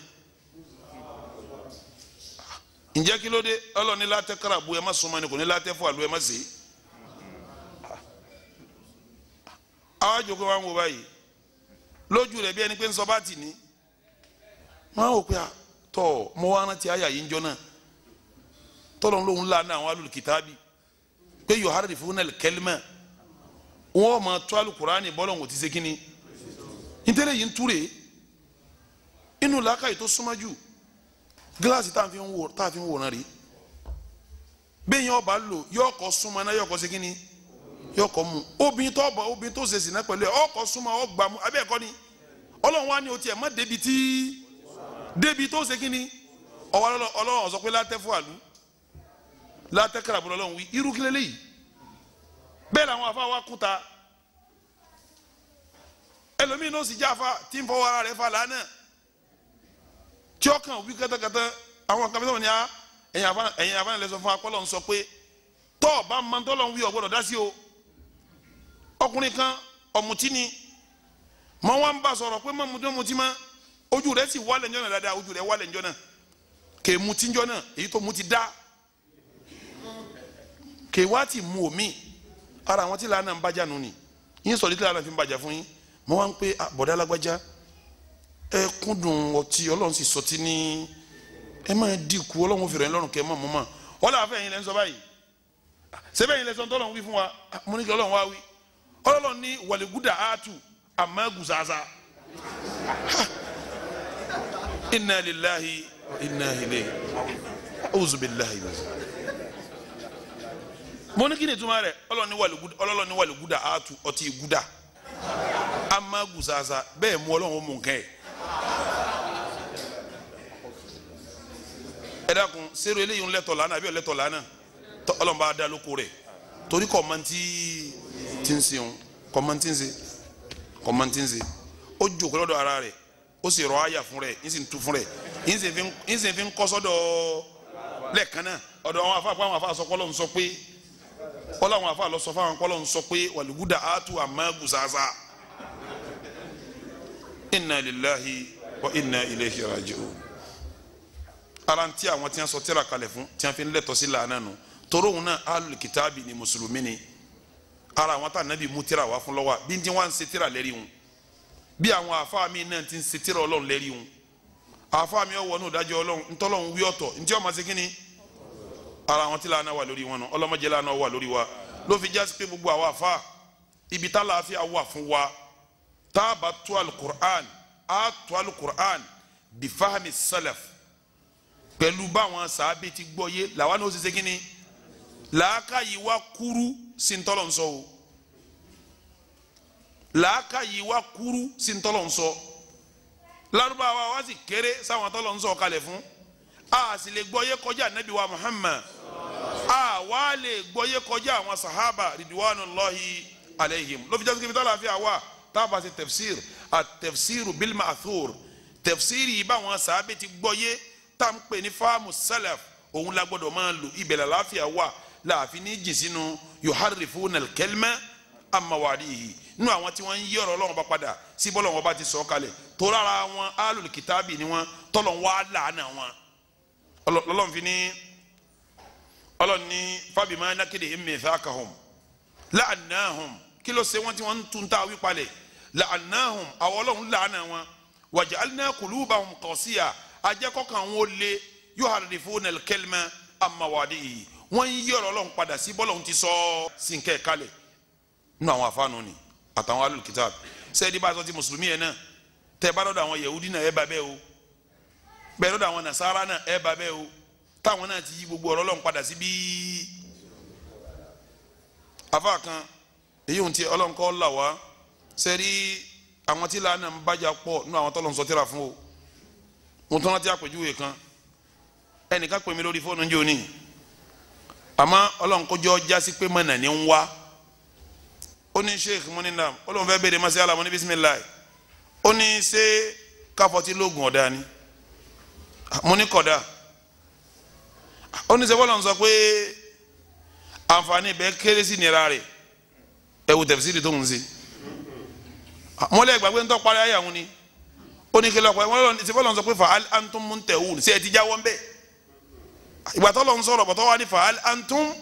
ǹjẹ́ kí ló dé ọlọ́run látẹ́ kára bu ẹ má sọmọ ẹni kò ní látẹ́ fún àlù ẹ má sèé. àwa jòkó wa ń wo báyìí lójú rẹ̀ bí ẹni pé ń sọ bá tì ní máa wò pé ah, tọ mo wá rántí àyà yìí ń jọ náà tọ́lọ́ lóhùn ńlá náà àwọn alùkìtàbí pé yohane fún nàìjíríà kẹlímà wọn ò máa tó alukuraani bọ́lọ̀ ti ṣe kínní nítorí yìí ń túre inú làákàyè tó súnmọ́ jù gíláàsì tá a fi ń wòran rí bẹ́ẹ̀ yẹn ọba lò yọ̀ọ̀kọ̀ súnmọ́ náà yọ̀ọ̀kọ̀ ṣe kínní. yọkọ mu obìnrin tó bọ obìnrin tó ṣe sìnà pẹ̀lú ẹ ọkọ súnmọ́ ọgbà mu abẹ́ ẹ̀kọ́ ni ọlọ́run wa ni o tiẹ̀ má débi tí débi tó ṣe kíni ọwọ́ ọlọ́run sọ pé látẹ́ fún àlù látẹ́ kàràbù lọ́lọ́run wí irú kílẹ̀ lẹ́yìn bẹ́ẹ̀ làwọn afa wa kúta ẹlòmíín sì tí ń fa tí wí kẹ́tẹ́kẹ́tẹ́ àwọn ni a ẹ̀yìn àfáàlẹ̀ sọ fún akọ́lọ́ sọ pé tọ́ọ̀ bá ń ọkùnrin kan ọ̀mùtí ni mọ wá ń bá sọ̀rọ̀ pé mọ mutí mutí ma ojú rẹ̀ sì wálẹ̀ njọ́ náà dáadáa ojú rẹ̀ wálẹ̀ njọ́ náà kè mutí njọ́ náà èyí tó mutí dá kè wá ti mu omi ara àwọn tí làánà ń bàjá nù ni yín sọ̀rọ̀ tí làánà fi ń bàjá fún yín mọ wá ń pé ah, bọ̀dá alágbájá ẹ kúndùn ọtí ọlọ́run sì sọtí ní ẹ máa dínkù ọlọ́run fèrè lọ́rùn kẹ́ mọ̀ mọ́ mọ́ ọlọ́run àfẹ́yìn lẹ́ ń sọ báyìí sẹ́bẹ̀yìn lẹ́sọ̀ tọ́lọ́run wí fún wa mo ní ọlọ́run wá wí Ọlọlọ ní wàlígúdà áàtù àmàgùzàzà inna lillahi wa inna ilayhi billahi mo ní kí ni ìtumọ̀ rẹ̀ ọlọ́run ní wàlígúdà áàtù ọtí gúdà àmàgùzàzà ẹ seere eléyìí ń lẹ́tọ̀ lánàá àbí ọ̀lẹ́tọ̀ lánàá ọlọ́run bá tí ń ṣe òun kọ́mọ tí ń ṣe kọ́mọ tí ń ṣe ó jòkó lọ́dọ̀ ara rẹ̀ ó sì rọ àyà fún rẹ̀ ń sì tu fún rẹ̀ ń sì fi ń kọ́ sọ́dọ̀ lẹ́ẹ̀kan náà ọ̀dọ̀ àwọn afa àwọn afa sọ kọ́lọ́ ń sọ pé kọ́lọ́ àwọn afa lọ sọ fáwọn kọ́lọ́ ń sọ pé wàlúùdà àtú àmàgù sàásà inna lillahi wa inna ilayhi raji'un ara ti àwọn tí wọn sọ tírà kalẹ̀ fún tí wọn fi ń lẹ́tọ̀ọ́ sí làánà nù toróhùn náà alùkìtàbì ni mùsùlùmí ni ara àwọn tá ànábì mú tíra wá fún lọ́wọ́ bí n ti wá ń ṣe tíra lẹ́rí wọn bí àwọn àfa mi náà ti ń ṣe tíra ọlọ́run lẹ́rí wọn àfa mi ọwọ́ ní òdájọ́ ọlọ́run ntọ́lọ́run wí ọ̀tọ̀ ntí ọmọ sí kínní ara àwọn tí lànà wà lórí wọn nù ọlọ́mọdé lànà wà lórí wa ló fi jásí pé gbogbo àwọn àfa ibi tá láàfin àwọ̀ fún wa tá a bá tó alukur'an a tó alukur'an bí fahmi salaf pẹ̀lú báwọn sàábẹ̀ ti gbọ́ yé làwọn náà ó ṣe ṣe kínní làákàyè wa kúrú sintọlọ nsọ o làákàyè wa kúrú sintọlọ nsọ Lárúbáwá wa sì kéré sáwọn tọlọ nsọ kalẹ̀ fún a sì lè gbọ́yé kọjá Ànábì wa Muhammad a wà lè gbọ́yé kọjá àwọn sahaba ridwanullahi alayhim lófi jásí kébìtà láàfin àwa tábà ṣe tafsir at-tafsiru bil ma'thur tafsir yìí báwọn sàábẹ ti gbọ́yé tá à ń pè ní fáàmù salaf òun la gbọ́dọ̀ máa lò ibẹ̀ làlàáfíà wà làáfin ní jìn sínú yuharrifuna al-kalima amawadihi nínú àwọn tí wọ́n ń yí ọ̀rọ̀ Ọlọ́run bá padà sí bọ́lọ̀ wọn bá ti sọ kalẹ̀ tó rárá wọn alul kitabi ni wọn tọ́lọ̀ wá làánà wọn Ọlọ́run fi ní Ọlọ́run ní fabima nakidihim mithaqahum la'annahum kí ló ṣe wọ́n tí wọ́n ń tún tá a wí palẹ̀ la'annahum àwọn Ọlọ́run làánà wọn waja'alna qulubahum qasiya ajẹ́kọ̀ọ́kan wọn lé yuharrifuna al-kalima amawadihi wọ́n ń yí ọ̀rọ̀ ọlọ́run padà sí bọ́lọ̀ ti sọ sí nkẹ́ kalẹ̀ nínú àwọn àfáànù ni àtàwọn alùkìtà sẹ́ẹ̀dí bá a ti mùsùlùmí yẹn náà tẹ́ bá lọ́dọ̀ àwọn yẹ̀wúdí náà ẹ bá bẹ́ẹ̀ o bẹ́ẹ̀ lọ́dọ̀ àwọn nàṣàrà náà ẹ bá bẹ́ẹ̀ o táwọn náà ti yí gbogbo ọ̀rọ̀ ọlọ́run padà kan èyí là wá àwọn tí ń àmọ́ ọlọ́run kọjọ́ jásí pé mọ̀nà ní ń wá ó ní sheikh munindam ọlọ́run fẹ́ béèrè masí alamu ní bisimilayi ó ní ṣé káfọ́tí lóògùn ọ̀dà ni mo ní kọ̀dà ó ní ṣe bọ́lá ń sọ pé àǹfààní bẹ́ẹ̀ kéré sí nira rẹ̀ ẹ wò tẹ̀físìrì tó ń ṣe mọ́lẹ́ ìgbàgbé ń tọ́ parí ayé àwọn ni ó ní kí lọ́kọ̀ ẹ̀ wọ́n ṣe bọ́lá sọ pé fa antum ṣé ẹ ti jáwọ́ ń bẹ́ẹ̀ ìgbà tó lọ ń sọ̀rọ̀ bọ̀tọ́ wa ní fàál antum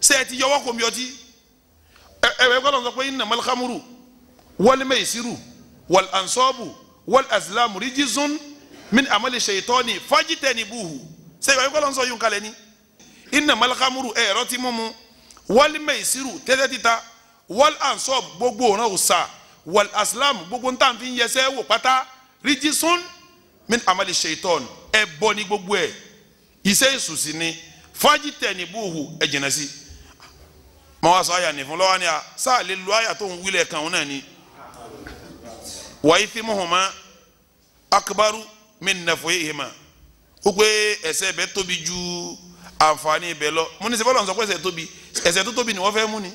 ṣe é ti yọwọ́ kò mi ọtí ẹ ẹ ẹ gbọ́dọ̀ sọ pé innamal khamru wal maisiru wal ansabu wal azlamu rijizun min amali shaitani fajitanibuhu ṣe é gbọ́dọ̀ sọ yín kalẹ̀ ni innamal khamru ẹ ẹ̀rọ ti mímu wal maisiru tẹ́tẹ́ títa wal ansabu gbogbo ọ̀nà òòsà wal azlamu gbogbo ntàǹfin yẹsẹ̀ wò pátá rijizun min amali shaitani ẹ bọ́ ní gbogbo ẹ̀ iṣẹ́ ìsùsì ni fájì tẹ̀ ní búhù ẹ jìnnà sí mọ wá sọ àyà ní fún lọ́wọ́ ni à sáà lè lu àyà tó ń wílẹ̀ kàn wọn náà ni wàyí tí mọ̀hùnmá akubaru mi nàfọ̀ yìí hìmà ó pé ẹ̀ṣẹ̀ bẹ́ẹ̀ tóbi ju àǹfààní bẹ́ẹ̀ lọ mo ní sẹ́fọ́lọ́ ń sọ pé ẹ̀ṣẹ̀ tóbi ẹ̀ṣẹ̀ tó tóbi ni wọ́n fẹ́ mú ni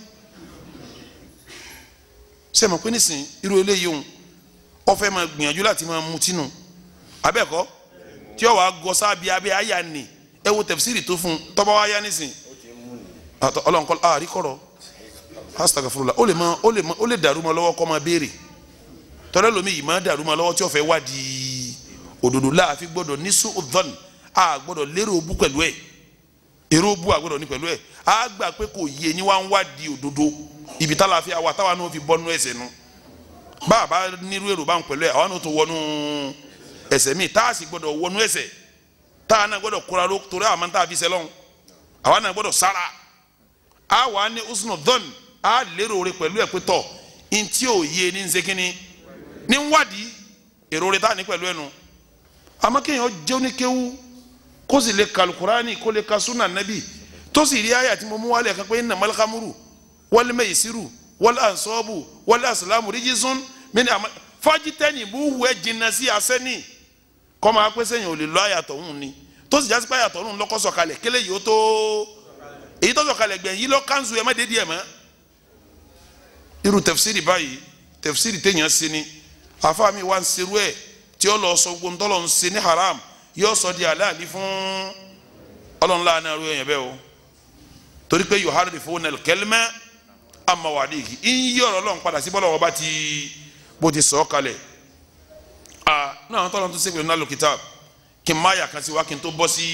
sẹ́mi pé nísìnyí irú eléyìí òun ó fẹ́ máa gbìyànjú láti máa mutí nù abẹ́ẹ̀kọ́ tí ó wàá gọ sábìá bẹ́ẹ̀ àyà nì ẹ wo tẹ̀físìrì tó fún tọ́ba wa yá nísìn ọlọ́nkọ́ àárí kọ̀rọ̀ astagafurula ó lè mọ ó lè mọ ó lè dàrú mọ lọ́wọ́ kọ́ máa béèrè tọ́lá lomi yìí máa dàrú mọ lọ́wọ́ tí ọ̀fẹ́ wádìí òdòdó láàfin gbọ́dọ̀ ní sùn ọ̀dọ́n a gbọ́dọ̀ lérò òbú pẹ̀lú ẹ̀ èrò òbú a gbọ́dọ̀ ní pẹ̀lú ẹ̀ a gbà pé kò yé ni wá ń wádìí òdòdó ibi tá láàfin àwa táwa náà fi bọ́nú ẹsẹ̀ nu bá a bá nírú èrò bá ń pẹ̀lú ẹ̀ àwa náà tó wọnú ẹsẹ̀ míì tá a sì gbọ́dọ̀ wọnú ẹsẹ̀ Tana náà gbọ́dọ̀ kóra ló torí àwọn máa ń tà fi sẹ́lọ̀ àwa náà gbọ́dọ̀ sára a wà ní usnu dọ́n a lérò rẹ pẹ̀lú ẹ̀ pé tọ̀ ntí ò yé ní nsekínni ní nwádìí èrò rẹ táà ní ẹnu àmọ́ kéèyàn jẹ́ oníkéwu kó sì lè ka alukurani kó lè ka sunna nabi tó sì rí àyà tí mo mú wálé kan pé innamal khamru wal maisiru wal ansabu wal aslamu rijizun min àmọ́ fájítẹ́nì bú jìnnà sí asẹ́nì kọ́ máa pé sẹ́yìn ò lè lọ àyàtọ̀ hùn ni tó sì jásí pé àyàtọ̀ hùn lọ́kọ́ sọ̀kalẹ̀ kélé yìí ó tó èyí tó sọ̀kalẹ̀ gbẹ̀yìn yìí lọ kánzu ẹ̀ má dédìí ẹ̀ mọ́ irú tẹ̀fsìrì báyìí tẹ̀fsìrì téèyàn ṣe ni àfa mi wá ń serú ẹ̀ tí ó lọ sọ gbogbo ntọ́lọ̀ ń ṣe ní haram yóò sọ di aláàlí fún ọlọ́run láàánú ẹrú ẹ̀yàn bẹ́ẹ̀ o torí pé yuharrifuna al-kalima amma wadihi ń Ah, ní àwọn tọ́lọ́ tó ṣe pé nálò kìtà kí n má yà kan sí wa kí n tó bọ́ sí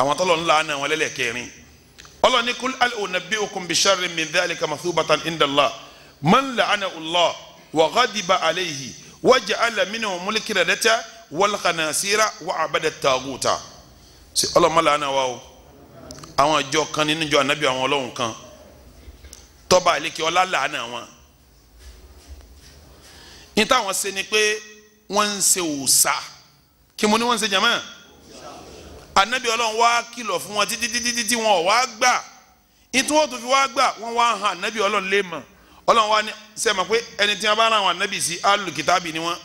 àwọn tọ́lọ́ ńlá ní àwọn ẹlẹ́lẹ́kẹrin ọlọ́ni kul al unabbi'ukum bi sharrin min dhalika mathubatan inda Allah man la'anahu Allah wa ghadiba alayhi wa ja'ala minhum al-qiradata wal khanasira wa abada at-taghuta ṣe ọlọ́mọ làánà wa o àwọn ìjọ kan nínú ìjọ ànábì àwọn ọlọ́run kan tọ́ba àlékè ọlá làánà wọn ní táwọn ṣe ni pé wọ́n ń ṣe òòṣà kí mo ní wọ́n ń ṣe jama anabi ọlọ́run wá kìlọ̀ fún wọn títí títí títí wọn ò wá gbà ìtún òtún fi wá gbà wọ́n wá hàn anabi ọlọ́run lé mọ̀ ọlọ́run wá ní ṣe mọ̀ pé ẹni tí wọ́n bá ra àwọn anabi sí alùkìtàbí ni wọ́n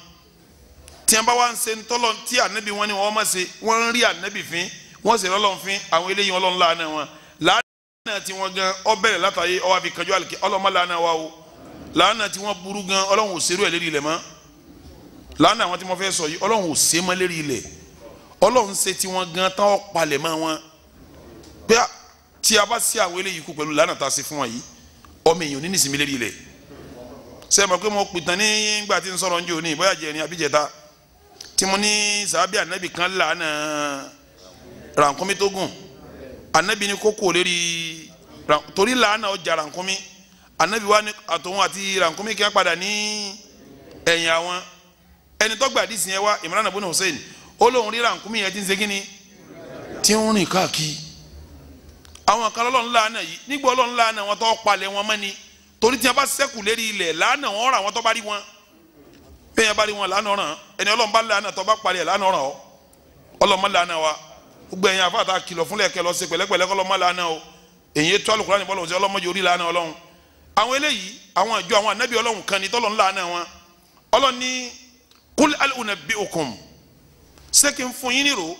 tí wọ́n bá wá ń ṣe ńtọ́lọ́ tí anabi wọn ni wọ́n má ṣe wọ́n ń rí anabi fín wọ́n sì rọ́lọ́run fín àwọn eléyìí ọlọ́run láàánú wọn láàánú tí wọ́n gan ó látàyè ó wá àlùkì ọlọ́run má láàánú wa o láàánú tí wọ́n burú gan ọlọ́run ò ṣerú ẹ̀ lérí ilẹ̀ mọ́ lánàá àwọn tí mo fẹ́ sọ yìí ọlọ́run ò sé mọ́ lérí ilẹ̀ ọlọ́run ṣe tí wọ́n gan tán ọ̀palẹ̀ mọ́ wọn pé tí a bá sí àwọn eléyìí kú pẹ̀lú lánàá tá a ṣe fún wọn yìí ọmọ èèyàn ò ní lérí ilẹ̀ ṣe mọ̀ pé mo pìtàn nígbà tí ń sọ̀rọ̀ ń jò ní bóyá jẹ̀rin àbíjẹta tí mo ní sàábì ànábì kan lànà rànkúnmí tó gùn ànábì ní kókó lérí torí lànà ọjà rànkúnmí ànábì wa àtòun àti rànkúnmí kí wọ́n padà ní ẹ̀yìn àwọn ẹni tó gba àdìsí yẹn wá Imran ibn Hussein ó lóun rí ràkúnmí yẹn ti ń ṣe kínní tí ń rìn káàkiri àwọn kan lọ́lọ́run láàánà yìí nígbà Ọlọ́run láàánà wọn tó palẹ̀ wọn mọ́ ni torí tí wọn bá ṣẹ́kù lérí ilẹ̀ láàánà wọn rà wọn tó bá rí wọn bẹ́ẹ̀ yẹn bá rí wọn láàánà ràn ẹni Ọlọ́run bá láàánà tó bá palẹ̀ láàánà ràn ọ́ Ọlọ́run má wa gbogbo ẹ̀yin afáàtà kìlọ̀ fúnlẹ̀ kẹ lọ sí pẹ̀lẹ́pẹ̀lẹ́ kọ́ Ọlọ́run má láàánà o èyí tó al ni bọ́lọ̀ sí ọlọ́mọ yorì láàánà Ọlọ́run àwọn eléyìí àwọn àjọ àwọn ànábì Ọlọ́run kan ní tọ́lọ́run láàánà wọn Ọlọ́run kul hal unabbi'ukum ṣé kí n fún yín nírò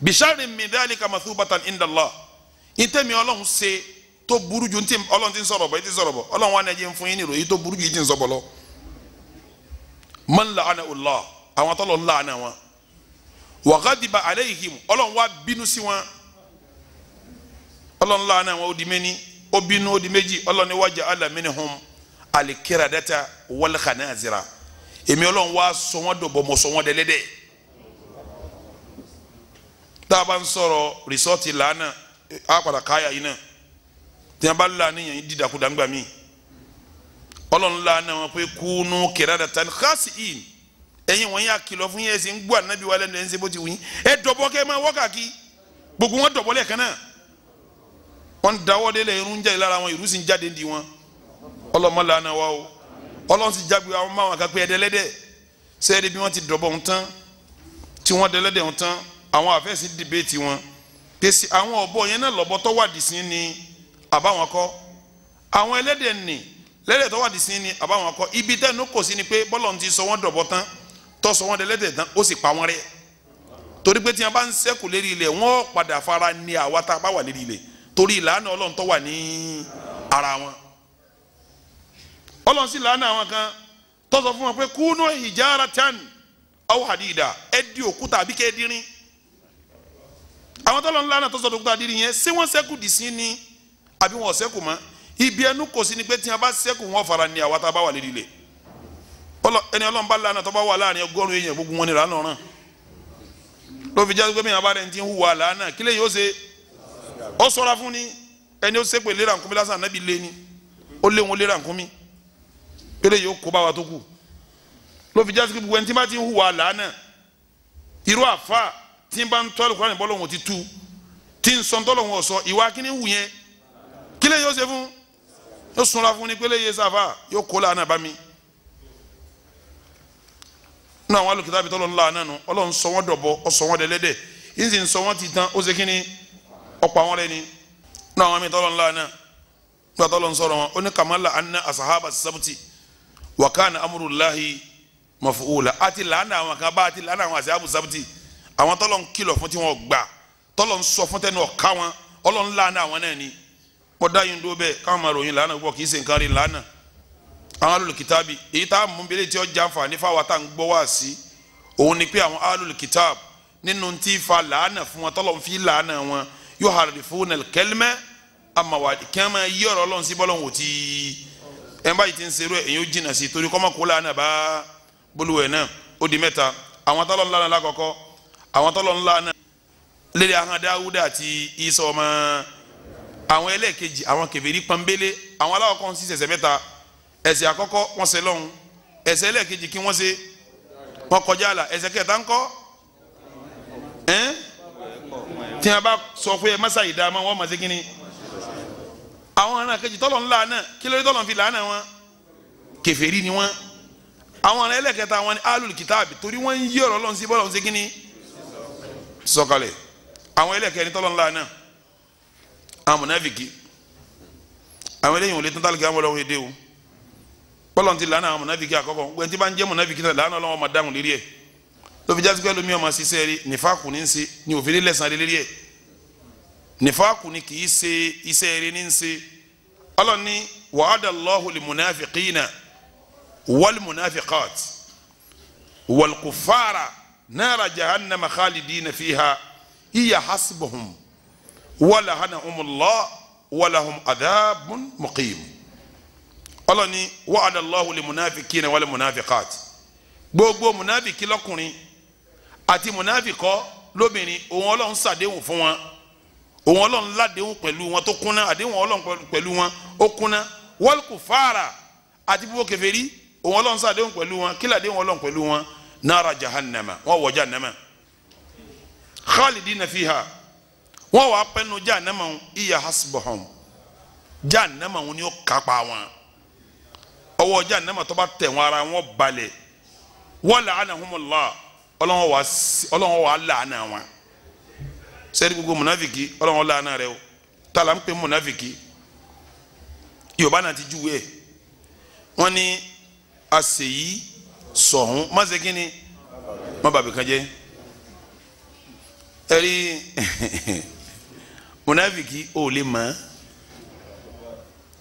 bishari min dhalika mathubatan inda Allah ìtẹ̀mí ọlọ́run ṣe tó burú ju ọlọ́run ti ń sọ̀rọ̀ bọ̀ ẹ ti sọ̀rọ̀ bọ̀ ọlọ́run wa ni ẹ jẹ́ n fún yín nírò èyí tó burú ju ìjì ń sọ̀bọ̀ lọ. man la'ana Allah àwọn tọ́lọ̀ ń la'ana wọn wa ghadiba alayhim ọlọ́run wa bínú sí wọn ọlọ́run la'ana wọn ó di mẹ́ni ó bínú ó di méjì ọlọ́run ni wa ja'ala minhum al-qiradata wal-khanazira èmi ọlọ́run wá sọ wọ́n dọ̀bọ̀ mọ̀ sọ wọ́n dẹ́lẹ́dẹ́ tá a bá ń sọ̀rọ̀ rìsọ́ọ̀tì làánà á padà káyà yìí náà tí wọ́n bá làánìyàn yìí dídàkudà ńgbà míì ọlọ́run làánà wọn pé kúnú kẹrẹ́dà tani káàsì yìí ẹ̀yin wọ̀nyí àkìlọ̀ fún yín ẹ̀sìn ń gbọ́ ànábì wa lẹ́nu ẹ̀sìn bó ti wù yín ẹ̀ dọ̀bọ̀ kẹ́ máa wákàkí gbogbo wọn dọ̀bọ̀ lẹ́ẹ̀kan náà wọ́n dáwọ́ délẹ̀ irun jáde lára wọn ìrú jáde ń di wọn ọlọ́mọ làánà wa o ọlọ́run sì jágbe àwọn máwọn àkàpẹ́ ẹ̀dẹ́lẹ́dẹ́ sẹ́ẹ̀dẹ́ bí wọ́n ti dọ̀bọ̀ ń tán tí wọ́n dẹ́lẹ́dẹ́ ń tán àwọn àfẹ́sí dìbẹ́ẹ̀tì wọn pèsè àwọn ọ̀bọ yẹn náà lọ́bọ tó wà dìsín ni àbáwọn kọ́ àwọn ẹlẹ́dẹ̀ nì lẹ́dẹ̀ tó wà ni àbáwọn kọ́ ibi tẹ́nu kò sí ni pé bọ́lọ̀ ti sọ wọ́n dọ̀bọ̀ tán tó sọ wọ́n dẹ́lẹ́dẹ̀ tán ó sì pa wọ́n rẹ́ torí pé tí wọ́n bá ń sẹ́kù lérí ilẹ̀ wọ́n padà fara ni àwa tá a bá wà lérí ilẹ̀ torí ìlànà ọlọ́run tó ní ara wọn ọlọ́run sì lánàá àwọn kan tó sọ fún wọn pé kúnú hijaratan aw hadida ẹ di òkúta àbí kẹ́ ẹ dirin àwọn tó ńlá náà tó òkúta dirin yẹn ṣé wọ́n ṣẹ́kù dì sí ni àbí wọn ò ṣẹ́kù mọ́ ibi ẹnu kò sí ni pé tí wọn bá ṣẹ́kù wọn fara ni àwa tá a bá wà lérí lẹ̀ ẹni ọlọ́run bá lánàá tó bá wà láàrin ọgọ́rùn èèyàn gbogbo wọn ni lánàá ràn ló fi jáde pé mi àbá rẹ̀ ti ń hùwà lánàá kílẹ̀ yóò ṣe ó sọra fún ni ẹni ó ṣépè lé eléyìí ó kó bá wa tó kù ló fi jásí gbogbo ẹni tí bá ti ń hùwà lánà irú àfa tí bá ń tọ́lù kúránì bọ́lọ̀ wọn ti tu tí ń sọ ń tọ́lọ̀ wọn sọ ìwà kíní hù yẹn kí lè yóò ṣe fún yóò sunra fún ni pé léyìí sáfà yóò kó lánà bá mi nínú àwọn alùkìtàbí tọ́lọ̀ ńlá náà nù ọlọ́run sọ wọ́n dọ̀bọ ọsọ wọ́n dẹlẹ́dẹ̀ yìí sì ń sọ wọ́n ti tán ó ṣe kíní ọ̀pọ̀ àwọn rẹ̀ ni nínú àwọn mi tọ́lọ̀ ńlá náà gbàtọ́lọ̀ ń wọn ó ní kàmáàlà àná àsàhábà sábùtì wakana amurulahi mafuula ati lana àwọn kan bá àti làánà àwọn àti abusabuti àwọn tọ́lọ̀ ń kìlọ̀ fún tí wọ́n gbà tọ́lọ̀ ń sọ fún tẹnu ọ̀ka wọn ọlọ́run làánà àwọn náà ni kọ́dá yìí ń dó bẹ́ẹ̀ káwọn máa ròyìn làánà púpọ̀ kì í ṣe nǹkan rí làánà àwọn alùlùkìtàbì èyí tá a mú bílẹ̀ tí ó jàǹfà ní fáwọn tá à ń gbọ́ wá sí òun ni pé àwọn alùlùkìtàbì nínú tí fa làánà fún wọn tọ́lọ̀ fi làánà wọn yóò hàrìfún nàìkẹ́lẹ́mẹ́ àmàwádìí kí wọ́n yí ọ̀rọ̀ ọlọ́run sí ẹ̀ ń báyìí ti ń serú ẹ̀ èyí ó jìnnà sí i torí kọ́mọ kó lànà bá bolúwẹ̀ náà ó di mẹ́ta àwọn tọ́lọ̀ ńlá náà lákọ̀ọ́kọ́ àwọn tọ́lọ̀ ńlá náà lédè ahọ́n dáwúdà àti ìsọ ọmọ àwọn ẹlẹ́ẹ̀kejì àwọn kèfèrí pọ́nbélé àwọn aláwọ̀kọ́ ń sí ẹ̀ṣẹ̀ mẹ́ta ẹ̀ṣẹ̀ àkọ́kọ́ wọ́n ṣẹ̀ lọ́hùn ẹ̀ṣẹ̀ ẹlẹ́ẹ̀kejì kí wọ́n ṣe wọ́n kọjá àlà ẹ̀ṣẹ̀ kẹta ńkọ́ ẹ́n tí wọ́n bá sọ pé ẹ má dáa mọ́ wọ́n má ṣe kínní àwọn ará kejì tọ́lọ̀ ń lànà kí lórí tọ́lọ̀ ń fi lànà wọn kèfèrí ni wọn àwọn ará ẹlẹ́kẹta wọn ni alul kitaab torí wọ́n ń yí ọ̀rọ̀ lọ́n sí bọ́lá ń segin ni sọ̀kalẹ̀ àwọn ẹlẹ́kẹrin tọ́lọ̀ ń lànà àwọn mọ̀nàfìkì àwọn eléyìí ò lè tán tálíkì àwọn ọlọ́run èdè o bọ́lá ti lànà àwọn mọ̀nàfìkì àkọ́kọ́ wẹ́n tí bá ń jẹ́ mọ̀nàfìkì náà lànà ọlọ́run nifaku ni kìí ṣe iṣẹ́ eré ní ṣe ọlọ́run ní wàhádà lọ́hùn lè munafiqina wal munafiqat wal kufara nara jahannama khalidina fiha iya hasbuhum wala hana umullah wala hum adabun muqim ọlọ́run ní wàhádà lọ́hùn lè munafiqina wal gbogbo munafiki àti munafikọ́ lóbìnrin òun ọlọ́run ṣàdéhùn fún wọn òun ọlọ́run ládéhùn pẹ̀lú wọn tó kúnná àdéhùn ọlọ́run pẹ̀lú wọn ó kúnná wal kufara àti bíbó kèfèrí òun ọlọ́run sàdéhùn pẹ̀lú wọn kí làdéhùn ọlọ́run pẹ̀lú wọn nara jahannama wọn wọ jahannama khalidina fiha wọn wà pẹ́nu jahannama iya hasbuhum jahannama wọn ni ó kápá wọn ọwọ́ jahannama tó bá tẹ̀ wọn ara wọn balẹ̀ wọ́n làánà humnullah ọlọ́run wà làánà wọn sẹ́ni gbogbo mùnàfìkì ọlọ́run ọ̀la àna rẹ o tá là ń pè mùnàfìkì yorùbá náà ti júwe ẹ̀ wọ́n ní àṣèyí sọ̀hún má ṣe kí ni má bàbí kan jẹ́ ẹ rí mùnàfìkì ò lè mọ̀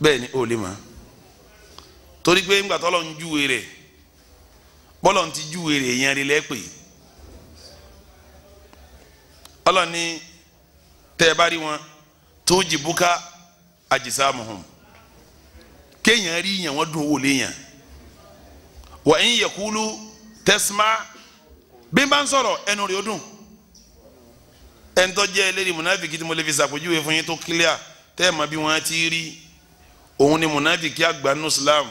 bẹ́ẹ̀ ni ò lè mọ̀ torí pé ńgbà tọ́lọ́ ń júwe rẹ̀ bọ́lọ̀ ń ti júwe rẹ̀ yẹn rí lẹ́pẹ́ ọlọ́ni tẹ́ ẹ bá rí wọn tó jìbúkà àjìsámuhùn kéèyàn rí yàn wọ́n dùn owó léèyàn wà ń yẹ̀kúlú tẹ́símà bí n bá ń sọ̀rọ̀ ẹnu rẹ̀ ó dùn ẹnitọ́jẹ́ ẹlẹ́rìí mùnàfíkì tí mo lè fi ṣàpèjúwe fún yín tó kílíà tẹ́ ẹ̀ mọ bí wọ́n ti rí òun ni mùnàfíkì àgbà Islam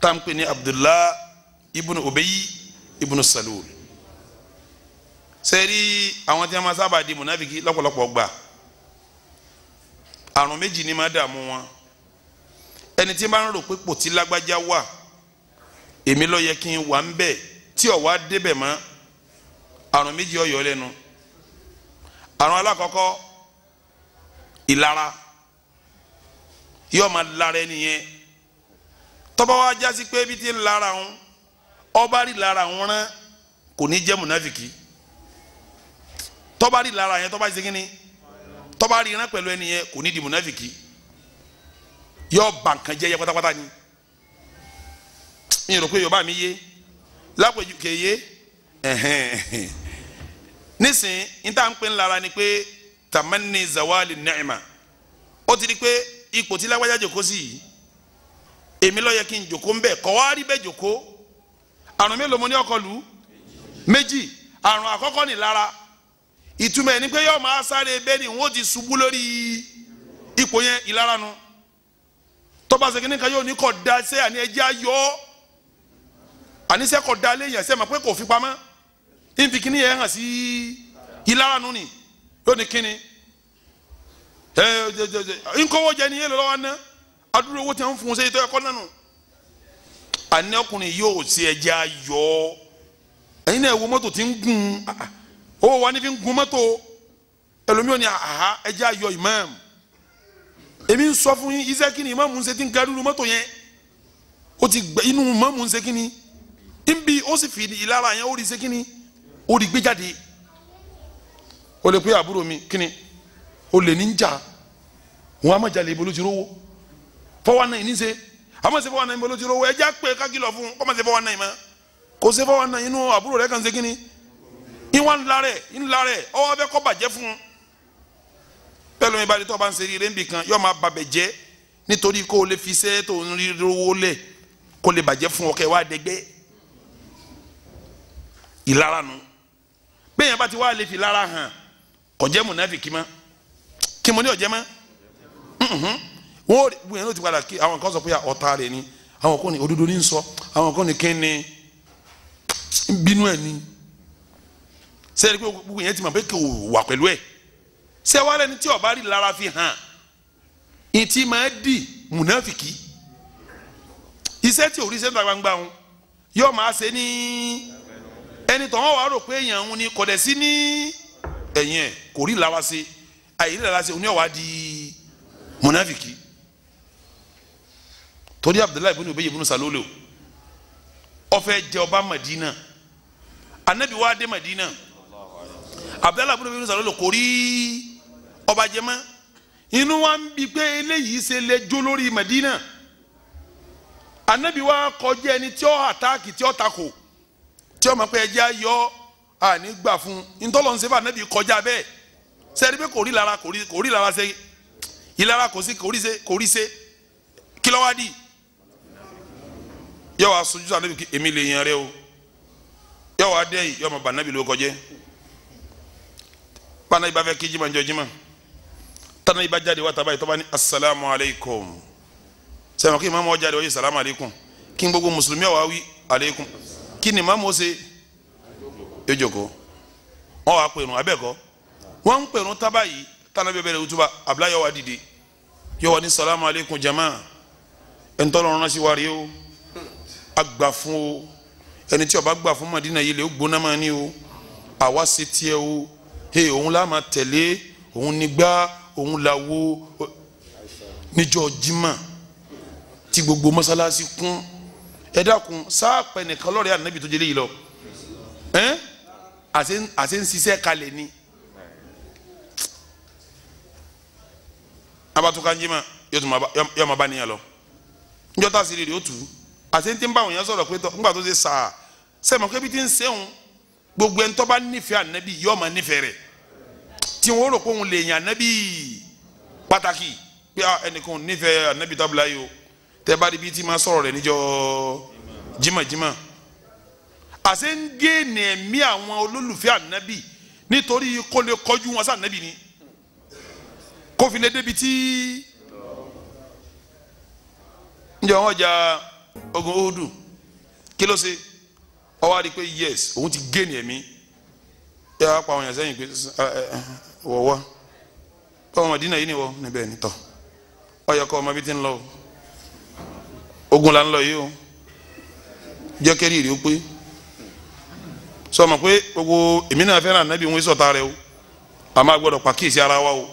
tá à ń pè ní Abdullah ibùnú Ubayy ibùnú Salul sẹ́rí àwọn tí wọ́n máa sábà di mùnáfìkì lọ́pọ̀lọpọ̀ gbà àrùn méjì ni máa dààmú wọn ẹni tí máa ń rò pé pò tí lágbájá wà èmi ló yẹ kí n wà ń bẹ̀ tí ò wá débẹ̀ mọ́ àrùn méjì ọ̀yọ́ lẹ́nu àrùn alákọ̀ọ́kọ́ ìlara yóò máa lara ẹni yẹn tọ́ba wa jásí pé ibi tí ń lara òun ọba rí lara òun rán kò ní jẹ́ mùnáfìkì tọba bá rí lára yẹn tó ṣe kínní tó rí iná pẹ̀lú ẹni yẹn di munafiki ba nǹkan jẹ́ yẹ pátápátá ni mi yorùbá mi yé lápèjú kéye nísìn ní tá à ń pè ń lára ni pé zawali ó ti di pé ipò tí lágbájá jòkó sí yìí èmi ló yẹ kí n jòkó ń bẹ̀ ìtumọ̀ ẹ̀ ni pé yọ máa sáré bẹ́ẹ̀ ni wọ́n ti ṣubú lórí ipò yẹn ìlara tọ́ba ṣe kínní kan yóò ní da ṣé àní ẹjẹ́ ayọ́ àní ṣe kọ̀ da léyìn ẹ̀ṣẹ̀ mọ̀ pé kò fi pamọ́ ìfi kínní yẹn hàn sí ìlara ni yóò ní kínní ẹ ẹ jẹ yẹn lọ́wọ́ ná adúlọ̀ owó tí wọ́n fún un ṣe ètò ẹ̀kọ́ náà nù àní ọkùnrin yóò ṣe ẹ̀yin náà owó wa ní fi ń gun mọ́tò ẹlòmíràn ni àhá ẹjẹ́ ayọ̀ imam èmi ń sọ fún yín iṣẹ́ kí ni imam ń ṣe ti ń garuru mọ́tò yẹn ó ti gbẹ inú imam ń ṣe kí ni ń bi ó sì fi ìlara yẹn ó rí ṣe kí ni ó rí gbé jáde ó lè pé àbúrò mi kí ni ó lè ní jà wọn a má jalè ibo ló ti rówó fọwọ́ náà ní ṣe àmọ́ ṣe fọwọ́ náà ibo ló rówó ẹjẹ́ pé kákìlọ̀ fún kọ́mọ̀ ṣe fọwọ́ náà yìí kò ṣe fọwọ́ náà inú àbúrò rẹ̀ kàn ṣe kí ni ìwọ ńlá rẹ ńlá rẹ ọwọ́ bẹ kọ́ bàjẹ́ fún un bẹ́ẹ̀ lómi ìbálẹ̀ tó bá ń ṣe rere níbì kan yóò máa bàbẹ̀ jẹ́ nítorí kó o lè fi iṣẹ́ tó ń rí owó lẹ̀ kó lè bàjẹ́ fún ọkẹ́ wá dẹgbẹ́ ìlara nu bẹ́ẹ̀ yẹn bá ti wá lè fi lára hàn kò jẹ́ mùnáfìkì mọ́ kí mo ní ọ̀jẹ́ mọ́ mm-hmm. wọ́n bùyẹn ló ti padà kí àwọn kan sọ pé ọ̀tá rẹ̀ ni àwọn kan ní òdodo ní sọ àwọn kan ní kí ni bínú ẹ̀ ni sẹ́ni pé gbogbo yẹn ti mọ̀ pé kò wà pẹ̀lú ẹ̀ sẹ́wálẹ̀ ni tí ọba rí lára fi hàn ìtì máa dì múnáfìkì iṣẹ́ tí òrí sẹ́ńtà gbangba ń yóò máa ṣe ní ẹni tó wọ́n wá rò pé èèyàn ń ni kò dẹ̀ sí ní ẹ̀yìn ẹ̀ kò rí lára ṣe àìrí lára ṣe oníyàwó á di múnáfìkì torí abdullahi ibn Ubay ibn Salul o ó jẹ ọba Madina anabi wa dé Madina abdallah abudu bíbí sàlọ́ lò kò rí ọba jẹmọ́ inú wa ń bi pé eléyìí ṣe lè jó lórí Madina anabi wa kọjá ẹni tí ó àtàkì tí ó takò tí ó mọ̀ pé ẹja yọ àní gbà fún ntọ́lọ́ ń ṣe fún anabi kọjá bẹ́ẹ̀ sẹ́ni pé kò rí lára kò rí lára ṣe ìlara kò sí kò rí ṣe kò rí ṣe kí ló wá dì yọ wá sojú anabi èmi lè yan rẹ o yọ wá dẹ́yìn yọ mọ̀ bá anabi ló kọjá kpana ibà fẹ́ kí jimá njọ jimá tana ibà jáde wa taba ìtọ́ba ni asalaamualeykum sẹ́wọ̀n kí imaamu ọjà de wọ́n yé salaamualeykum kí n gbogbo mùsùlùmí wa wí aleykum kí ni imaamu ose ejoko wọn wà pèrún abẹ́kọ wọn ń pèrún taba yìí tana bẹ́ẹ̀ bẹ́ẹ̀ wutuba abúlá yọ wa dìde yọ wa ni salaamualeykum jama ẹ̀ńtọ́lọ́run náà sì wá rí o agbà fún o ẹni tí ó bá gbà fún Madina yìí lè ó gbóná máa ní o àwa ṣe tiẹ̀ o he òun la máa tẹ̀lé òun nígbà òun la wo níjọ́ jimá tí gbogbo mọ́sálásí kún ẹ dákun sáàpẹ̀ nìkan lọ́rẹ̀ẹ́ ànábì tó jẹ́ léyìí lọ ẹ́n àti ń ṣiṣẹ́ kalẹ̀ ni abatukanjima yóò máa bá níyàn lọ njọ́ta sí rèé yóò tù àti ń tí ń bá àwọn èèyàn sọ̀rọ̀ pé tọ́ ńgbà tó ṣe sàá sẹ́mi ọ̀kẹ́bí ti ń sẹ́wọ̀n gbogbo ẹni tó bá nífẹ̀ẹ́ ànábì yóò máa nífẹ̀ẹ́ rẹ̀ tí wọ́n rò pé òun lè yàn ànábì pàtàkì pé ah, ẹnìkan nífẹ̀ẹ́ ànábì tábìlà yìí o tẹ́ bá ríbi tí máa sọ̀rọ̀ rẹ̀ níjọ́ jimajima àṣẹ ń gé ní ẹ̀mí àwọn olólùfẹ́ ànábì nítorí kó lè kọjú wọn sí ànábì ni kó fi lè débi tí ǹjẹ́ wọn jà ogun oòdù kí ló ṣe ó wá pé yes òun ti gé ní ẹ̀mí ẹ wá pa àwọn yàn sẹ́yìn pé wọ̀wọ́ ọmọ Mádínà yìí ni wọ níbẹ̀ nítọ̀ ọyọ kọ ọmọ bíi ti ń lọ ogun la ń lọ yìí o jẹ́ kẹ́rì rí o pé sọ ma pé gbogbo èmi náà fẹ́ràn ànábì ń sọ̀tà rẹ o àmọ́ agbọ́dọ̀ pàkíyèsí ara wa o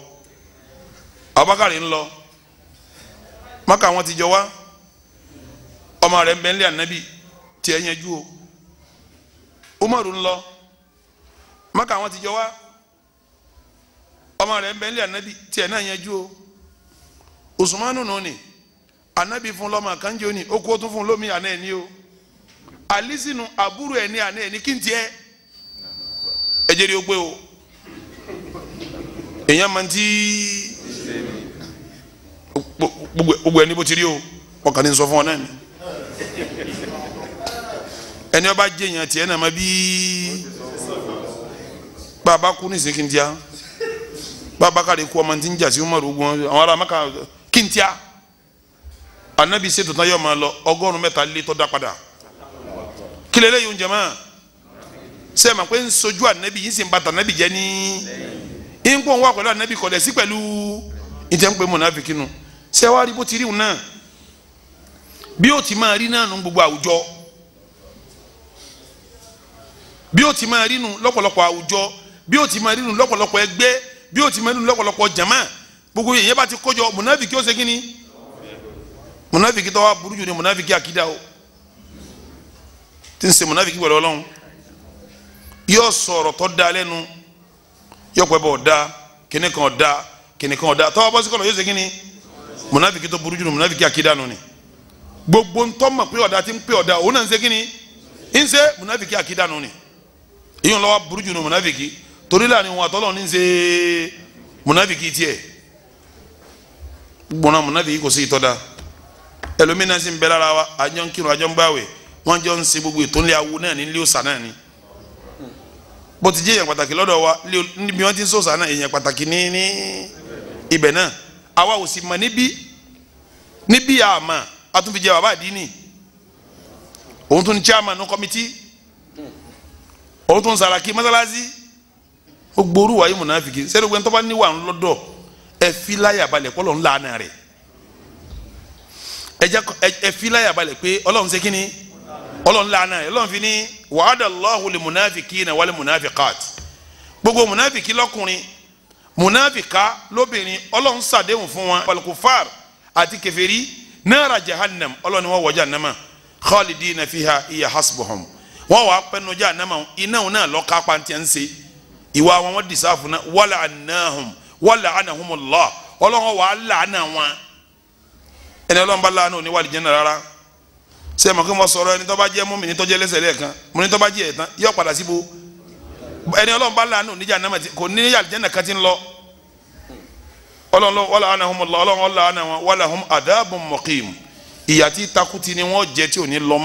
Abubakar ń lọ Mákà wọn ti jọ wá ọmọ rẹ ń bẹ́ńlẹ̀ ànábì tiẹ̀ yẹn jú o. umaru nlọ maka àwọn ti jọ wá ọmọ rẹ̀ ń bẹ nílẹ̀ anabi tiẹ̀ náà yẹn ju o anabi fún lọ́mọ kanji ó okú tún o alisinu àbúrò ẹ̀ ní àná ẹ̀ ní kí n ẹ o èèyàn máa ń tí gbogbo ti rí o ọkàn ní sọ fún ọ náà ni. ẹni ọba jẹ èèyàn na náà má bí bàbá kú ní sèkìntìá bàbá kárí kú ọmọ tí ń jà sí ogun àwọn ará maka kìntìá anabi ṣètò tán yóò máa lọ ọgọrùn mẹ́ta lé tọ́ da padà kílẹ̀ lẹ́yìn oúnjẹ mọ́ sẹ́ẹ̀ pé anabi yìí sì anabi anabi kọ̀dẹ̀ sí pẹ̀lú ìjẹun pé ti rí náà bí ó ti máa rí náà bí ó ti máa rí nu lọ́pọ̀lọpọ̀ àwùjọ bí ó ti máa rí nu lọ́pọ̀lọpọ̀ ẹgbẹ́ bí ó ti máa rí nu lọ́pọ̀lọpọ̀ jama gbogbo yẹn bá ti kójọ mùnàfíkì ó ṣe kí ni mùnàfíkì tó wà burú jù ni mùnàfíkì àkídà o tí ń ṣe mùnàfíkì wẹ̀rẹ̀ ọlọ́run yóò sọ̀rọ̀ tó da lẹ́nu yóò pẹ́ bọ̀ da kíní kan da kíní kan da tọ́wọ́ bọ́sí kọ́lọ̀ yóò ṣe kí ni mùnàfíkì tó burú jù ni mùnàfíkì àkídà nù ni gbogbo ntọ́mọ̀ pé ọ̀dà ti ń pé ọ̀dà òun náà ń ṣe kí ni ń ṣe mùnàfíkì àkídà nù ni ìyọ̀n lọ́wọ́ burú jù ní mùnàfìkì torí lànà ìwọ̀n àtọ́lọ́ ní ṣe mùnàfìkì tiẹ̀ gbọ́nà mùnàfìkì kò sí ìtọ́da ẹlòmínà sì ń bẹ lára wa àjọ ń kírun àjọ ń gbàwẹ̀ wọ́n jọ ń ṣe gbogbo ètò ńlẹ̀ awo náà ni ilé òòsà náà ni bó ti jẹ́ èèyàn pàtàkì lọ́dọ̀ wa níbi wọ́n ti ń sòòsà náà èèyàn pàtàkì ní ní ibẹ̀ náà àwa ò sì mọ̀ níbí níbí àmà àtúnfìjẹ́ bàbá àdínì òun tún ní chairman ní kọ́mítì ó tún saraki mọ́sálásí ó gboru wàyí mùnàfìkì sẹ́dọ̀ gbẹ́ntọ́ bá níwà ńlọ́dọ̀ ẹ fi láyà balẹ̀ pé ọlọ́run lànà rẹ̀ ẹ fi láyà balẹ̀ pé ọlọ́run ṣe kíni ọlọ́run lànà rẹ̀ ọlọ́run fi ní wa'adallahu lil munafiqina wal munafiqat gbogbo mùnàfìkì lọ́kùnrin munafika lóbìnrin ọlọ́run ṣàdéhùn fún wọn balkufar àti kèfèrí náírà jahannam ọlọ́run ni wọ́n wàá pẹ́nu jẹ́ ànámà iná wọn náà lọ́ka pàǹtẹ́ ń ṣe ìwà wọn wọ́n dìsáàfù náà wọ́lá ànáhùn wọ́lá ànáhùn lọ́ ọlọ́wọ́n wàá làánà wọn ẹni ọlọ́run bá làánà òní wàlíjẹ́ náà rárá ṣé mọ̀ kí wọ́n sọ̀rọ̀ ẹni tó bá jẹ́ mọ́mí ní tó jẹ́ lẹ́sẹ̀ lẹ́ẹ̀kan mọ́ ní tó bá jẹ́ ẹ̀tán yọ padà síbo ẹni ọlọ́run bá làánà òní jẹ́ ànámà kò ní àlìjẹ́ náà kàtí ń lọ ọlọ́run wọ́lá ànáhùn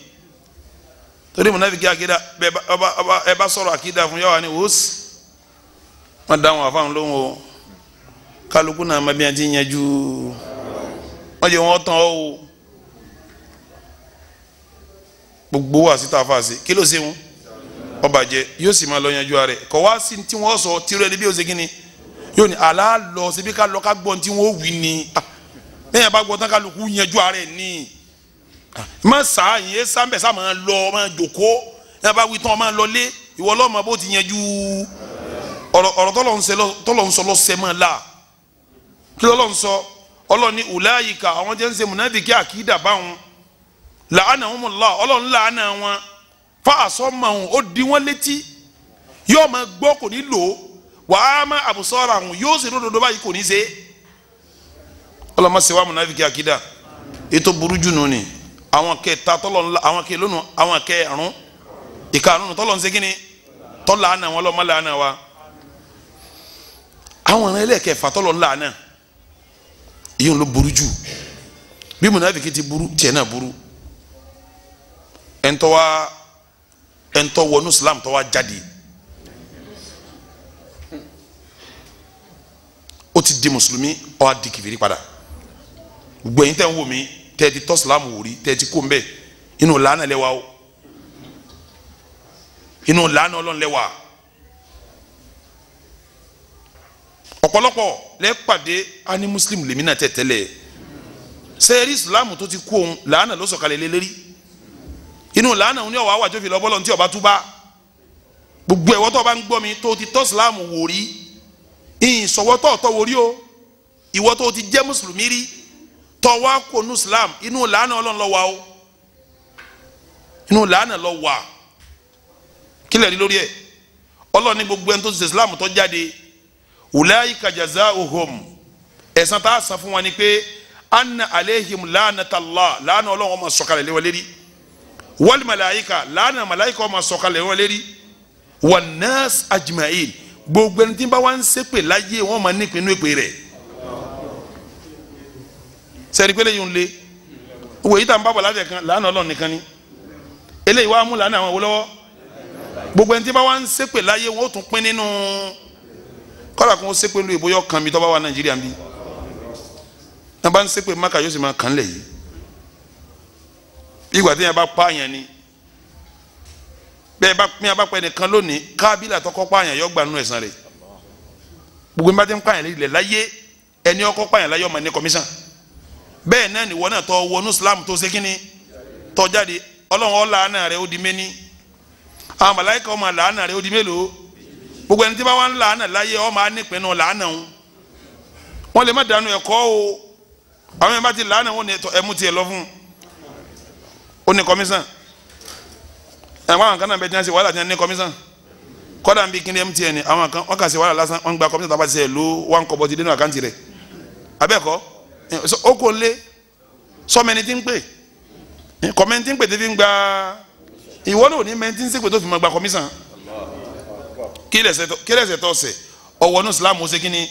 torí munafiki akida bẹ ẹ bá sọ̀rọ̀ akida fún yàrá ni wòsì wọn dá wọn àfahàn lóhùn o kálukú náà má bí wọn ti yanjú wọn jẹ wọn tán o gbogbo wa síta fàṣẹ kí ló ṣe wọn ọba jẹ yóò sì máa lọ yanjú ara rẹ kọ wá sí tí wọn sọ tìrọ ẹni bí o ṣe kí ni yóò ní àlá lọ síbi ká lọ ká gbọ́n tí wọn wí ni lẹ́yìn ah. abá gbọ́ tán kálukú yanjú ara rẹ ni má sá ìyẹn sábẹ̀ sá máa lọ máa jòkó náà bá wí tán máa lọ lé ìwọ lọ́mọ bó ti yanjú ọ̀rọ̀ tọ́lọ̀ ń sọ lọ́sẹ̀ máa la kí lọ́lọ́ ń sọ ọlọ́run ní ùláyìíká àwọn jẹ́ ń ṣe mùnáfíkì àkídà báwọn làánà wọn mọ̀ ọlọ́run làánà wọn fa àsọ́mọ̀ wọn ó di wọn létí yóò máa gbọ́ kò ní lò ó wàá má àbùsọ́ra wọn yóò sì ródòdó báyìí kò ní ṣe ọlọ́run má ṣe wá àkídà ètò burú jù nù ni àwọn kẹta tọ́lọ̀ ńlá àwọn kẹ lónìí àwọn kẹ àrùn ìkarùn tọ́lọ̀ ń segin ni tọ́lọ̀ àná wọn lọ́ọ́ má làánà wa àwọn ọ̀rẹ́ ẹlẹ́kẹ̀fà tọ́lọ̀ ńlá àná ìyẹn ló burú jù bí munafiki ti burú tiẹ̀ náà burú ẹ̀ńtọ́ wa ẹ̀ńtọ́ wọnú Islam tọ́ wa jáde ó ti di mùsùlùmí ó wá padà gbẹ̀yìn tẹ̀ ń wò mí tẹ́ẹ̀tì tọ́ sílámù wò rí tẹ́ẹ̀tì kó mbẹ́ inú làánà lẹ́wà o inú làánà ọlọ́run lẹ́wà ọ̀pọ̀lọpọ̀ lẹ́pàdé a muslim lèmi náà tẹ̀tẹ̀lẹ̀ sẹ́ẹ̀rì ìsìláàmù tó ti kú òun làánà ló sọ̀kalẹ̀ lé lérí inú làánà òun ní ọ̀wá àwàjọ́ fi lọ́bọ́lọ́ ní tí ọba túbá gbogbo ẹ̀wọ́ tó bá ń gbọ́ mi tó ti tọ́ wò rí ìyìn sọ̀wọ́ tọ̀ọ̀tọ̀ wò rí o ìwọ ti jẹ́ mùsùlùmí rí tọ́wá kò nu islam inú làánà ọlọ́run ló wà o inú làánà ló wà kílẹ̀ rí lórí ẹ̀ ọlọ́run ní gbogbo ẹni tó ṣe islam tó jáde ulaika jazaohum ẹ̀san tá a san fún wọn ni pé anna aleihim la'natallah làánà ọlọ́run ó máa sọ̀kalẹ̀ lé wọn lérí wal malaika làánà malaika ó máa sọ̀kalẹ̀ lé wọn lérí wan gbogbo ẹni tí ń bá wá ń ṣépè láyé wọn máa nípinnu èpè rẹ̀ sẹ́ni pé lẹ́yìn le wò yìí tá n bá bọ̀ láti kan làánà ọlọ́run nìkan ni eléyìí wàá mú làánà àwọn olówó gbogbo ẹni tí bá wà ń ṣépè láyé wọn ó tún pín nínú kọ́lá kó ń ṣépè lu ìbóyọ̀ kan mi tó bá wà nàìjíríà bí tá bá ń ṣépè maka yóò sì máa kàn lẹ̀ yìí ìgbà tí yẹn bá pààyàn ni bẹ́ẹ̀ bá pín abápẹ́ nìkan lónìí kábílà tọkọ pààyàn yọ gbanú ẹ̀san rẹ̀ gbogbo ẹni bá ti ń pààyàn lẹ̀ láyé ẹni ọkọ pààyàn láyé ọmọ ẹni kọmíṣán bẹ́ẹ̀ náà nìwọ náà tọ́ wọnú islam tó ṣe kínní tọ́ jáde ọlọ́run ó làánà rẹ̀ ó di méní àwọn màláíkà ó máa làánà rẹ̀ ó di mélòó gbogbo ẹni tí bá wà ń láyé lè má dànù ẹ̀kọ́ o àwọn yẹn bá ti làánà wọn ẹmu tiẹ̀ lọ fún ó ní kọmísàn àwọn àwọn kan náà bẹ wàhálà ní ni àwọn kan wọn kà ṣe wàhálà lásán gba ti ṣe lò wọn kọ́ Eh, ó kò lé sọmẹni tí ń pè eh, kọmẹni tí ń pè tí fi ń gba ìwọ náà ní mẹni tí ń sèpè tó fi máa gba kọmísàn kí lẹsẹ tó ṣe ọwọ ní islam ó ṣe kí ni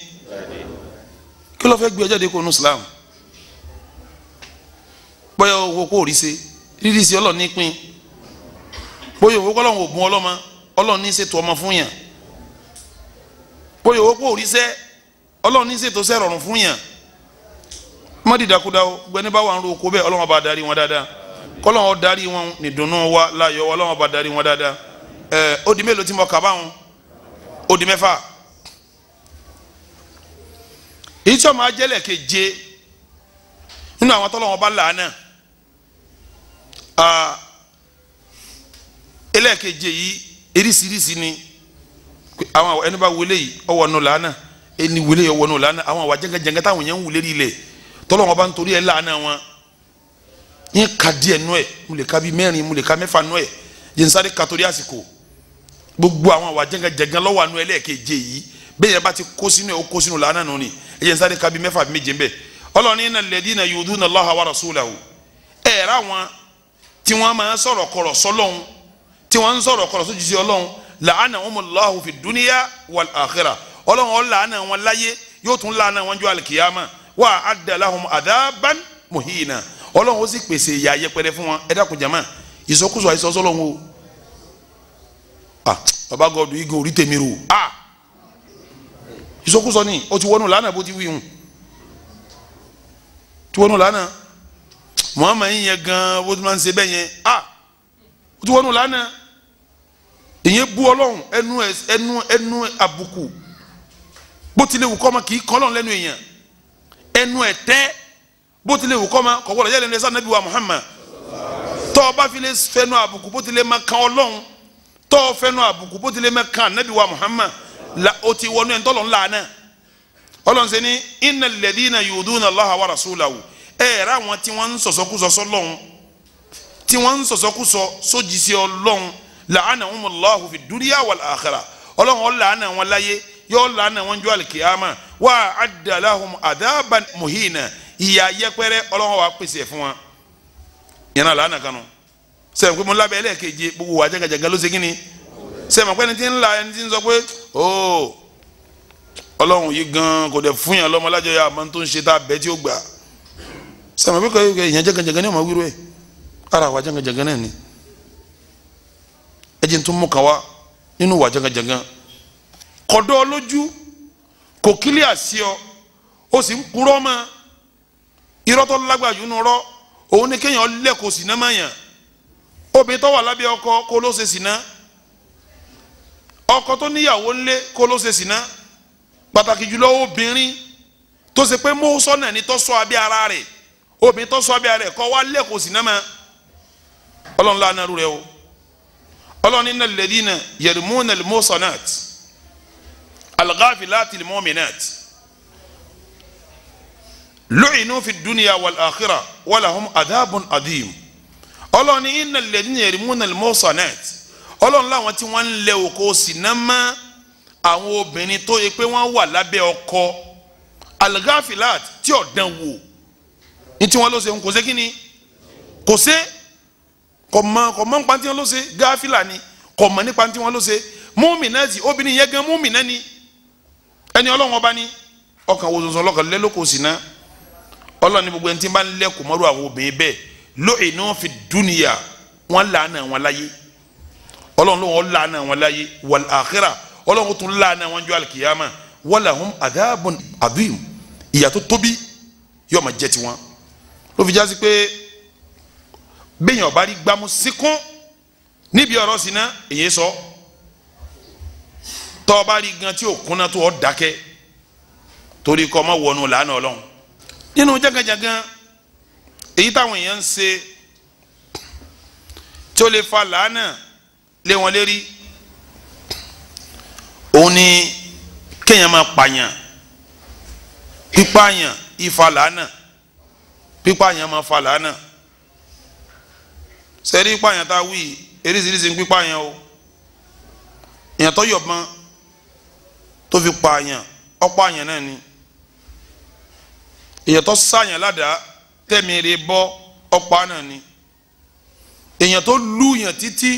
kí ló fẹ́ gbé ọjọ́ de kó ní islam bóyá owó kó rí ṣe rírí ṣe ọlọ́ọ̀ ní pín bóyá owó kọ́ lọ́wọ́ ògùn ọlọ́mọ ọlọ́ọ̀ ní ṣètò ọmọ fún yàn bóyá owó kó rí ṣe ọlọ́ọ̀ ṣètò ṣẹ́ fún yàn má dìdàkudà o gbẹni bá wà ń ro oko bẹ́ẹ̀ Ọlọ́run bá darí wọn dáadáa kọ́lọ́run ó darí wọn ní dùnnú wa láyọ̀ wa Ọlọ́run bá darí wọn dáadáa ẹ̀ ó di mélòó tí mo kà báwọn ó di mẹ́fà èyí tí ọmọ ajẹ́lẹ̀ keje nínú àwọn tọ́lọ́wọ́n bá làánà ẹlẹ́ẹ̀keje yìí eríṣiríṣi ni àwọn ẹni bá wọlé yìí ọwọ́ nù làánà ẹni wọlé yìí ọwọ́ nù làánà àwọn àwa jẹ́ngẹ́jẹ́ngẹ́ táwọn yẹn ń wọlé rí ilẹ̀ tọ́lọ́wọ́n bá ń torí ẹ̀ láàánú wọn ní ka díẹ̀ nú ẹ̀ mo lè ka bíi mẹ́rin mo lè ka mẹ́fà nú ẹ̀ jẹ́nsáré ka torí àsìkò gbogbo àwọn àwa jẹ́ngàjẹ́ngàn lọ́wọ́ àánú ẹlẹ́ẹ̀keje yìí bẹ́ẹ̀ yẹn bá ti kó sínú ẹ̀ ó kó sínú làánà nù ni jẹ́nsáré ka bíi mẹ́fà méje bẹ́ẹ̀ ọlọ́ni iná lẹ́dí iná yòódú iná lọ́hà wa rasulahu ẹ̀ rà wọn tí wọ́n máa sọ̀rọ̀ kọ̀rọ̀ sọ́lọ́hún tí wọ́n ń sọ̀rọ̀ kọ̀rọ̀ sójúṣe ọlọ́hún làánà umullahu fi dúníyà wal akhirah ọlọ́hún ọ̀ làánà wọn láyé yóò tún wa adalahum adaban muhina ọlọ́run ó sì pèsè ìyà yẹpẹrẹ fún wọn ẹ dákun jama ìsọkúsọ àìsọsọ lọ́hún o ah baba god igi orí tèmi ro ah ìsọkúsọ ni o ti wọnú lánàá bó ti wí hun ti wọnú lánàá muhammed yẹn gan bó ti máa ń ṣe bẹ́ẹ̀ yẹn ah o ti wọnú lánàá ìyẹn bú ọlọ́run ẹnu ẹnu ẹnu àbùkù bó tilẹ̀ wù kọ́ ma kì í kọ́ ọlọ́run lẹ́nu èèyàn ẹnu ẹ tẹ bó tilẹ̀ wù kọ́ ma kọ̀wọ́ lọ́jọ́ lẹ́nu ẹ̀sán nàbí wa Muhammad tọ́ ọ bá fi lè fẹnu àbùkù bó tilẹ̀ ma kan ọlọ́run tọ́ ọ fẹnu àbùkù bó tilẹ̀ ma kan nàbí wa Muhammad la o ti wọnú ẹ̀ ń tọ́lọ̀ ńlá náà ọlọ́run ṣe ni inna alladhina yuduna Allaha wa rasulahu ẹ̀ rà wọn tí wọ́n ń sọ̀sọ́kúsọ sọ́lọ́run tí wọ́n ń sọ̀sọ́kúsọ sójì sí ọlọ́run la'anahumullahu fi dunya wal ọlọ́run ó làánà wọn láyé yóò na wọn jọ alikiyama wa adalahum adaban muhina ìyà yẹpẹrẹ Ọlọ́run wa pèsè fún wa yẹnna lànà kanu sẹ́yìn pé mo lábẹ́ ẹlẹ́ẹ̀kejì gbogbo wa jẹ́gàjẹ́ galo segin ni sẹ́yìn pé ẹni tí ń la ẹni tí ń sọ pé ooo oh, Ọlọ́run yìí gan kò dẹ̀ fún yàn lọ́mọlájọ yà máa tó ń ṣe tá a bẹ́ tí ó gbà sẹ́yìn pé kò yẹn jẹ́gàjẹ́gà ni ọmọ wíwú ara wa jẹ́gàjẹ́gà náà ni ẹ jẹ́ n tún mú kàn wá nínú wa jẹ́gàjẹ́gà kọ̀dọ́ lójú kò kílíà sí ọ ó sì ń purọ́ mọ́ irọ́ tó lágbàá yìí nù rọ́ òun ni kéèyàn lẹ́kọ̀ọ́ sínú mọ̀yàn obìnrin tó wà lábẹ́ ọkọ kó ló ṣe sínú ọkọ tó níyàwó ńlé kó ló ṣe sínú pàtàkì jùlọ obìnrin tó ṣe pé mọ́sọ́nà ni tó sọ abẹ́ ara rẹ̀ obìnrin tó sọ abẹ́ ara rẹ̀ kọ́ wá lẹ́kọ̀ọ́ sínú mọ́ ọlọ́run lánàá rẹ o ọlọ́run ní nàlẹ́dínà yẹ̀rìmú nàlẹ́mọ́sọ̀nàtì alghafilati lmuminat lu'inu fi dunya wal akhirah walahum adabun adim ọlọ́run ní iná lẹ́dínlẹ́ yẹ̀rìmúnà mọ́sánẹ́t ọlọ́run láwọn tí wọ́n ń lẹ òkò sinamá àwọn obìnrin tó yẹ pé wọ́n wà lábẹ́ ọkọ algafilat tí ọ̀dàn wò ní tí wọ́n ló ṣe kò ṣe kí ni kò ṣe kò mọ kò mọ nípa tí wọ́n ló ṣe gáfìlà ni kò mọ nípa tí wọ́n ló ṣe múmìnà tí obìnrin yẹn gan múmìnà ni ẹni ọlọ́run ọba ní ọkàn wo sọ̀sọ̀ ọlọ́kàn lẹ́lọ́kọ̀ sí ná ọlọ́run ní gbogbo ẹni tí bá ń lẹ́kọ̀ọ́ mọ́rú àwọn obìnrin bẹ́ẹ̀ lóye ní wọ́n fi dúnìyà wọ́n làánà wọn láyé ọlọ́run lóun làánà wọn láyé wal akhirah ọlọ́run tún làánà wọn jọ alikiyama walahum adhabun adhim ìyà tó tóbi yóò máa jẹ tiwọn ló fi jásí pé bẹ́ẹ̀ yẹn ọba rí gbámú síkún níbi ọ̀rọ̀ sí ná èyí sọ tọ́ ọ bá rí gan tí ò kúnná tó ọ dákẹ́ torí kọ́ ọmọ wọnú làánà ọlọ́run nínú jágajàgan èyí táwọn èèyàn ń ṣe tí ó lè fa làánà lé wọn lérí òun ni kéèyàn máa pààyàn pípààyàn ìfa làánà pípààyàn máa fa làánà sẹ́rí pààyàn tá a wí eríṣiríṣi ń pípààyàn o èèyàn tó yọ̀bọ̀n tó fi pa àyàn ọ̀pọ̀ àyàn náà ni èèyàn tó sáyàn ládàá tẹ̀mí rẹ̀ bọ́ ọ̀pọ̀ náà ni èèyàn tó lù yàn títí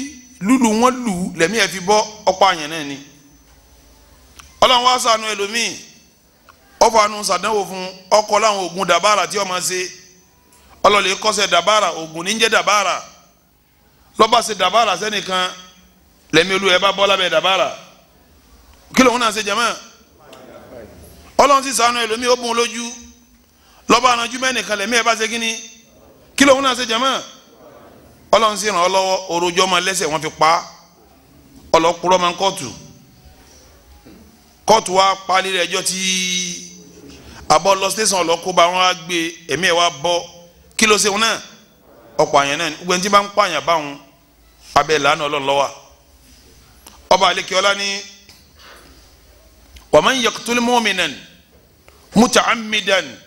lùlù wọn lù lẹ́mí ẹ̀ fi bọ́ ọ̀pọ̀ àyàn náà ni ọlọ́run wá sànú ẹlòmíì ọ̀fọ̀nù sàdánwò fún ọkọ̀ láwọn oògùn dàbàrà tí ọmọ ṣe ọlọ́lẹ̀ kọ́sẹ̀ dàbàrà oògùn níjẹ́ dàbàrà lọ́ba dàbàrà sẹ́nìkan lẹ́mí olú ẹ bá bọ́ lábẹ́ dàbàrà kí lóun náà ṣe jama ọlọ́run sì sànú ẹlòmíì ó bùn lójú lọ́ba ànájú mẹ́nìkan lẹ̀mí ẹ̀ bá ṣe kínní kí lóun náà ṣe jama ọlọ́run sì ràn ọ́ lọ́wọ́ orojọ́ ọmọ lẹ́sẹ̀ wọ́n fi pa ọlọ́kùrọ́ máa ń kóòtù kóòtù wa parí rẹ̀ ẹjọ́ tí abọ́ lọ station ọlọ́kùnba wọn á gbé ẹ̀mí ẹ̀ wá bọ́ kí ló ṣe wọn náà ọ̀pọ̀ àyàn náà gbẹ̀ntì bá ń pààyàn báwọn abẹ́ ìlànà ọlọ́run lọ́wọ́ ọba àlekè ní ومن يقتل مؤمنا متعمدا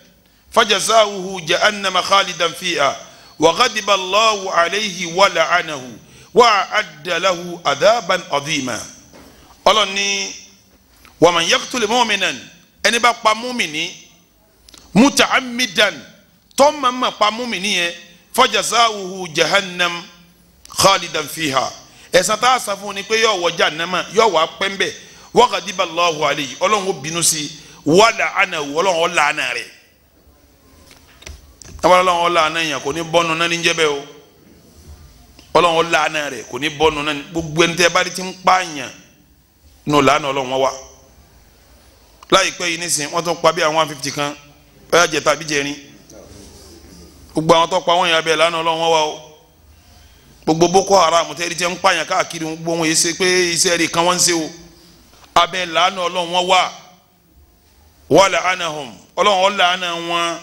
فجزاؤه جهنم خالدا فيها وغضب الله عليه ولعنه وأعد له عذابا عظيما ọlọ́ni ومن يقتل مؤمنا ẹni bá pa múmìnì muta'ammidan tọ́mọ̀mọ̀ pa múmìnì yẹn fajazauhu jahannam khalidan fiha ẹ̀san tá a san fún ni pé yóò wọ jahannama yóò wà pẹ́ńbẹ́ wakadiba Allahu alayhi Ọlọ́run ó bínú sí wàlà àná Ọlọ́run ó lànà rẹ̀ abala Ọlọ́run ó lànà yẹn kò ní bọ́nu náà ní jẹ́bẹ̀ o Ọlọ́run ó lànà rẹ̀ kò ní bọ́nu náà gbogbo ẹni tẹ́ ti ń pààyàn nù lànà Ọlọ́run wọn wà láìpẹ́ yìí nísìnyí wọ́n tún pa bí àwọn one fifty kan báyà jẹ tàbí jẹrin gbogbo àwọn tó pa wọn yẹn abẹ́ lànà Ọlọ́run wọn wà o gbogbo Boko Haram tẹ́lẹ̀ jẹ́ ń pààyàn káàkiri gbogbo wọn yìí ṣe pé iṣẹ́ rẹ̀ kan o abẹ́ làánà ọlọ́run wọn wà wà làánà hàn ọlọ́run wọn làánà wọn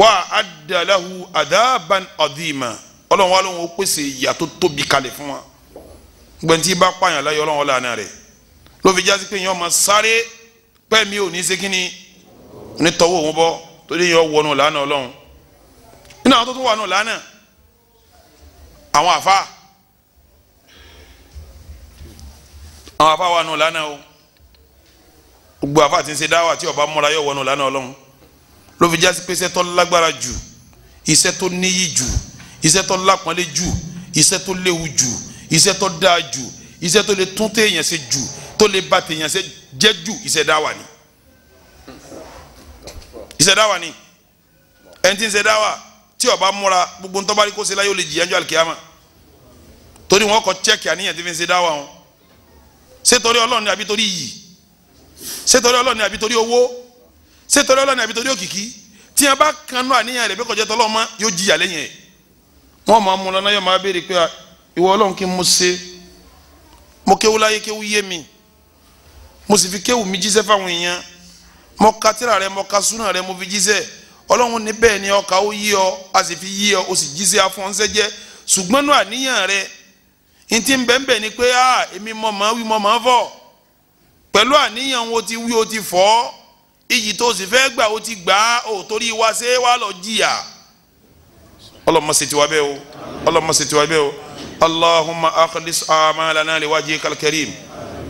wà àdàlàhù àdàbàn ọ̀dìmà ọlọ́run wọn lòun ó pèsè ìyà tó tóbi kalẹ̀ fún wọn gbẹ̀ntì bá pààyàn láyé ọlọ́run wọn làánà rẹ̀ ló fi jásí pé yẹn ọmọ sáré pẹ́ẹ́mi ò ní í ṣe kí ni onítọ́wọ́ òun bọ́ torí yẹn wọnú làánà ọlọ́run nínú àwọn tó tún wà nù làánà àwọn àfa. àwọn afa wa nù lánàá o gbogbo afa ti ń ṣe dáwà tí ọba múra yóò wọnú lánàá Ọlọ́run ló fi jásí pé iṣẹ́ tó lágbára jù iṣẹ́ tó níyì jù iṣẹ́ tó lápọ́nlé jù iṣẹ́ tó léwu jù iṣẹ́ tó dáa jù iṣẹ́ tó lè tún téèyàn ṣe jù tó lè ba téèyàn ṣe jẹ́ jù iṣẹ́ dáwà ni iṣẹ́ dáwà ni ẹni tí ń ṣe dáwà tí ọba múra gbogbo ntọ́bárí kó ṣe láyé ó lè jìyànjú àlùkìyàmà torí wọn kọ chẹ́ẹ̀kì àníyàn tí fi ń ṣe dáwà wọn ṣé torí ọlọ́run ni àbí torí iyì ṣé torí ọlọ́run ni àbí torí owó ṣé torí ọlọ́run ni àbí torí òkìkí tí wọn bá kanú àníyàn rẹ̀ bí kò jẹ́ tọ́lọ́ mọ́ yóò jìyà lẹ́yìn ẹ̀ wọ́n máa mú lọ́nà yóò máa béèrè pé ìwọ ọlọ́run kí n mú ṣe mo kéwu láyé kéwu yé mi mo sì fi kéwu mi jíṣẹ́ fáwọn èèyàn mo ka tírà rẹ mo ka súnà rẹ mo fi jíṣẹ́ ọlọ́run ní bẹ́ẹ̀ ni ọkà ó yí ọ a sì fi yí ọ o sì jíṣẹ́ afọ́nṣẹ́ jẹ́ ṣùgbọ́n náà àníyàn rẹ̀ ntí bẹ́ẹ̀nbẹ́ẹ́ ni pé a ah, èmi mọ̀ máa wí mọ̀ máa fọ̀ pẹ̀lú àníyàn o ti wí o ti fọ̀ iyì tó sì fẹ́ gbà o ti gbà á o torí wa ṣe wá lọ jìyà ọlọ́mọ sì ti wá bẹ́ẹ̀ o ọlọ́mọ sì ti wá bẹ́ẹ̀ o allahumma akhlis amalana liwajhika alkarim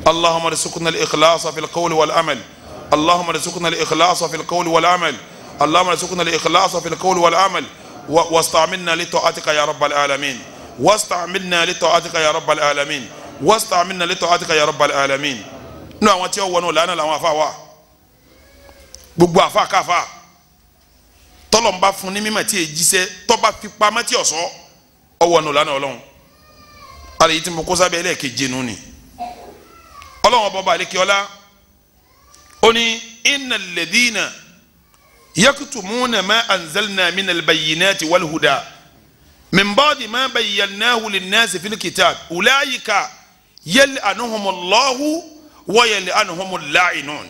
allahumma rasuqna al-ikhlasa fil wal amal allahumma rasuqna al-ikhlasa fil wal amal allahumma rasuqna al-ikhlasa fil wal amal واستعملنا لطاعتك يا رب العالمين wasta'milna li ta'atika ya rabbal alamin wasta'milna li ta'atika ya rabbal alamin nínú àwọn tí ó wọnú lánàá làwọn afa wa gbogbo afa káfa tọlọ́n bá fún ní mímọ̀ tí èyí jíṣẹ́ tọ́ba fi pamọ́ tí ọ̀sọ́ ọwọ́ lánàá ọlọ́run àlè yìí tí mo kó sábẹ́ ẹlẹ́ẹ̀keje nù ni ọlọ́run ọba ọba àlekè ọlá ó ní iná lẹ́dínà yakutumuna ma anzalna minal bayyinati wal huda min ba'di ma bayyanahu linnasi fil kitab ulaika yal'anuhumullahu wa yal'anuhumul la'inun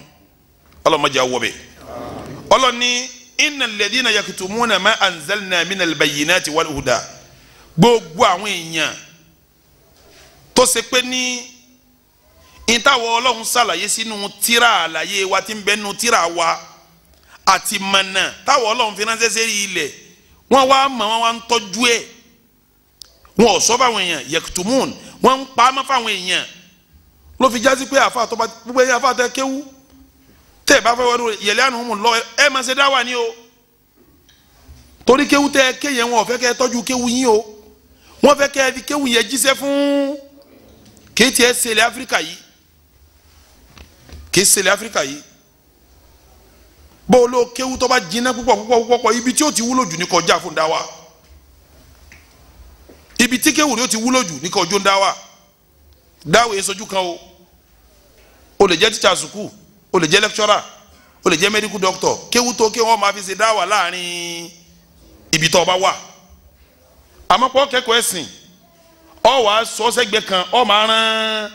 ọlọ́run má jẹ́ awọ́ bẹ́ẹ̀ ọlọ́run ní innal ladhina yaktumuna ma anzalna minal bayyinati wal huda gbogbo àwọn èèyàn tó ṣe pé ní ìtawọ ọlọ́run ṣàlàyé sínú tíra àlàyé wa tí ń bẹ́nu tíra wa àti mọ̀nà táwọ ọlọ́run fi ránṣẹ́ sí ilẹ̀ wọ́n wá mọ̀ wọ́n wá ń tọ́jú ẹ̀ wọ́n ò sọ fáwọn èèyàn yẹkutumun wọ́n ń pa á mọ́ fáwọn èèyàn ló fi jásí pé àfa àtọ́ba gbogbo ẹ̀yìn àfa àtẹ kéwú tẹ́ ẹ̀ bá fẹ́ wọ́n yẹ̀lẹ́ àná mọ̀ lọ ẹ̀ máa ṣe dáwà ni o torí kéwú tẹ́ ẹ kéyẹn wọn ò fẹ́ kẹ́ ẹ tọ́jú kéwú yín o wọ́n fẹ́ kẹ́ ẹ fi kéwú yẹn jíṣẹ́ fún kéétì ẹ̀ sẹlẹ̀ áfíríkà yìí kéé sẹlẹ̀ áfíríkà yìí bó o ló kéwú tó bá jiná púpọ̀ púpọ̀ púpọ̀ pọ̀ ibi tí ó ti wúlò jù ní kọjá fún dáwà ibi tí kéwú ni ó ti wúlò jù ní kọjó ń dáwà dáwà yẹn sojú kan o o lè jẹ́ tíṣà sùkúù o lè jẹ́ lẹ́kítọ́rà o lè jẹ́ mẹ́díkù dọ́kítọ̀ kéwú tó kéwú wọn máa fi ṣe dáwà láàrin ibi tó bá wà àmọ́ pọ́ kẹ́kọ̀ọ́ ọ wàá sọ sẹ́gbẹ̀ẹ́ kan ọ máa rán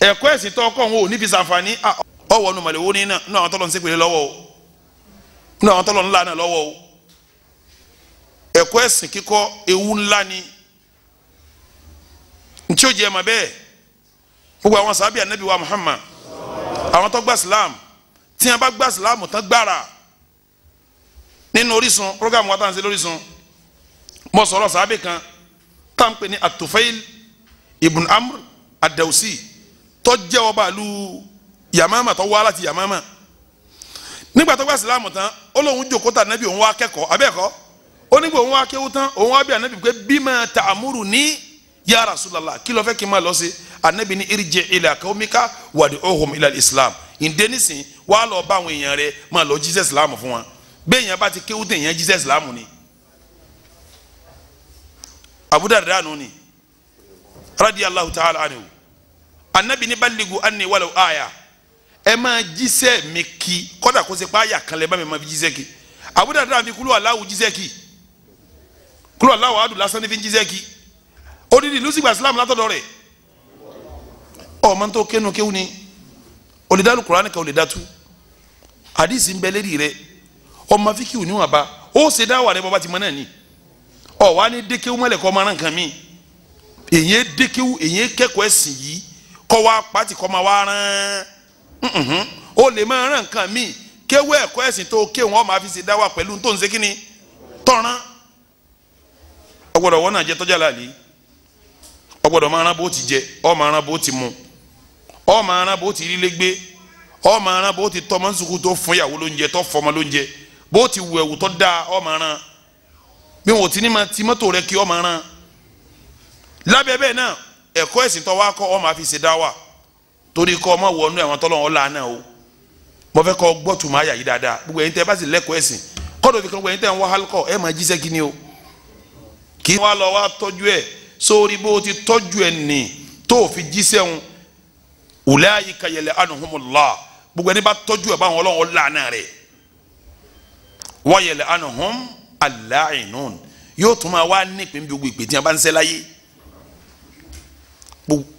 ẹ̀kọ́ ẹ̀sìn tó ọkọ̀ òun ò ní fi ṣàǹfààní ọwọ́ nu màlẹ́wọ́ ní náà àwọn tọ́lọ̀ ń ṣépele lọ́wọ́ o náà àwọn tọ́lọ̀ ń lànà lọ́wọ́ o ẹ̀kọ́ ẹ̀sìn kíkọ́ ewu ńlá ni ntí ó jẹ́ ẹ̀ mà gbogbo àwọn sábẹ́ anabi wa Muhammad àwọn tó gba Islam tí wọn bá gba Islam tán gbára nínú Orísun programu wa tá à ń ṣe lórísun mo sọ̀rọ̀ sábẹ́ kan tá à ń pè ní Atufail ibn Amr Adawsi tó jẹ́ ọba àlùú yamama tó wá láti yamama nígbà tó gba sílámù tán ó lóun jókòó ta nẹ́bí òun wá kẹ́kọ̀ọ́ abẹ́ẹ̀kọ́ ó nígbà òun wá kéwú tán òun wá bí ànẹ́bí pé bima ta'muruni ya Rasulullah kí ló fẹ́ kí n máa lọ sí ànẹ́bí ní irji ila qaumika wad'uhum ila islam ìdè nísìn wàá lọ bá àwọn èèyàn rẹ máa lọ jíṣẹ́ sílámù fún wọn bẹ́ẹ̀ yẹn bá ti kéwú tẹ̀ yẹn jíṣẹ́ sílámù ni Abu Darda ni radiyallahu ta'ala anhu ànẹ́bí ní ballighu anni walau aya ẹ máa jíṣẹ́ mi kí kódà kó ṣe páyà kan lẹ bá mi máa fi jíṣẹ́ kí àbúdàdúrà mi kúlù aláwo jíṣẹ́ kí kúlù aláwo adùn lásán ní fi jíṣẹ́ kí odidi ìlú sígbà sílámù látọ̀dọ̀ rẹ̀ ọmọ tó kéwòn kéwòn ni olùdarí kùránì kan olùdátú àdìsí ń bẹ lérí rẹ ọmọ fíkì òníwọ̀n ba ó ṣe dáwà rẹ bọ́ba ti mọ náà ni ọ wá ní dékéwù mọ́lẹ̀ kọ́ mọ́ràn kan mi èyí dékéwù èyí kẹ́kọ̀ọ́ ẹ̀sìn yìí kọ́ wa pàtì kọ́ ma wá rán Mm-hmm. o lè máa rán nǹkan míì kéwé ẹ̀kọ́ ẹ̀sìn tó ké wọn máa fi ṣe dáwà pẹ̀lú tó ń ṣe kíni tọ́ran ọgbọ́dọ̀ wọn náà jẹ tọ́jà láàlì ọgbọ́dọ̀ máa bó ti jẹ ọ máa mu ọ máa rán bó ti rílé gbé ọ máa rán bó ti tọmọ booti tó fún ìyàwó lóúnjẹ tó fọmọ lóúnjẹ bó ti wù ẹ̀wù tó dáa ọ máa bí wọn ma ti mọ́tò rẹ kí torí kọ́ ọmọ wọnú àwọn tọ́lọ́wọ́n lánà o mo fẹ́ kọ́ gbọ́tùmọ̀ àyà yìí dáadáa gbogbo ẹ̀yin tẹ́ bá sì lẹ́kọ̀ọ́ ẹ̀sìn kọ́dọ̀ fi kan gbogbo ẹ̀yin tẹ́ ń wá hálùkọ́ ẹ̀ máa jíṣẹ́ kí ni o kí wọ́n á lọ wá tọ́jú ẹ̀ sórí bó ti tọ́jú ẹ̀ nì tó fi jíṣẹ́ ń wùláyì kayẹlẹ anuhumula gbogbo ẹni bá tọ́jú ẹ̀ báwọn ọlọ́wọ́n lánà rẹ̀ wáyẹlẹ anuhum aláìnún yóò tún máa wá nípìn bí gbogbo ìpè tí wọ́n bá ń ṣe láyé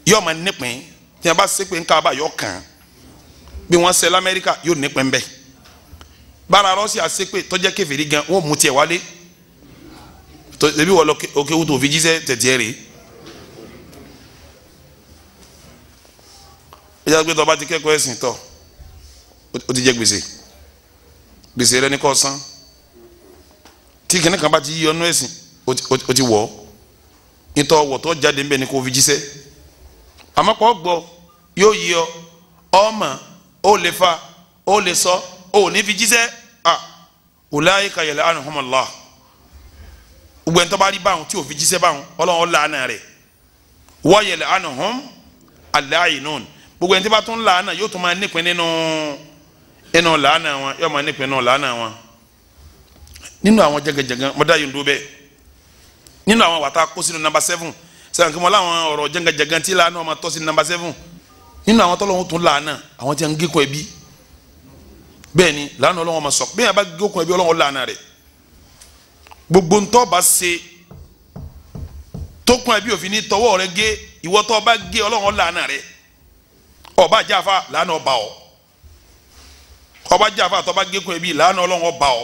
yóò máa nípìn tí wọ́n bá ṣe pé nǹkan àbáyọ kàn bí wọ́n ṣe lamẹ́ríkà yóò ní pẹ́ńbẹ́ bára rọ́ọ̀sì àṣepé tọ́jẹ́ kẹfìrí gan wọ́n mú tiẹ̀ wálé ebi wọ́n lọ òkè wútu òfin jíṣẹ́ tẹ̀tẹ̀ rèé ẹ jẹ́ pé tọ́ bá ti kẹ́kọ̀ọ́ ẹ̀sìn tọ́ ó ti jẹ́ gbèsè gbèsè rẹ ní kò san tí kìnnìkan kan bá ti yí ọnú ẹ̀sìn ó ti wọ̀ ọ́ nítọ́ wọ̀ tọ́ jáde ńbẹ ní kò fi jíṣẹ́ àmọ́ kọ́ gbọ́ yóò yí ọ ọmọ ó lè fa ó lè sọ ó ní fi jíṣẹ́ à ulaika yal'anuhumullah gbogbo ẹni tó bá rí báwọn tí ò fi jíṣẹ́ báwọn ọlọ́run làánà rẹ̀ wa yal'anuhum al-la'inun gbogbo ẹni tí bá tún làánà yóò tún máa nípìn nínú inú làánà wọn yóò máa nípìn nínú làánà wọn nínú àwọn jẹgẹjẹgẹ mọdá yìí ń dúró bẹ́ẹ̀ nínú àwọn wàtá kó sínú nàmbà sẹ́fùn sẹ́wọ̀n kí mo láwọn ọ̀rọ̀ jẹgẹjẹgẹ tí làánà ọmọ tọ́ sí nàmbà sẹ́fùn nínú àwọn tọ́lọ́wọ́n tún làánà àwọn tí wọ́n gé kún ẹbí bẹ́ẹ̀ ni làánà ọlọ́wọ́n ma sọ bẹ́ẹ̀ bá gé kún ẹbí ọlọ́wọ́n làánà rẹ̀ gbogbo ntọ́ bá ṣe tó kún ẹbí òfin ní tọwọ́ rẹ gé ìwọ tó bá gé ọlọ́wọ́n làánà rẹ̀ ọba jáfa làánà ọba ọ ọba jáfa tó bá gé kún ẹbí làánà ọlọ́wọ́n ọba ọ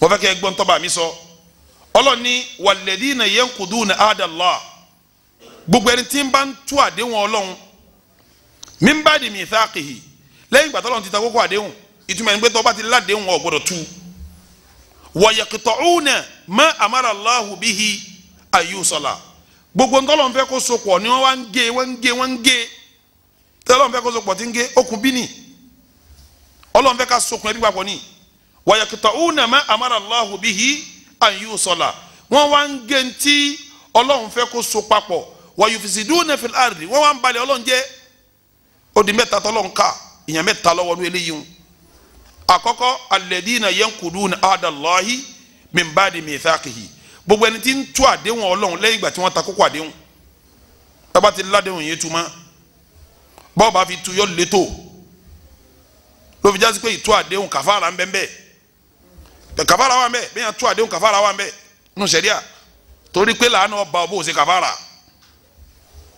wọ́n fẹ́ kẹ́ gbọ́n tọ́ba mi sọ ọlọ́ni wàlẹ́dínà yẹn kùdùn ní àdàlá gbogbo ẹni tí ń bá ń tú àdéhùn ọlọ́run mímbà di mìthákìhì lẹ́yìn gbàtọ́ lọ́n ti ta kókó àdéhùn ìtumọ̀ ẹni pé tọ́ba ti ládéhùn ọ̀ gbọ́dọ̀ tú wọ̀yẹ̀kìtọ̀ọ́nà mọ amara Allahu bihi ayusala gbogbo ntọ́lọ́n fẹ́ kó so pọ̀ ni wọ́n wá ń gé wọ́n ń gé wọ́n ń gé tọ́lọ́n fẹ́ kó so pọ̀ ti ń gé okùn bí ni ọlọ́n fẹ́ ká sokùn ẹbí papọ̀ ni wọ̀yẹ̀kìtọ̀ọ́nà mọ amara Allahu bihi ayusala wọ́n wá ń gé ntí ọlọ́run fẹ́ kó so papọ̀ wọ̀yẹ̀fìsìdúnà fil ardi wọ́n wá ń Odi di mẹ́ta tọ́lọ́ ń kà ìyẹn mẹ́ta lọ́wọ́ ní eléyìí ń àkọ́kọ́ alladina yankuduna adallahi min ba'di mithaqihi gbogbo ẹni tí ń tú àdéhùn ọlọ́run lẹ́yìn ìgbà tí wọ́n ta kókó àdéhùn ẹ bá ti ládéhùn yẹn túmọ̀ bọ́ọ̀ bá fi tu yọ létò ló fi já sí pé ìtú àdéhùn kàfàrà ń bẹ ń bẹ kàfàrà wà ń bẹ́ẹ̀ yẹn tú àdéhùn wà ń nù sẹ́ríà torí pé làánà ọba ọbọ̀ òsè kàfàrà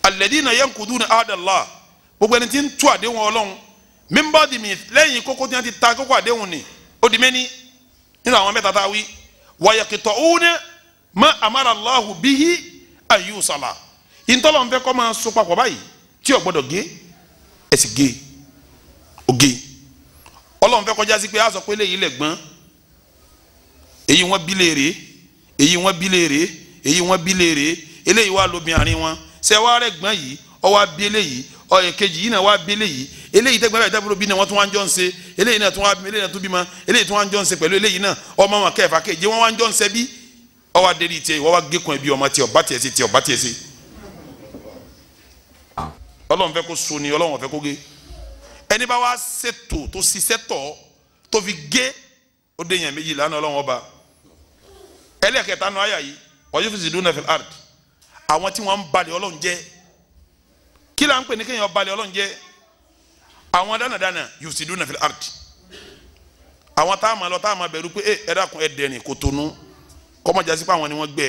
alladina yankuduna adallahi gbogbo ẹni tí ń tú àdéhùn ọlọ́run mímbọ́ di mi lẹ́yìn kókó tí wọ́n ti ta kókó àdéhùn ni ó di mẹ́ni nínú àwọn mẹ́ta tá a wí wàyàkìtọ̀ òun ma amara Allahu bihi ayusala ìtọ́lọ̀ ń fẹ́ kọ́ máa so papọ̀ báyìí tí o gbọ́dọ̀ gé ẹ̀sì gé o gé ọlọ́run fẹ́ kọjá sí pé a sọ pé léyìí lẹ̀ gbọ́n èyí wọ́n bí léèrè èyí wọ́n bí léèrè èyí wọ́n bí léèrè eléyìí wà lóbi àárín wọn ṣé ọyẹ kejì yìí náà wá bí eléyìí eléyìí tẹgbẹ́ báyìí tẹ́gbẹ́ bí náà wọ́n tún wá ń jọ ń ṣe eléyìí náà tún wá eléyìí náà tún bímọ eléyìí tún wá ń jọ ń ṣe pẹ̀lú eléyìí náà ọmọ wọn kẹfà keje wọn wá ń jọ ń ṣe bí ọwọ́ adéri tiẹ̀ ìwọ́ wá gékun ẹbí ọmọ tiẹ̀ ọba tiẹ̀ sí tiẹ̀ ọba tiẹ̀ sí. ọlọ́run fẹ́ kó so ni ọlọ́run fẹ́ kó gé ẹni bá wá ṣètò tó ṣiṣẹ́ tọ̀ tó fi gé ó dé yẹn méjì lánàá ọlọ́run ọba ẹlẹ́kẹ̀ta nu àyà yìí wọ́n yóò fi ṣèdúnà fil ard àwọn tí wọ́n ń balẹ̀ ọlọ́run jẹ́ kí la ń pè ní kéèyàn balẹ̀ ọlọ́run jẹ́ àwọn dánadáná yusiduna fil ardi àwọn tá a máa lọ tá a máa bẹ̀rù pé eh, ẹ dákun ẹ dẹ̀rìn kò tónú kọ́mọ̀jásí pé àwọn ni wọ́n gbẹ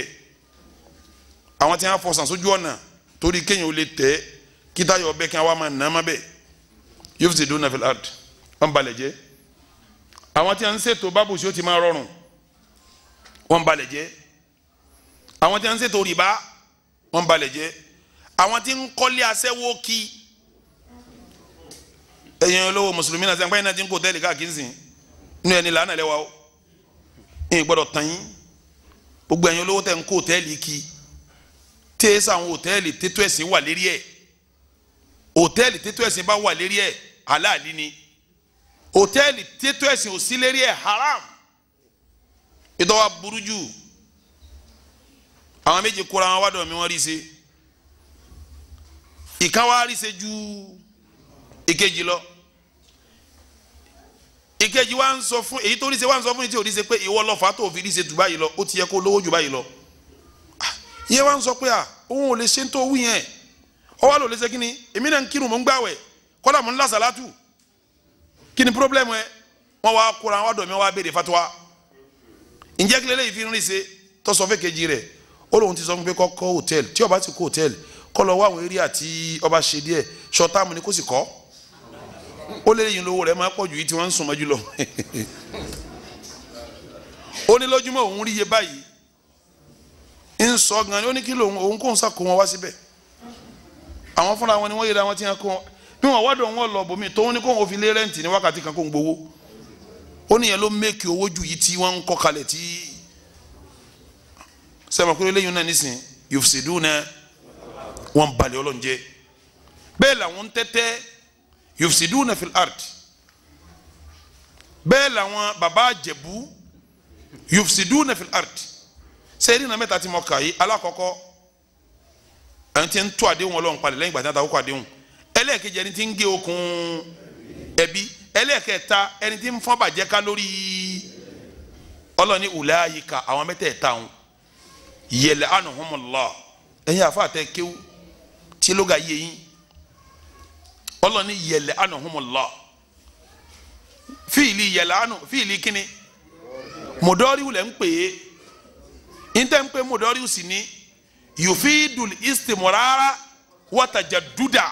àwọn tí wọ́n fọsàn sójú ọ̀nà torí kéèyàn ò lè tẹ́ kí táyọ̀ ọbẹ̀ kí wọ́n máa nà má bẹ̀ yusiduna fil ardi wọ́n balẹ̀ jẹ́ àwọn tí wọ́n ń ṣètò bábù sí ó ti máa rọrùn wọ́n balẹ̀ jẹ́ àwọn tí wọ́n ń ṣètò rìbá wọ́n balẹ̀ jẹ́ àwọn tí ń kọ́lé aṣẹ́wó kí ẹ̀yin olówó mùsùlùmí náà sẹ́ńpẹ́ náà ti ń kó tẹ́lẹ̀ káàkiri sìn inú ẹni làánà lẹ́wà o ẹ̀yin gbọ́dọ̀ tán yín gbogbo ẹ̀yin olówó tẹ̀ ń kó tẹ́lẹ̀ kí tẹ́sí àwọn hòtẹ́ẹ̀lì tètò ẹ̀sìn wà lérí ẹ̀ hòtẹ́ẹ̀lì tètò ẹ̀sìn bá wà lérí ẹ̀ aláàlí ni hòtẹ́ẹ̀lì tètò ẹ̀sìn ò sí lérí ẹ̀ haram ìtọ́wá burú jù àwọn méjì kóra wọn wá dọ̀ mí wọ́n rí i ìkan wá rí ṣe ju ìkejì lọ ìkejì wa ń sọ fún èyí tó rí ṣe wa ń sọ fún èyí tí ò rí ṣe pé ìwọ lọ fà á tó fi rí ṣe jù báyìí lọ ó ti yẹ kó lówó jù báyìí lọ ah, ìyẹn wa ń sọ pé à ah, òun ò lè ṣe ń tó wú yẹn ọ wá lò lè ṣe kí ni èmi náà ń kírun mò ń gbàwẹ̀ kọ́dà mò ń la sàlátù kí ni pírọ́blẹ́mù ẹ wọ́n wá kóra wọ́n dọ̀ mí wọ́n wá béèrè fatuwa ǹjẹ́ kí lélẹ́yìí fi rí ṣe tó fẹ́ kejì rẹ̀ ó lóun ti sọ fún pé kọ́kọ́ hòtẹ́ẹ̀lì tí ó ti kọ́ hòtẹ́ẹ̀lì kọ́ lọ wá àwọn eré àti ọba ṣe díẹ̀ ṣọ́tàmù ni kò sì kọ́ ó lé yìí lówó rẹ̀ máa pọ̀ ju yìí tí wọ́n ń sùn mọ́jú lọ ó ní lójúmọ́ òun rí iye báyìí ń sọ gan ni ó ní kí lòun òun kò ń sàkó wọn wá síbẹ̀ àwọn fúnra wọn ni wọ́n yẹra wọn ti hàn kó bí wọn wádùn wọn lọ bòmí tóun ní kó wọn fi lé rẹ́ǹtì ní wákàtí kan kó ń gbowó ó níyẹn ló mẹ́kì owó ju yìí tí wọ́n ń kọ́ kalẹ̀ tí sẹ́mi kúrò lẹ́yìn náà nísìnyí yòfùsì dùn náà wọ́n balẹ̀ ọlọ́run jẹ́ bẹ́ẹ̀ làwọn tẹ́tẹ́ yufsiduna fil ard bẹ́ẹ̀ làwọn baba jẹ̀bú yufsiduna fil ard sẹ́yìn náà mẹ́ta tí mo kà yìí alákọ̀ọ́kọ́ ẹni tí ń tú àdéhùn ọlọ́run palẹ̀ lẹ́yìn ìgbà tí wọ́n ta kókó àdéhùn ẹlẹ́ẹ̀kejì ẹni tí ń gé okùn ẹbí ẹlẹ́ẹ̀kẹta ẹni tí ń fọ́n bàjẹ́ ká lórí ọlọ́ni wùlẹ́ àyíká àwọn mẹ́tẹ̀ẹ̀ta wọn yẹlẹ́ ànuhumullah ẹ̀yin àfa àtẹ kéwù tí ló ga yé yín ọlọ́ni yẹlẹ anahumullah fíìlì yẹlẹ anu fiili kini. mọ̀dọ́ríwù lẹ́ ń pè é níta ń pè mọ̀dọ́ríwù sì ni yòfídùl istimurara wọ́tajà dúdà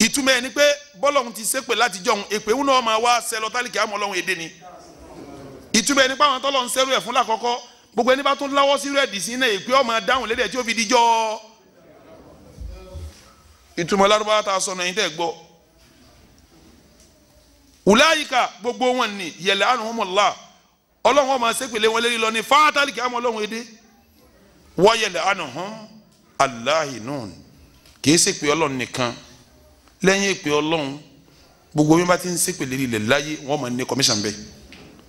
ìtumọ̀ ẹni pé bọ́lọ̀hún ti ṣépè láti jọ̀hún èpè ń náà máa wá sẹ́lọ tálíkì àmọ́ ọlọ́hún èdè ni ìtumọ̀ ẹni pé àwọn tọ́lọ̀ ń sẹ́rù ẹ̀ fún lákọ́kọ́ gbogbo ẹni bá tún láwọ́ èpè ó dáhùn lédè tí ó fi dijọ́ ọ́ ìtumọ̀ lárúbáwá tá a sọ̀nà yín tẹ̀ gbọ́ wùláyìíká gbogbo wọn ni yẹlẹ anuhumula ọlọ́run ọmọ sẹ́pẹ̀lẹ́ wọn lérí lọ ní fátálì kí á mọ ọlọ́run èdè wọ́n yẹlẹ anuhum aláhìnún kì í ṣèpè ọlọ́run nìkan lẹ́yìn èpè ọlọ́run gbogbo bí wọ́n bá ti ń sẹ́pẹ̀lẹ́ ilẹ̀ láyé wọ́n máa ní kọmíṣàn bẹ́ẹ̀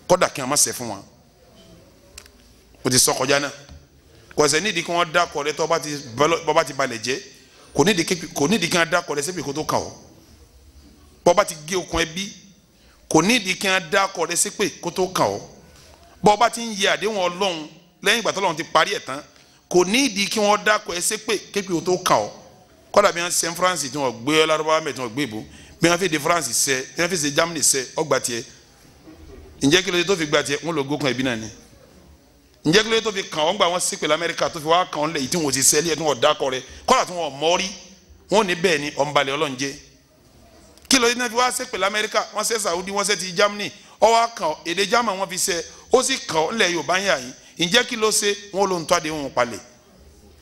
kọ́dà kí wọ́n má ṣe fún wọn o ti sọ kọjá náà kọ̀ọ̀sẹ̀ nídìí kí wọ́n dá kọ̀ọ̀rẹ́ tó bá ti balẹ̀ jẹ́ kò ní ìdíkẹ́ kò ní ìdíkẹ́ adakọ̀ rẹ sẹ́pẹ̀ kó tó kàn ọ́ bọ́ba ti gé okun ẹbí kò ní ìdíkẹ́ adakọ̀ rẹ sẹ́pẹ̀ kó tó kàn ọ́ bọ́ba ti ń yẹ àdéhùn ọlọ́run lẹ́yìn ìgbà tọ́lọ́run ti parí ẹ̀ tán kò ní ìdí kí wọ́n dákọ̀ ẹ képi kó tó kàn ọ́ kọ́dà bí wọ́n ṣe France tí wọ́n gbé Lárúbáwá mẹ́ tí gbé ìbò bí wọ́n fi de France sẹ́ bí wọ́n fi ṣe Germany sẹ́ ọgbà tiẹ̀ ǹjẹ́ kí ló dé tó fi gbà tiẹ̀ ǹjẹ́ kí ló tó fi kàn ọ́ ń gba wọn sí pẹ̀lú amẹ́ríkà tó fi wá kàn ọ́ lẹ̀ yìí tí wọn ò ti sẹ́lẹ̀ tí wọn ò dákọ̀ rẹ̀ tí wọn ò rí wọn ní bẹ́ẹ̀ ni ọ̀nbalẹ̀ ọlọ́njẹ́ kí ló tó fi wá sí pẹ̀lú amẹ́ríkà wọ́n saudi wọ́n sẹ́ ti germany ọ́ wá kàn èdè german wọ́n fi sẹ́ ó sì kàn ọ́ lẹ̀ yorùbá yà yìí ǹjẹ́ kí ló ṣe wọn ló ń tọ́ adé wọn palẹ̀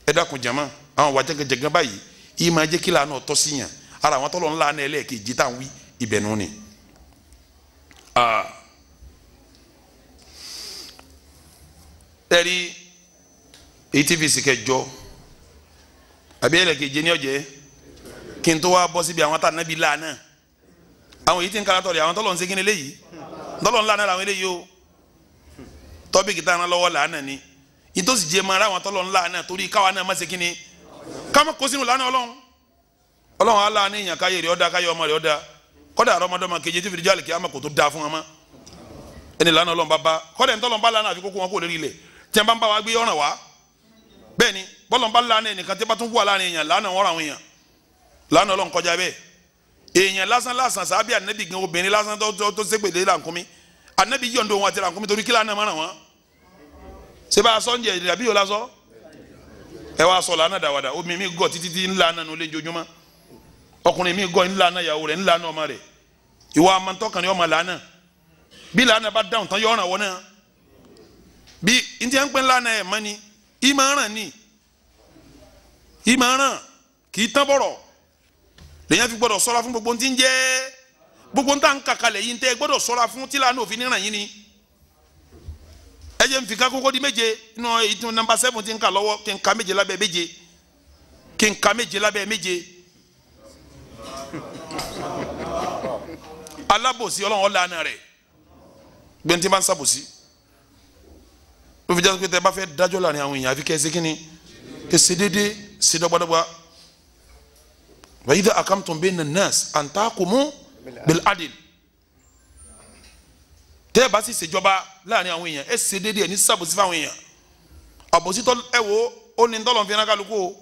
ẹ dákun jama àwọn wà jẹgẹjẹgẹ báyìí yìí máa jẹ́ kí lànà ọ̀tọ́ ẹ̀rí èyí tí fèsì kẹjọ àbí ẹlẹ́kẹ̀jẹ ní ọ̀jẹ́ kí n tó wá bọ́ síbi àwọn tànàbí lánàá àwọn èyí tí ń kára tọ̀rẹ̀ àwọn tọ́lọ̀ ń segin eléyìí tọ́lọ̀ ń lánàá làwọn eléyìí o tọ́pìkì tá a rán lọ́wọ́ lánàá ni ìtòsí jẹ́ máa ráwọn tọ́lọ̀ ń lánàá torí káwa náà má ṣe kíni káwọn kó sínú lánàá ọlọ́run ọlọ́run á láàánú èèyàn káyé rẹ̀ ọ̀dà káyé ọmọ rẹ̀ ọ̀dà kọ́dà àrọ́mọdọ́mọ kejì tí fìdíjọ́ àlèkè àmọ́ kò tó dáa fún wọn ẹni lánàá ọlọ́run bá bá kọ́dà ń tọ́lọ́run bá lánàá àfi kókó wọn kó lórí ilẹ̀ tí wọ́n bá ń bá wa gbé ọ̀ràn wa bẹ́ẹ̀ ni bọ́lọ̀ ń bá lánàá ẹnìkan tí wọ́n bá tún wà lánàá èèyàn lánàá wọ́n ra àwọn èèyàn lánàá ọlọ́run kọjá bẹ́ẹ̀ èèyàn lásán lásán sábẹ́ ànábì gan obìnrin lásán tó tó ségbèdè làǹkúmi ànábì yọ̀ǹdó wọn àti làǹkúmi torí kí lánàá mọ́ràn wọn ṣé bá a sọ oúnjẹ ìdàbí yóò lásọ ẹ wá sọ lánàá dàwàdà omi mi gọ títí tí ńlá náà nulẹ̀ jojúmọ́ ọkùnrin mi gọ ńlá náà yàwó rẹ̀ ńlá náà ọmọ rẹ̀ ìwà amantọ́kànlẹ́ ọmọ lánàá bí lánàá bá dáhùn tán yọ wọn náà bí ntí à ń pè ńlá náà ẹ̀ mọ́ ni ìmọ̀ràn ni ìmọ̀ràn kì í tán bọ̀rọ̀ lèyìn fi gbọ́dọ̀ sọ́ra fún gbogbo ntí ń jẹ́ gbogbo ntá ń kàkalẹ̀ yìí ntẹ́ gbọ́dọ̀ sọ́ra fún tílà náà òfin níran yìí ni ẹ jẹ́ nfi ká kókó di méje nínú ìtún nàmbà sẹ́fún ti ń kà lọ́wọ́ kí n ka méje lábẹ́ méje kí n ka méje lábẹ́ méje alábòsí ọlọ́run ọ̀làna rẹ̀ gbẹ̀ntì ń sábòsí ló fi jásí pé tẹ bá fẹ́ dájọ́ láàrin àwọn èèyàn àfi kẹ́ ẹ ṣe kínni kẹ́ ẹ ṣe dédé ṣe dọ́gbadọ́gba wa idha akamtum bayna an-nas an taqumu bil adl bá sì ṣèjọba láàrin àwọn èèyàn ẹ ṣe dédé ẹ ní ṣàbòsí fáwọn èèyàn àbòsí tọ́ ẹ wo ó ní tọ́lọ̀ fi rán kálukú o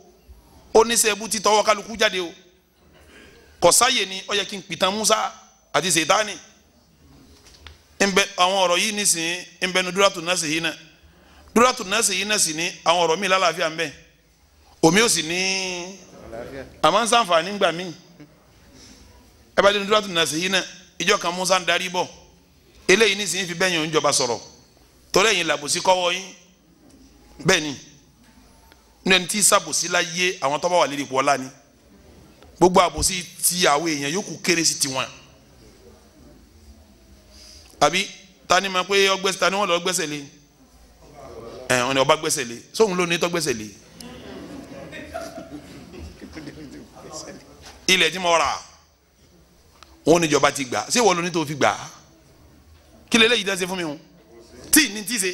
ó ní sẹ́ẹ̀bù ti tọwọ́ kálukú jáde o kọ̀sáyè ni ó yẹ kí n pìtàn Musa àti sèétánì ń bẹ àwọn ọ̀rọ̀ yìí nísìnyí ń bẹ nuduratu nasihi náà dúrátù nọ́ọ̀sì yìí nọ́ọ̀sì ní àwọn ọ̀rọ̀ mi lálàáfíà ń bẹ omi ò sì ní àmọ́ ń sàǹfààní gbà mí ẹ bá dé ní dúrátù nọ́ọ̀sì yìí náà ìjọ kan Musa ń darí bọ̀ eléyìí nísìnyí fi bẹ́yìn òǹjọba sọ̀rọ̀ torí ẹ̀yin làbòsí kọ́wọ́ yín bẹ́ẹ̀ ni nínú tí sàbòsí la àwọn tọ́ba wà lérìpọ̀ ọ̀la ni gbogbo àbòsí ti àwọn èèyàn yòókù kéré sí tiwọn àbí tani ma pé ọgbẹ́sẹ̀ tani wọn lọ gbẹ́sẹ̀ lé ẹ ọ ni ọba gbẹ́sẹ̀ lé sóhun ló ní tọ́ gbẹ́sẹ̀ lé ilẹ̀ tí mo rà wọn níjọba ti gbà ṣé wọ́n ló ní tó fi gbà kí lè léyìí dá ṣe fún mi o tí ní tí ṣe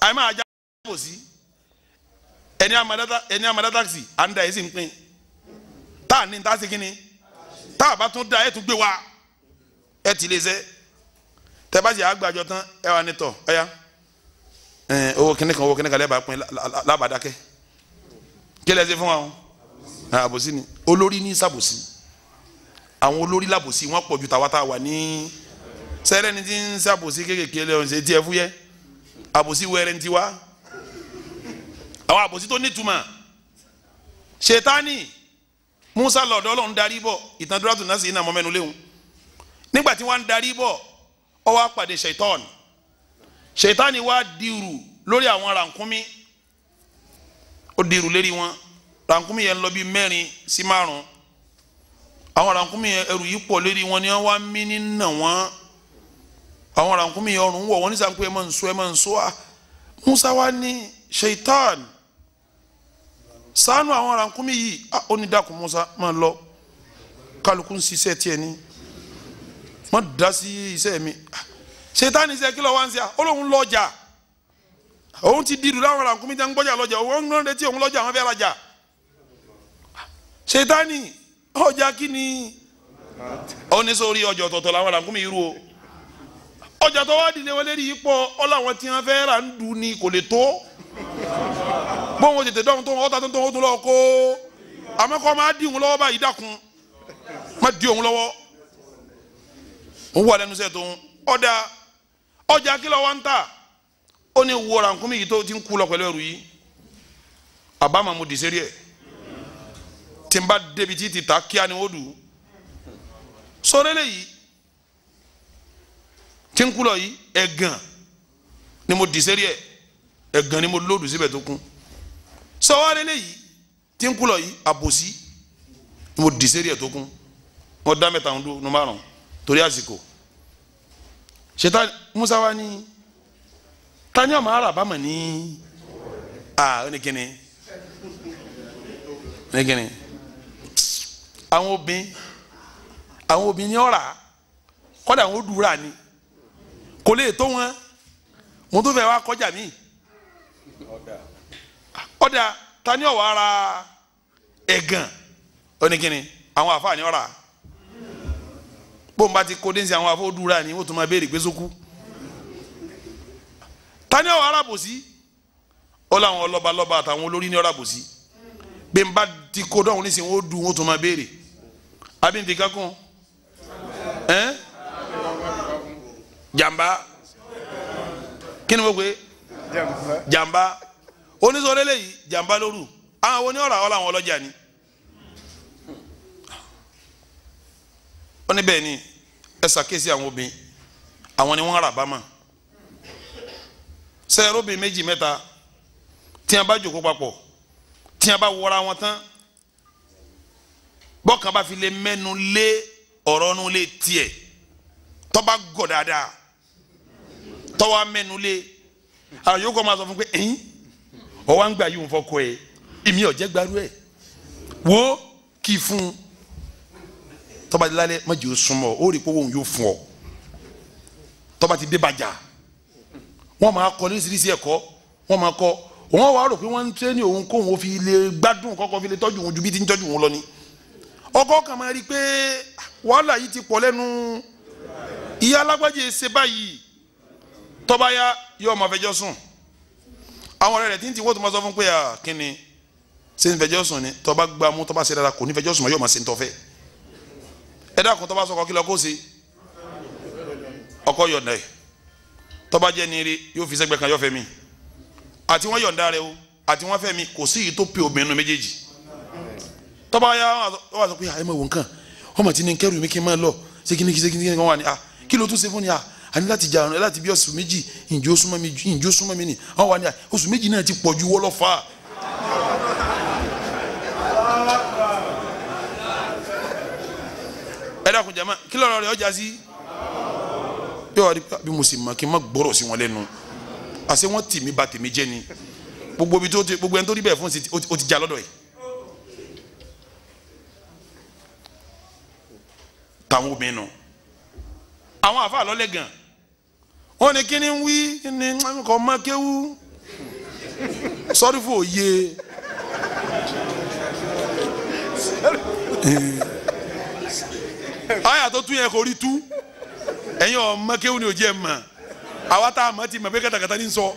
àyè máa já bò sí ẹni amadá ẹni amadá táksì à ń da yìí sì ń pín tá a ní tá a ṣe tá a bá tún da ẹ tún gbé wa ẹ ti lè ṣe tẹ́bàṣì àgbàjọ tán ẹ wà ní tọ̀ ọ̀ya owó kìnnì kan owó kìnnì kan lẹ́bàá pin lábàdákẹ́ kí lẹ́sẹ̀ fún wa o àbòsí ni olórí ní sàbòsí àwọn olórí làbòsí wọn pọ̀ ju tàwa wà ní sẹ́rẹ́ ni ti ń sàbòsí kéékèèké lẹ́yìn ṣe tiẹ̀ fúyẹ́ àbòsí wẹ̀rẹ̀ ti wá àwọn àbòsí tó nítumọ̀ ṣètánì Musa lọ̀dọ́ lọ́n darí bọ̀ ìtàn dúrátù náà sì ń nà mọ́mẹ́nu léwu nígbà tí wọ́n ń darí bọ̀ ó wá pàdé ṣètọ́ọ̀nì ṣètọ́ọ̀nì wá dirù lórí àwọn rànkúnmí ó dirù lérí wọn rànkúnmí yẹn lọ bí mẹ́rin sí márùn àwọn rànkúnmí yẹn ẹrù yìí pọ̀ lérí wọn ni wọ́n wá mí nínà wọ́n àwọn rànkúnmí yẹn ọrùn wọ̀ wọ́n ní sàpé ẹ máa ń sọ ẹ máa ń sọ à Musa wá ní ṣètọ́ọ̀nì ṣàánú àwọn rànkúnmí yìí ó ní dákun Musa máa lọ kálukú ń ṣiṣẹ́ tiẹ̀ ní má dá sí iṣẹ́ mi ṣètánì iṣẹ́ kí ló wá ń ṣe à ó lóun lọ́jà òun ti dìdù láwọn ará nkúmi tẹ́ ń gbọ́jà lọ́jà òun ń retí òun lọ́jà àwọn fẹ́ rajà ṣètánì ọjà kí ni ó ní sórí ọjà ọ̀tọ̀ọ̀tọ̀ làwọn ará nkúmi irú o ọjà tó wá dìde wọlé rí ipò ọláwọn tí wọn fẹ́ rà ń dùn ni kò lè tó bóun tètè dọ́hun tó ọ̀tá tó ń tó ń lọ kó àmọ́ kọ́ máa dì òun lọ́wọ́ báyìí dákun má dì òun lọ́wọ́ ń wà lẹ́nu sẹ́ tó ń ọ̀dà ọjà kìlọ̀ wa ń tà ó ní wo rànkúmí yìí tó ti ń kú lọ pẹ̀lú ẹrù yìí àbámu mo dìsẹ́rí ẹ̀ tí n bá débi tí ti ta kíá ni ó dù ú sọ́rẹ́lẹ̀ yìí tí ń kú lọ yìí ẹ̀gàn ni mo dìsẹ́rí ẹ̀ ẹ̀gàn ni mo lòdù síbẹ̀ tó kún sọ́wọ́rẹ́lẹ̀ yìí tí ń kú lọ yìí àbòsí ni mo dìsẹ́rí ẹ̀ tó kún mo dá mẹ́ta ń dún ní márùn-ún torí àsìkò ṣètà Musa wa ni tani ọmọ araba mọ ní ah oníkíni oníkíni àwọn obìnrin àwọn obìnrin ọ̀rà kọ́dà àwọn odùúrà ni kò lè tó wọn mo tún fẹ́ wá kọjá mi ọ̀dà tani ọ̀wọ́ ara ẹ̀gàn oníkíni àwọn àfààní ọ̀rà bóun bá ti kó dé sí àwọn afọ́dúrà ni wọ́n tún máa béèrè pé tani ọ̀ arábòsí ó láwọn ọlọ́ba lọ́ba àtàwọn olórí ní arábòsí bí n bá ti kó dọ́hùn nísìnyí wọ́n dùn wọ́n tún máa béèrè àbí n ti kankan ẹ́n jàmbá kí ni mo pè jàmbá oníṣòro eléyìí jàmbá lóru àwọn oníọ̀rà ọ̀ làwọn ọlọ́jà ni ó ní bẹ́ẹ̀ ni ẹ ṣàkíyèsí àwọn obìnrin àwọn ni wọ́n rà bá mọ̀ sẹ́yìn obìnrin méjì mẹ́ta tí a bá jókòó papọ̀ tí a bá wọra wọn tán bọ́kàn bá fi lè mẹ́nu lé ọ̀rọ̀ nu lé tiẹ̀ tó bá gọ̀ dáadáa tó wá mẹ́nu lé àyókò máa sọ fún pé ẹ̀yìn ọ̀wá ń gbà yìí ń fọkọ ẹ̀ èmi ọ̀jẹ̀ gbarú ẹ̀ wo kì fún un tọ́ba ti lálẹ́ má jẹ́ o súnmọ́ ó rí pé òun yóò fún ọ tọ́ba ti dé bàjá wọ́n máa kọ́ lóríṣiríṣi ẹ̀kọ́ wọ́n máa kọ́ wọ́n wá rò pé wọ́n ń tẹ́ ní òun kóun ó fi lè gbádùn kọ́kọ́ fi lè tọ́jú òun ju bí ti ń tọ́jú òun lọ ni ọkọ kan máa rí i pé ah, wàhálà yìí ti pọ̀ lẹ́nu ìyá alágbájé ṣe báyìí tọ́ba ya yóò máa fẹjọ́ sùn àwọn ọ̀rẹ́ rẹ̀ tí ń ti wọ́n tó máa sọ fún pé ah, kíni ṣe ń fẹjọ́ sùn ni tọ́ba gbámú tọ́ba ṣe dára kò ní fẹjọ́ sùn máa yóò máa ṣe ń tọ́fẹ́ ẹ dákun tó bá sọkọ kí lọ kó ṣe ọkọ yọ̀ǹda ẹ̀ tó bá jẹ́ nire yóò fi sẹ́gbẹ̀ẹ́ kan yọ̀fẹ́ mi àti wọ́n yọ̀ǹda rẹ o àti wọ́n fẹ́ mi kò sí yìí tó pe obìnrin nu méjèèjì tó bá yá wọ́n wà sọ pé ẹ mọ̀ wò nǹkan wọ́n mọ̀ tí ní kẹ́rù mi kí n máa lọ ṣé kí ni kí ṣe kí kí wọ́n wà ní à kí ló tún ṣe fún ni à àní láti jà àrùn láti bí oṣù méjì ìjó súnmọ́ mi ìjó súnmọ́ mi ni wọ́n wà ní à oṣù méjì náà ti pọ̀ ju wọ́lọ́fà ẹ dàkún jama kí lọ́rọ̀ rẹ̀ ọjà sí. yóò wá di bí mo sì mọ kí n má gbọ́rọ̀ sí wọn lẹ́nu àṣé wọ́n tì mí ba tèmi jẹ́ ni gbogbo ibi tó ti gbogbo ẹni tó rí bẹ́ẹ̀ fún o ti já lọ́dọ̀ yìí. táwọn obìnrin nù àwọn àfa àlọ́lẹ̀ gan wọ́n ní kí ni ń wí ni kò má kéwú sọ́rí fún òye àyà tó tún yẹ kó rí tú ẹ̀yin ọmọ kéwù ni ò jẹ́ mọ̀ àwa tá a mọ̀ ti mọ̀ pé kàtàkàtà ní sọ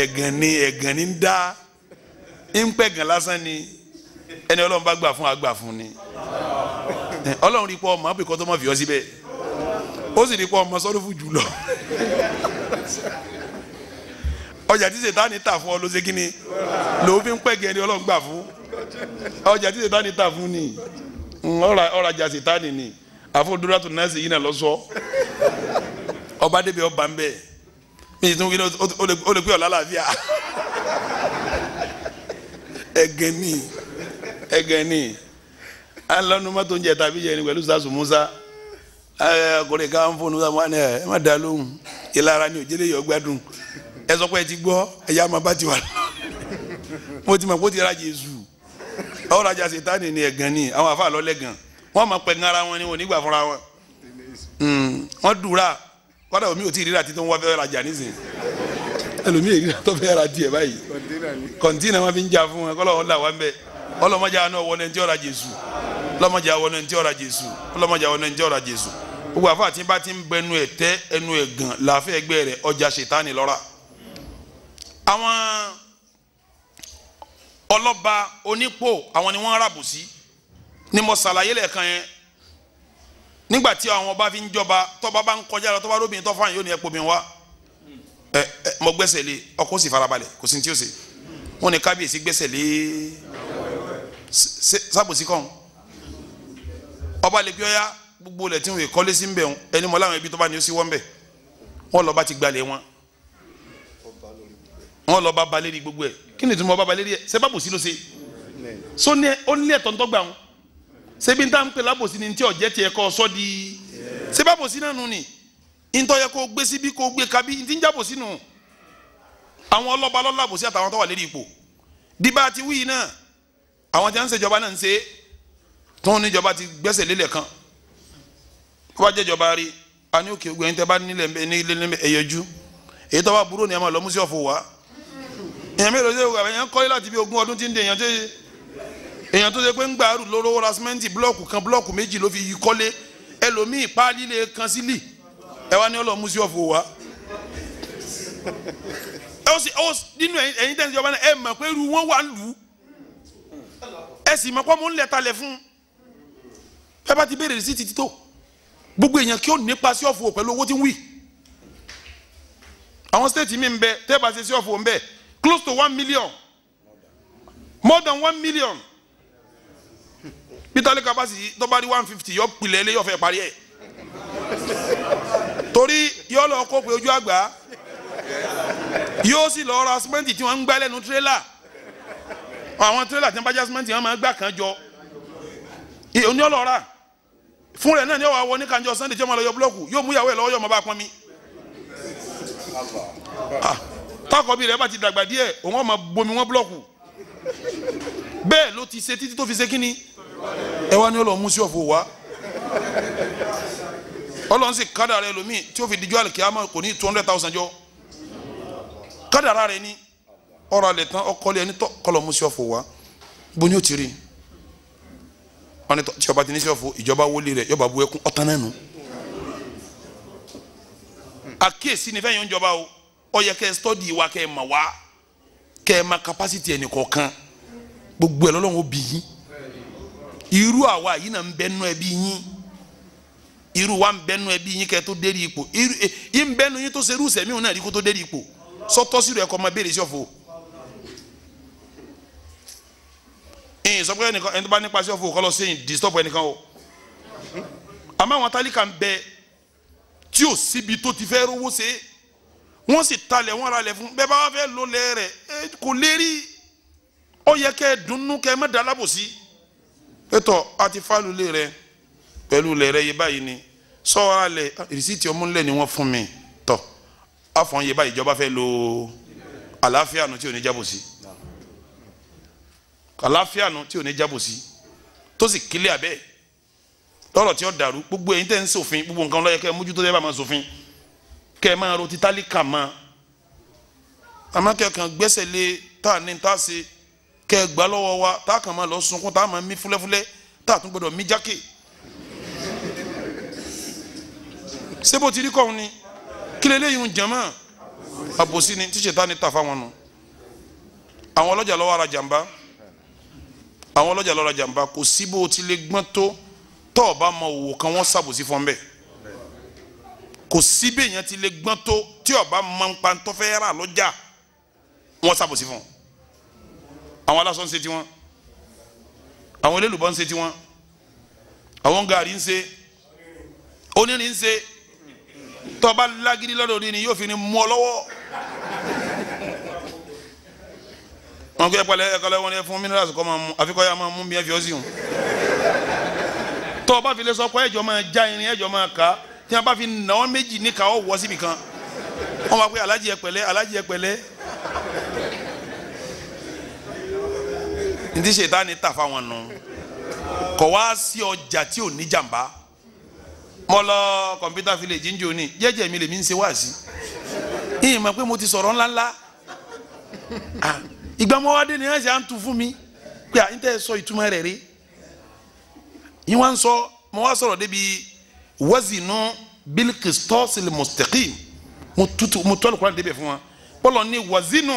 ẹ̀gàn ni ẹ̀gàn ni ń dá ń pẹ́ gàn lásán ni ẹni ọlọ́run bá gbà fún àgbà fún ni ọlọ́run rí pọ́ ọmọ àbíkọ́ tó mọ̀ fi ọ síbẹ̀ ó sì rí pọ́ ọmọ sọ́dún fún jùlọ ọjà tí sèta tà fún ọ ló ṣe kí ni lòun fi ń pẹ́ gẹ̀ẹ́ni ọlọ́run gbà fún ọjà tí sèta tà fún ni ọ̀rà ọ̀rà jà sitani ni àfọ̀dúrà tó náà sì yín náà lọ́sọ ọba débi ọba ń bẹ̀ míì tún wíná ó lè pé ọ̀la làáfíà ẹ̀gẹ̀ ni ẹ̀gẹ̀ ni alọ́nu mọ́tò ń jẹ tàbí jẹ ni pẹ̀lú sasu musa ọkùnrin ká ń fóònù sáwọn ẹ má dá lóhùn ìlara ni òjèlè yọ gbádùn ẹ sọ pé ẹ ti gbọ́ ẹ yá máa bá ti wà mo ti mọ̀ kó ti ra jésù àwọn rajà sètánì ni ẹ̀gàn ni àwọn afa lọ lẹ́gàn wọ́n máa pẹ̀gàn ara wọn ni wọn nígbà fúnra wọn hmm, wọ́n dùra kọ́dà omi ò tí ì ríra títí wọ́n fẹ́ rajà nísìnyí ẹlòmíì ríra tó fẹ́ ra díẹ̀ báyìí kọ̀ǹtínà wọn fi ń jà fún wọn kọ́lọ́ wọn là wọn bẹ́ẹ̀ ọlọ́mọdé àwọn náà wọlé ntí ọ̀rà jésù ọlọ́mọdé àwọn náà ntí ọ̀rà jésù ọlọ́mọdé àwọn náà ntí ọ̀rà jésù gbogbo àfa àti bá ti ń ọlọ́ba onípò àwọn ni wọ́n rábù sí ni mo ṣàlàyé lẹ́ẹ̀kan yẹn nígbà tí àwọn ọba fi ń jọba tọba bá ń kọjá lọ tọba lóbìnrin tọ́ fáwọn yóò ní ẹ̀pọ̀ mi wá ẹ ẹ mo gbẹ́sẹ̀ lé ọkọ sì farabalẹ̀ kò sí tí ó ṣe wọn ní kábíyèsí gbẹ́sẹ̀ lé sábòsí kàn ọba lè gbé ọyá gbogbo ilẹ̀ tí wọn kọ́lé sí ń bẹ̀ ẹni mọ́ láwọn ibi tọ́ba ni ó sì wọ́n bẹ̀ wọ́n lọ́ba ti gbalẹ̀ wọn wọn lọ bá balẹ̀ rí gbogbo ẹ̀ kí ni ìtumọ̀ bá balẹ̀ rí ẹ̀ ṣe bábòsí ló ṣe so ní ẹ ó ní ẹ̀tọ́ ntọ́gbà wọn ṣebí ntá ń pè lábòsí ni ntí ọ̀jẹ́ tiẹ̀ kọ́ sọ́ di ṣe bábòsí náà nù ni ntọ́ yẹ kó gbé síbí kó gbé kábí ntí ń jábòsí nù àwọn ọlọ́ba lọ́làbòsí àtàwọn tó wà lérí ipò dìbà ti wíyì náà àwọn tí wọ́n ń ṣèjọba náà ń ṣe tó ń níjọba ti gbẹ́sẹ̀ lélẹ̀ kan bó bá jẹ́jọba rí a ní òkè ogun ẹni tẹ́ bá nílẹ̀ ẹ̀yọjú èyí tó bá burú ni a máa lọ mú sí ọ̀fọ̀ wá èèyàn mélòó ṣe wà èèyàn kọ́lé láti bí ogún ọdún tí ń de èèyàn tó ṣe èèyàn tó ṣe pé ń gba àrùn lóró ra simẹ́ǹtì blọ́ọ̀kù kan blọ́ọ̀kù méjì ló fi yí kọ́lé ẹlòmíì páálí lè kan sílì ẹ wá ní ọlọ́ mú sí ọ̀fọ̀ wá. ẹ ó sì ó nínú ẹ̀yin tẹ̀sí ọba náà ẹ mọ̀ pé irú wọn wà lù ú ẹ sì mọ̀ pé mo ń lẹ̀ talẹ̀ fún un ẹ bá ti béèrè sí títí tó gbogbo èèyàn kí ó nípa sí ọ̀fọ̀ pẹ̀lú owó tí ń wì àwọn stéètì mi ń bẹ tẹ́ẹ̀ bá ṣe sí ọ̀fọ̀ ń bẹ́ẹ̀ close to one million more than one million peter lè kaba sí tó bá rí one fifty yọ pilẹ̀ ilé yọ fẹ́ parí ẹ̀ torí yọ lọ kó pe ojú àgbà yóò sì lọ ra simenti tí wọ́n ń gbá lẹ́nu tirẹ́là àwọn tirẹ́là tí wọ́n bá já simenti wọ́n máa ń gbà kan jọ oní ọlọ́ra fún rẹ̀ náà ni ọ̀wá wọ ní kanjọ sunday tí wọ́n máa lọ yọ búlọ́ọ̀kù yóò mú ìyàwó ẹ̀ lọ́wọ́ yọ̀ ọmọ bá pọ́n mi. Ah tákọ̀bí rẹ̀ bá ti dàgbà díẹ̀ òun ọmọ bomi wọn búlọ̀kù bẹ́ẹ̀ ló ti ṣe títí tó fi ṣe kínní ẹ wá ní ọlọ́ mú sí ọ̀fọ̀ wá ọlọ́run sì kádàrá ẹlòmíì tí ó fi dijọ́ àlìkíyàmá kò ní two hundred thousand jọ kádàrá rẹ̀ ní ọ̀rọ̀ alẹ̀ tán ọkọlẹ̀ ẹni tọ́ kọlọ̀ mú sí ọ̀fọ̀ wá bó ni ó ti rí wọn ni tí ọba ti ní sí ọ̀fọ̀ ìjọba wọlé rẹ̀ yọba bu ẹkún ọ̀tán náà nù àkíyèsí ni fẹ́yìn oúnjọba o ó yẹ kẹ́ study wa kẹ́ ma wa kẹ́ ma capacity ẹni kọ̀ọ̀kan gbogbo ẹ̀ lọ́lọ́run ó bí yín irú àwa yìí náà ń bẹnu ẹbí yín iru wa ń bẹnu ẹbí yín kẹ́ tó dérí ipò irú eh, yín ń bẹnu yín tó ṣerú sẹmí òun náà rí kó tó dérí ipò sọtọ sírò ẹkọ ọmọ béèrè sí ọ̀fọ̀ ẹ̀yìn sọ pé ẹnìkan ẹni tó bá nípa sí ọ̀fọ̀ kọ lọ sẹ́yìn disturb ẹnìkan o àmọ́ àwọn tálíkà ń bẹ tí ò síbi tó ti fẹ́ rówó ṣe é wọ́n sì talẹ̀ wọ́n ralẹ̀ fún bẹ́ẹ̀ bá wà fẹ́ lò lẹ́ rẹ̀ kò lérí ó yẹ kẹ́ ẹ dunnú kẹ́ ẹ má dà lábòsí. pétọ́ a ti fálulẹ̀ rẹ pẹ̀lú lẹ̀ rẹ yé báyìí ni sọ́wọ́ra lẹ̀ rìsíìtì ọmúlẹ̀ ni wọ́n fún mi tọ́ àfọ̀n yé báyìí ìjọba fẹ́ lo àlàáfíà nu tí ò ní jábòsí àlàáfíà nu tí ò ní jábòsí tó sì kílẹ̀ abẹ́ lọ́rọ̀ tí ó dàrú gbogbo ẹ̀yin tẹ́ ń ṣòfin gbogbo nǹkan ló yẹ kẹ́ mójútó tẹ́ bá máa ṣòfin kẹ́ ẹ máa ro ti tálíkà mọ́ àmọ́ kẹ́kàn gbẹ́sẹ̀ lé tá a ní tá a ṣe kẹ́ ẹ gbà lọ́wọ́ wa tá a kàn máa lọ sunkún tá a máa mí fúlẹ́fúlẹ́ tá a tún gbọ́dọ̀ mí jákè ṣé ti rí kọ́hún ni kí lélẹ́yìn ń jẹ̀mọ́ àbòsí ni tíṣe tá ni tà fáwọn nù àwọn ọlọ́jà lọ́wọ́ ara jàǹbá àwọn ọlọ́jà lọ́wọ́ ara jàǹbá kò sí bó lè gbọ́n tó tọ́ọ̀ bá mọ òwò kan wọ́n ṣàbòsí fún bẹ́ẹ̀ kò sí bí èèyàn ti lè gbọ́n tó tí ọba máa ń pa tó fẹ́ rà lọ́jà wọ́n ṣàbòsí fún un àwọn aláṣọ ń ṣe tiwọn àwọn elélùbọ́ ń ṣe tiwọn àwọn gàrí ń ṣe onírin ń ṣe tọ́ba lágídí lọ́dọ̀ onírin yóò fi ni mú ọ lọ́wọ́ wọn kò yẹ pẹ̀lẹ́ ẹkọ lẹwọn ẹ fún minerals kọ máa mú àfikọ ya máa mú bí ẹ fi ọ sí wọn tọ́ba fi lè sọ pé ẹjọ máa já irin ẹjọ máa kà á tí wọn bá fi nà wọn méjì níka ọ wọ síbi kan wọn bá pé alájí ẹ pẹ̀lẹ́ alájí ẹ pẹ̀lẹ́ ní ti ṣètánì tà fáwọn nù kọ wá sí ọjà tí ò ní jàmbá mo lọ kọ̀mpútà village njó ni jẹ́jẹ́ mi lèmi ń ṣe wáàsí ìyìn mọ̀ pé mo ti sọ̀rọ̀ ńláńlá ìgbà mo wá dé ni ẹ̀sìn à ń tu fún mi pé à ń tẹ́ sọ ìtumọ̀ rẹ̀ rí ìwọ̀n sọ mo wá sọ̀rọ̀ débi wazinu bilikistọsi mustaqim mo tutu mo tọlu kura debẹ fún wa kpọlọ ni wazinu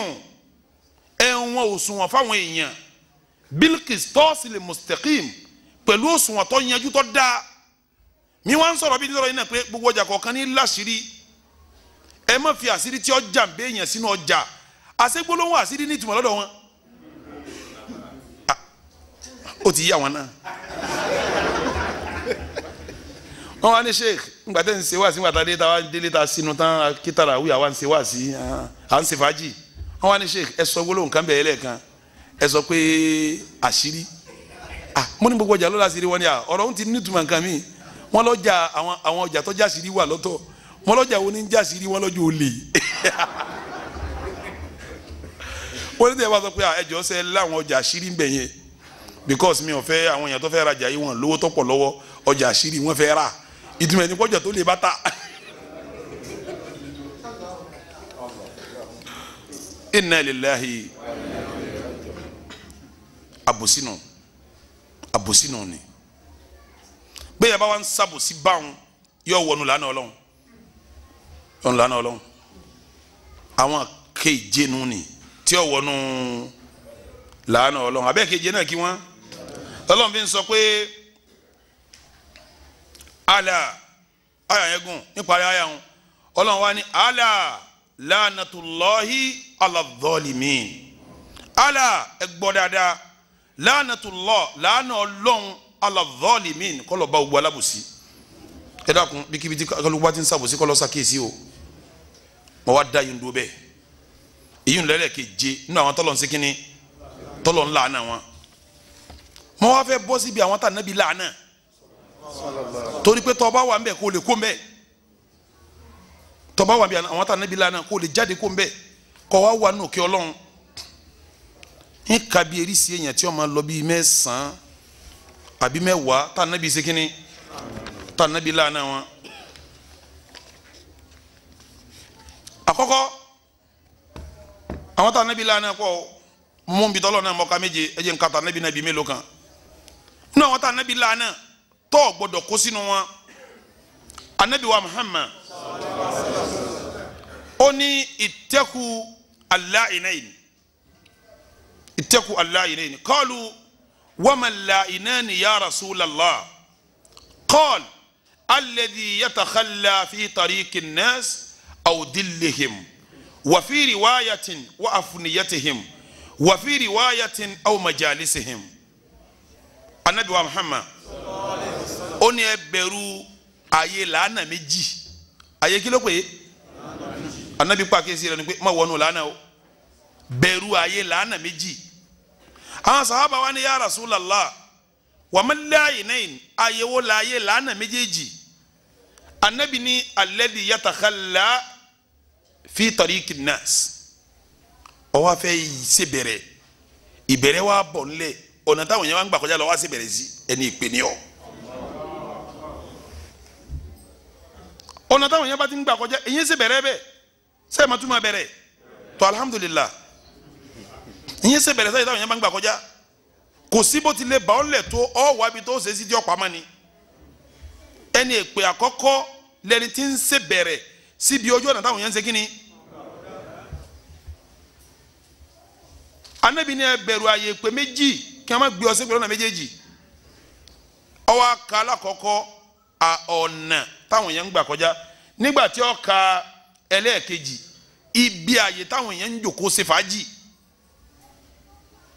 ẹwọn òṣùwọ̀n fáwọn èèyàn bilikistọsi mustaqim pẹ̀lú òṣùwọ̀n tó yanjú tó dáa mi wá ń sọ̀rọ̀ bí lọ́rọ̀ yìí náà pé gbogbo ọjà kọ̀ọ̀kan ní láṣìírí ẹ má fi àṣírí tí ọjà ń bẹ èèyàn sínú ọjà àṣegbólóhùn àṣírí ní ìtumọ̀ lọ́dọ̀ wọn ah, ó ti yá wọn náà wọn wá ní sheikh ngbà tẹ́ ń ṣe wáàsí ngbà tá dé ta délé ta sínú tán kítàrà wíyà wá ń ṣe wáàsí à ń ṣe fàájì wọn wá ní sheikh ẹ sọ gbólóhùn kan bẹ̀rẹ̀ lẹ́ẹ̀kan ẹ sọ pé àṣírí mo ní gbogbo ọjà ló láṣìírí wọn ni ọ̀rọ̀ ń ti nítumọ̀ nǹkan mi wọn lọ́jà àwọn ọjà tó jáṣìírí wà lọ́tọ̀ wọn lọ́jà wo ní jáṣìírí wọn lọ́jọ́ olè wọ́n ní tẹ́ ẹ sọ pé ẹjọ́ sẹ́ láwọn ọjà àṣírí ń bẹ̀ yẹn because mi ò fẹ́ àwọn èèyàn tó fẹ́ rajà yìí wọn lówó tọ́pọ̀ lọ́wọ́ ọjà àṣírí wọn fẹ́ rà ìtumọ̀ ẹni kọjá tó lè bá ta. inna lillahi abosinu abosinu ni bẹ́ẹ̀ bá wa ń sábòsí báwọn yóò wọnú lánàá ọlọ́run wọnú lánàá ọlọ́run àwọn kéje nu ni tí yóò wọnú lánàá ọlọ́run abẹ́ kéje náà kí wọ́n ọlọ́run fi ń sọ pé ala aya yẹn gùn níparí aya wọn ọlọ́run wa ni ala lánàtúlọ́hì aladọ́límìn ala ẹ gbọ́ dáadáa lánàtúlọ́ lánà ọlọ́run aladọ́límìn kọlọ̀ bá gbogbo alábòsí ẹ dákun bí kíbi tí kálukú bá ti ń sàbòsí kọlọ́ sàkíyèsí o mo wá dá yín dúró bẹ́ẹ̀ èyí ń lẹ́lẹ̀ keje nínú àwọn tọ́lọ̀ ń ṣe kínní tọ́lọ̀ ń làánà wọn mo wá fẹ́ bọ́ síbi àwọn tá a nábì làánà torí pé tó bá wà ń bẹ̀ kó lè kó ń bẹ̀ tó bá wà ń bẹ̀ àwọn tá níbi lánàá kó lè jáde kó ń bẹ̀ kó wá wà nù kí ọlọ́run ń kàbí erisi èèyàn tí wọ́n máa lọ bíi mẹ́sàn-án àbí mẹ́wàá tá níbi sekínì tá níbi lánàá wọn. àkọ́kọ́ àwọn tá níbi lánàá pọ̀ mú bitọ́lọ́ náà mọ́ka méje ẹ̀jẹ̀ ń ka tá náà bíi mélòó kan náà àwọn tá níbi lánàá. tó o gbọdọ̀ kó sínú wọn anabi wa muhammad ó ní ìtẹ́kù aláìnáyìn ìtẹ́kù aláìnáyìn qalu wama láìnáyìn ya rasulallah qal alladhi yatakhalla fi tariqi nnas aw dillihim وفي رواية وأفنيتهم وفي رواية أو مجالسهم النبي محمد ó ní ẹ bẹ̀rù ayé làánà méjì ayé kí ló pè é anabi pàkíyèsí rẹ ni pé má wọnú làánà o bẹ̀rù ayé làánà méjì àwọn sàhábà wa ni ya Rasulullah wàmẹ́lẹ́yìn náà ayẹwo láàyè làánà méjèèjì anabi ni alladhi yatakhalla fi tariqi nas ọwọ́ afẹ́ yìí ṣe bẹ̀rẹ̀ ìbẹ̀rẹ̀ wa bọ̀ nílẹ̀ ọ̀nà táwọn yẹn wá ń gbà kọjá lọ wá ṣe bẹ̀rẹ̀ sí ẹni ìpè ní ọ. ọ̀nà táwọn yẹn bá ti ń gbà kọjá èyí ṣe bẹ̀rẹ̀ bẹ́ẹ̀ sẹ́yìn máa tún máa bẹ̀rẹ̀ tó alhamdulillah èyí ṣe bẹ̀rẹ̀ sẹ́yìn táwọn yẹn bá ń gbà kọjá kò sí bó ti lè bá ọ́ lẹ̀ tó ọ́ wà bí tó ṣe sí tí ọ̀pá mọ́ ni ẹni èpè àkọ́kọ́ lẹni tí ń ṣe bẹ̀rẹ̀ síbi ojú ọ̀nà táwọn yẹn ń ṣe kíni anabi ni ẹ bẹ̀rù àyè èpè méjì kí a má gbé ọ sí pẹ̀lú ọ̀nà méjèèjì ọwọ́ akala kọ́kọ́ ọ̀nà táwọn èèyàn ń gbà kọjá nígbà tí ó ka ẹlẹ́ẹ̀kejì ibi àyè táwọn èèyàn ń jòkó ṣe fàájì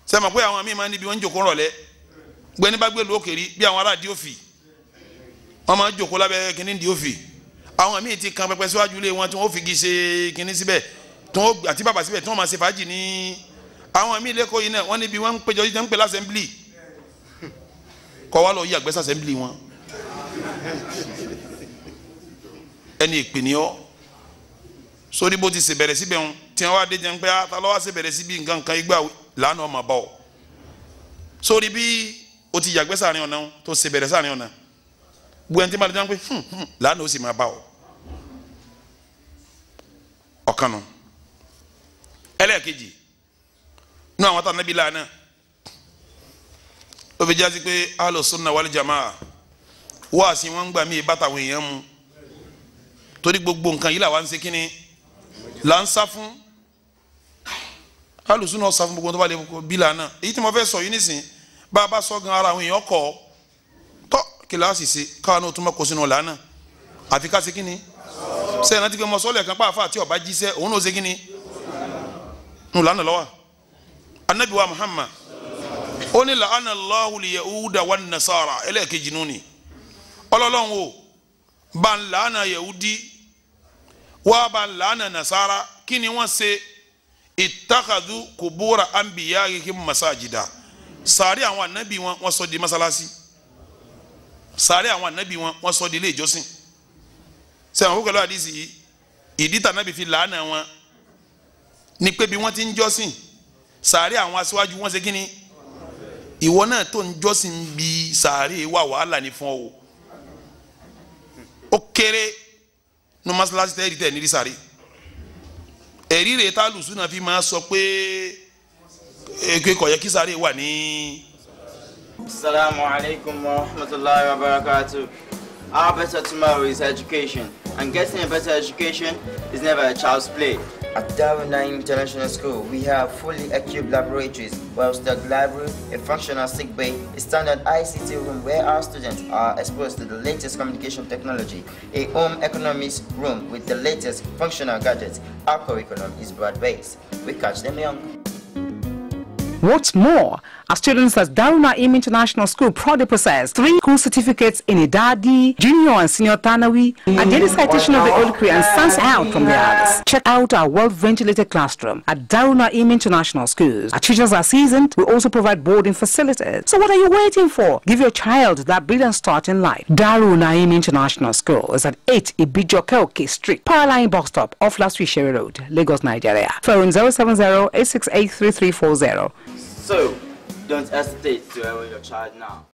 sẹ́mi pé àwọn míì máa ń níbi wọ́n ń jòkó rọ̀lẹ́ gbẹ́ni bá gbèlú òkèrí bí àwọn ará díòfì wọ́n máa ń jòkó lábẹ́ kínní díòfì àwọn míì ti kan pẹpẹ síwájú ilé wọn tí wọ́n figi ṣe kínní síbẹ̀ tí wọ́n àti bàbà síbẹ̀ tí wọ́n máa ṣe fàájì ní àwọn míì lẹ́kọ̀ọ́ yìí náà wọ́n níbi wọ́n ń péjọ yìí ń pè ẹni ìpè ní ọ sórí bó ti ṣe bẹ̀rẹ̀ síbẹ̀ ń tí wọ́n wá dé jẹun pé ata ah, lọ́wọ́ ṣe bẹ̀rẹ̀ síbi nǹkan kan igbá lànà ọmọ bá ọ sórí bí o ti yàgbẹ́ sàárín ọ̀nà tó ṣe bẹ̀rẹ̀ sàárín ọ̀nà bu ẹni tí máa dé jẹun pé hmm, hmm, lànà ó sì máa bá ọ̀kan nu ẹlẹ́ẹ̀kejì nú àwọn táwọn ẹbí lànà ó fi jásí pé alòsùn náà wal jamaa wáàsí wọn ń gbà mí bàtà àwọn èèyàn mu torí gbogbo nǹkan yìí làwa ń ṣe kínní là ń sá fún alùsùn náà sá fún gbogbo tó bá lè kó bílà náà èyí tí mo fẹ́ sọ yìí nísìn bá a bá sọ gan ara àwọn èèyàn kọ tọ́ kíláàsì ṣe káwọn náà tún mọ́ kó sínú ọ̀la náà àfi ká ṣe kínní sẹ́yìn láti fi mọ sọ́ọ̀lẹ̀ kan pàáfà àti ọ̀bá jíṣẹ́ òun náà ṣe kínní ń lànà lọ́wọ́ anabiwa Muhammad ó ní làánà Allahu liyahuda wa nasara ẹlẹ́ẹ̀kejì nù ni ọlọ́lọ́run o bá ń làánà yahudi wàá bá làánà nasara kí ni wọ́n ṣe ìtàkàdù kòbóra àǹbìyá yìí masajida sàárẹ̀ àwọn ànábì wọn wọ́n sọ di masalasi sàárẹ̀ àwọn ànábì wọn wọ́n sọ di ilé ìjọsìn sẹ́wọ̀n kó pẹ̀lú àdìsí yìí ìdí tànábì fi làánà wọn ni pé bí wọ́n ti ń jọ́sìn sàárẹ̀ àwọn aṣáájú wọn ṣe kí ni ìwọ náà tó ń jọ́sìn bí sàárẹ̀ wà wàhálà ní fún ọ o kéré. Okay nu masalasi tẹ́ ẹ̀rí tẹ́ ní sáré ẹ̀rí rẹ̀ tá lùsùn náà fi máa sọ pé èké kọ̀yẹ́ kí sáré wà ní. Assalamu alaikum wa rahmatullahi wa barakatuh. Our better tomorrow is education, and getting a better education is never a child's play. At Darwin International School, we have fully equipped laboratories, well-stocked library, a functional sick bay, a standard ICT room where our students are exposed to the latest communication technology, a home economics room with the latest functional gadgets. Our curriculum is broad-based. We catch them young. What's more, our students at Daruna Im International School proudly possess three school certificates in Idadi, Junior and Senior Tanawi, A daily mm. citation of the Old Korean stands out from the others. Check out our well-ventilated classroom at Daruna Im International Schools. Our teachers are seasoned. We also provide boarding facilities. So what are you waiting for? Give your child that brilliant start in life. Daruna Im International School is at 8 Ibijokeoke Street, Powerline Box Stop, off Last Sherry Road, Lagos, Nigeria. Phone 070 So, don't hesitate to enroll your child now.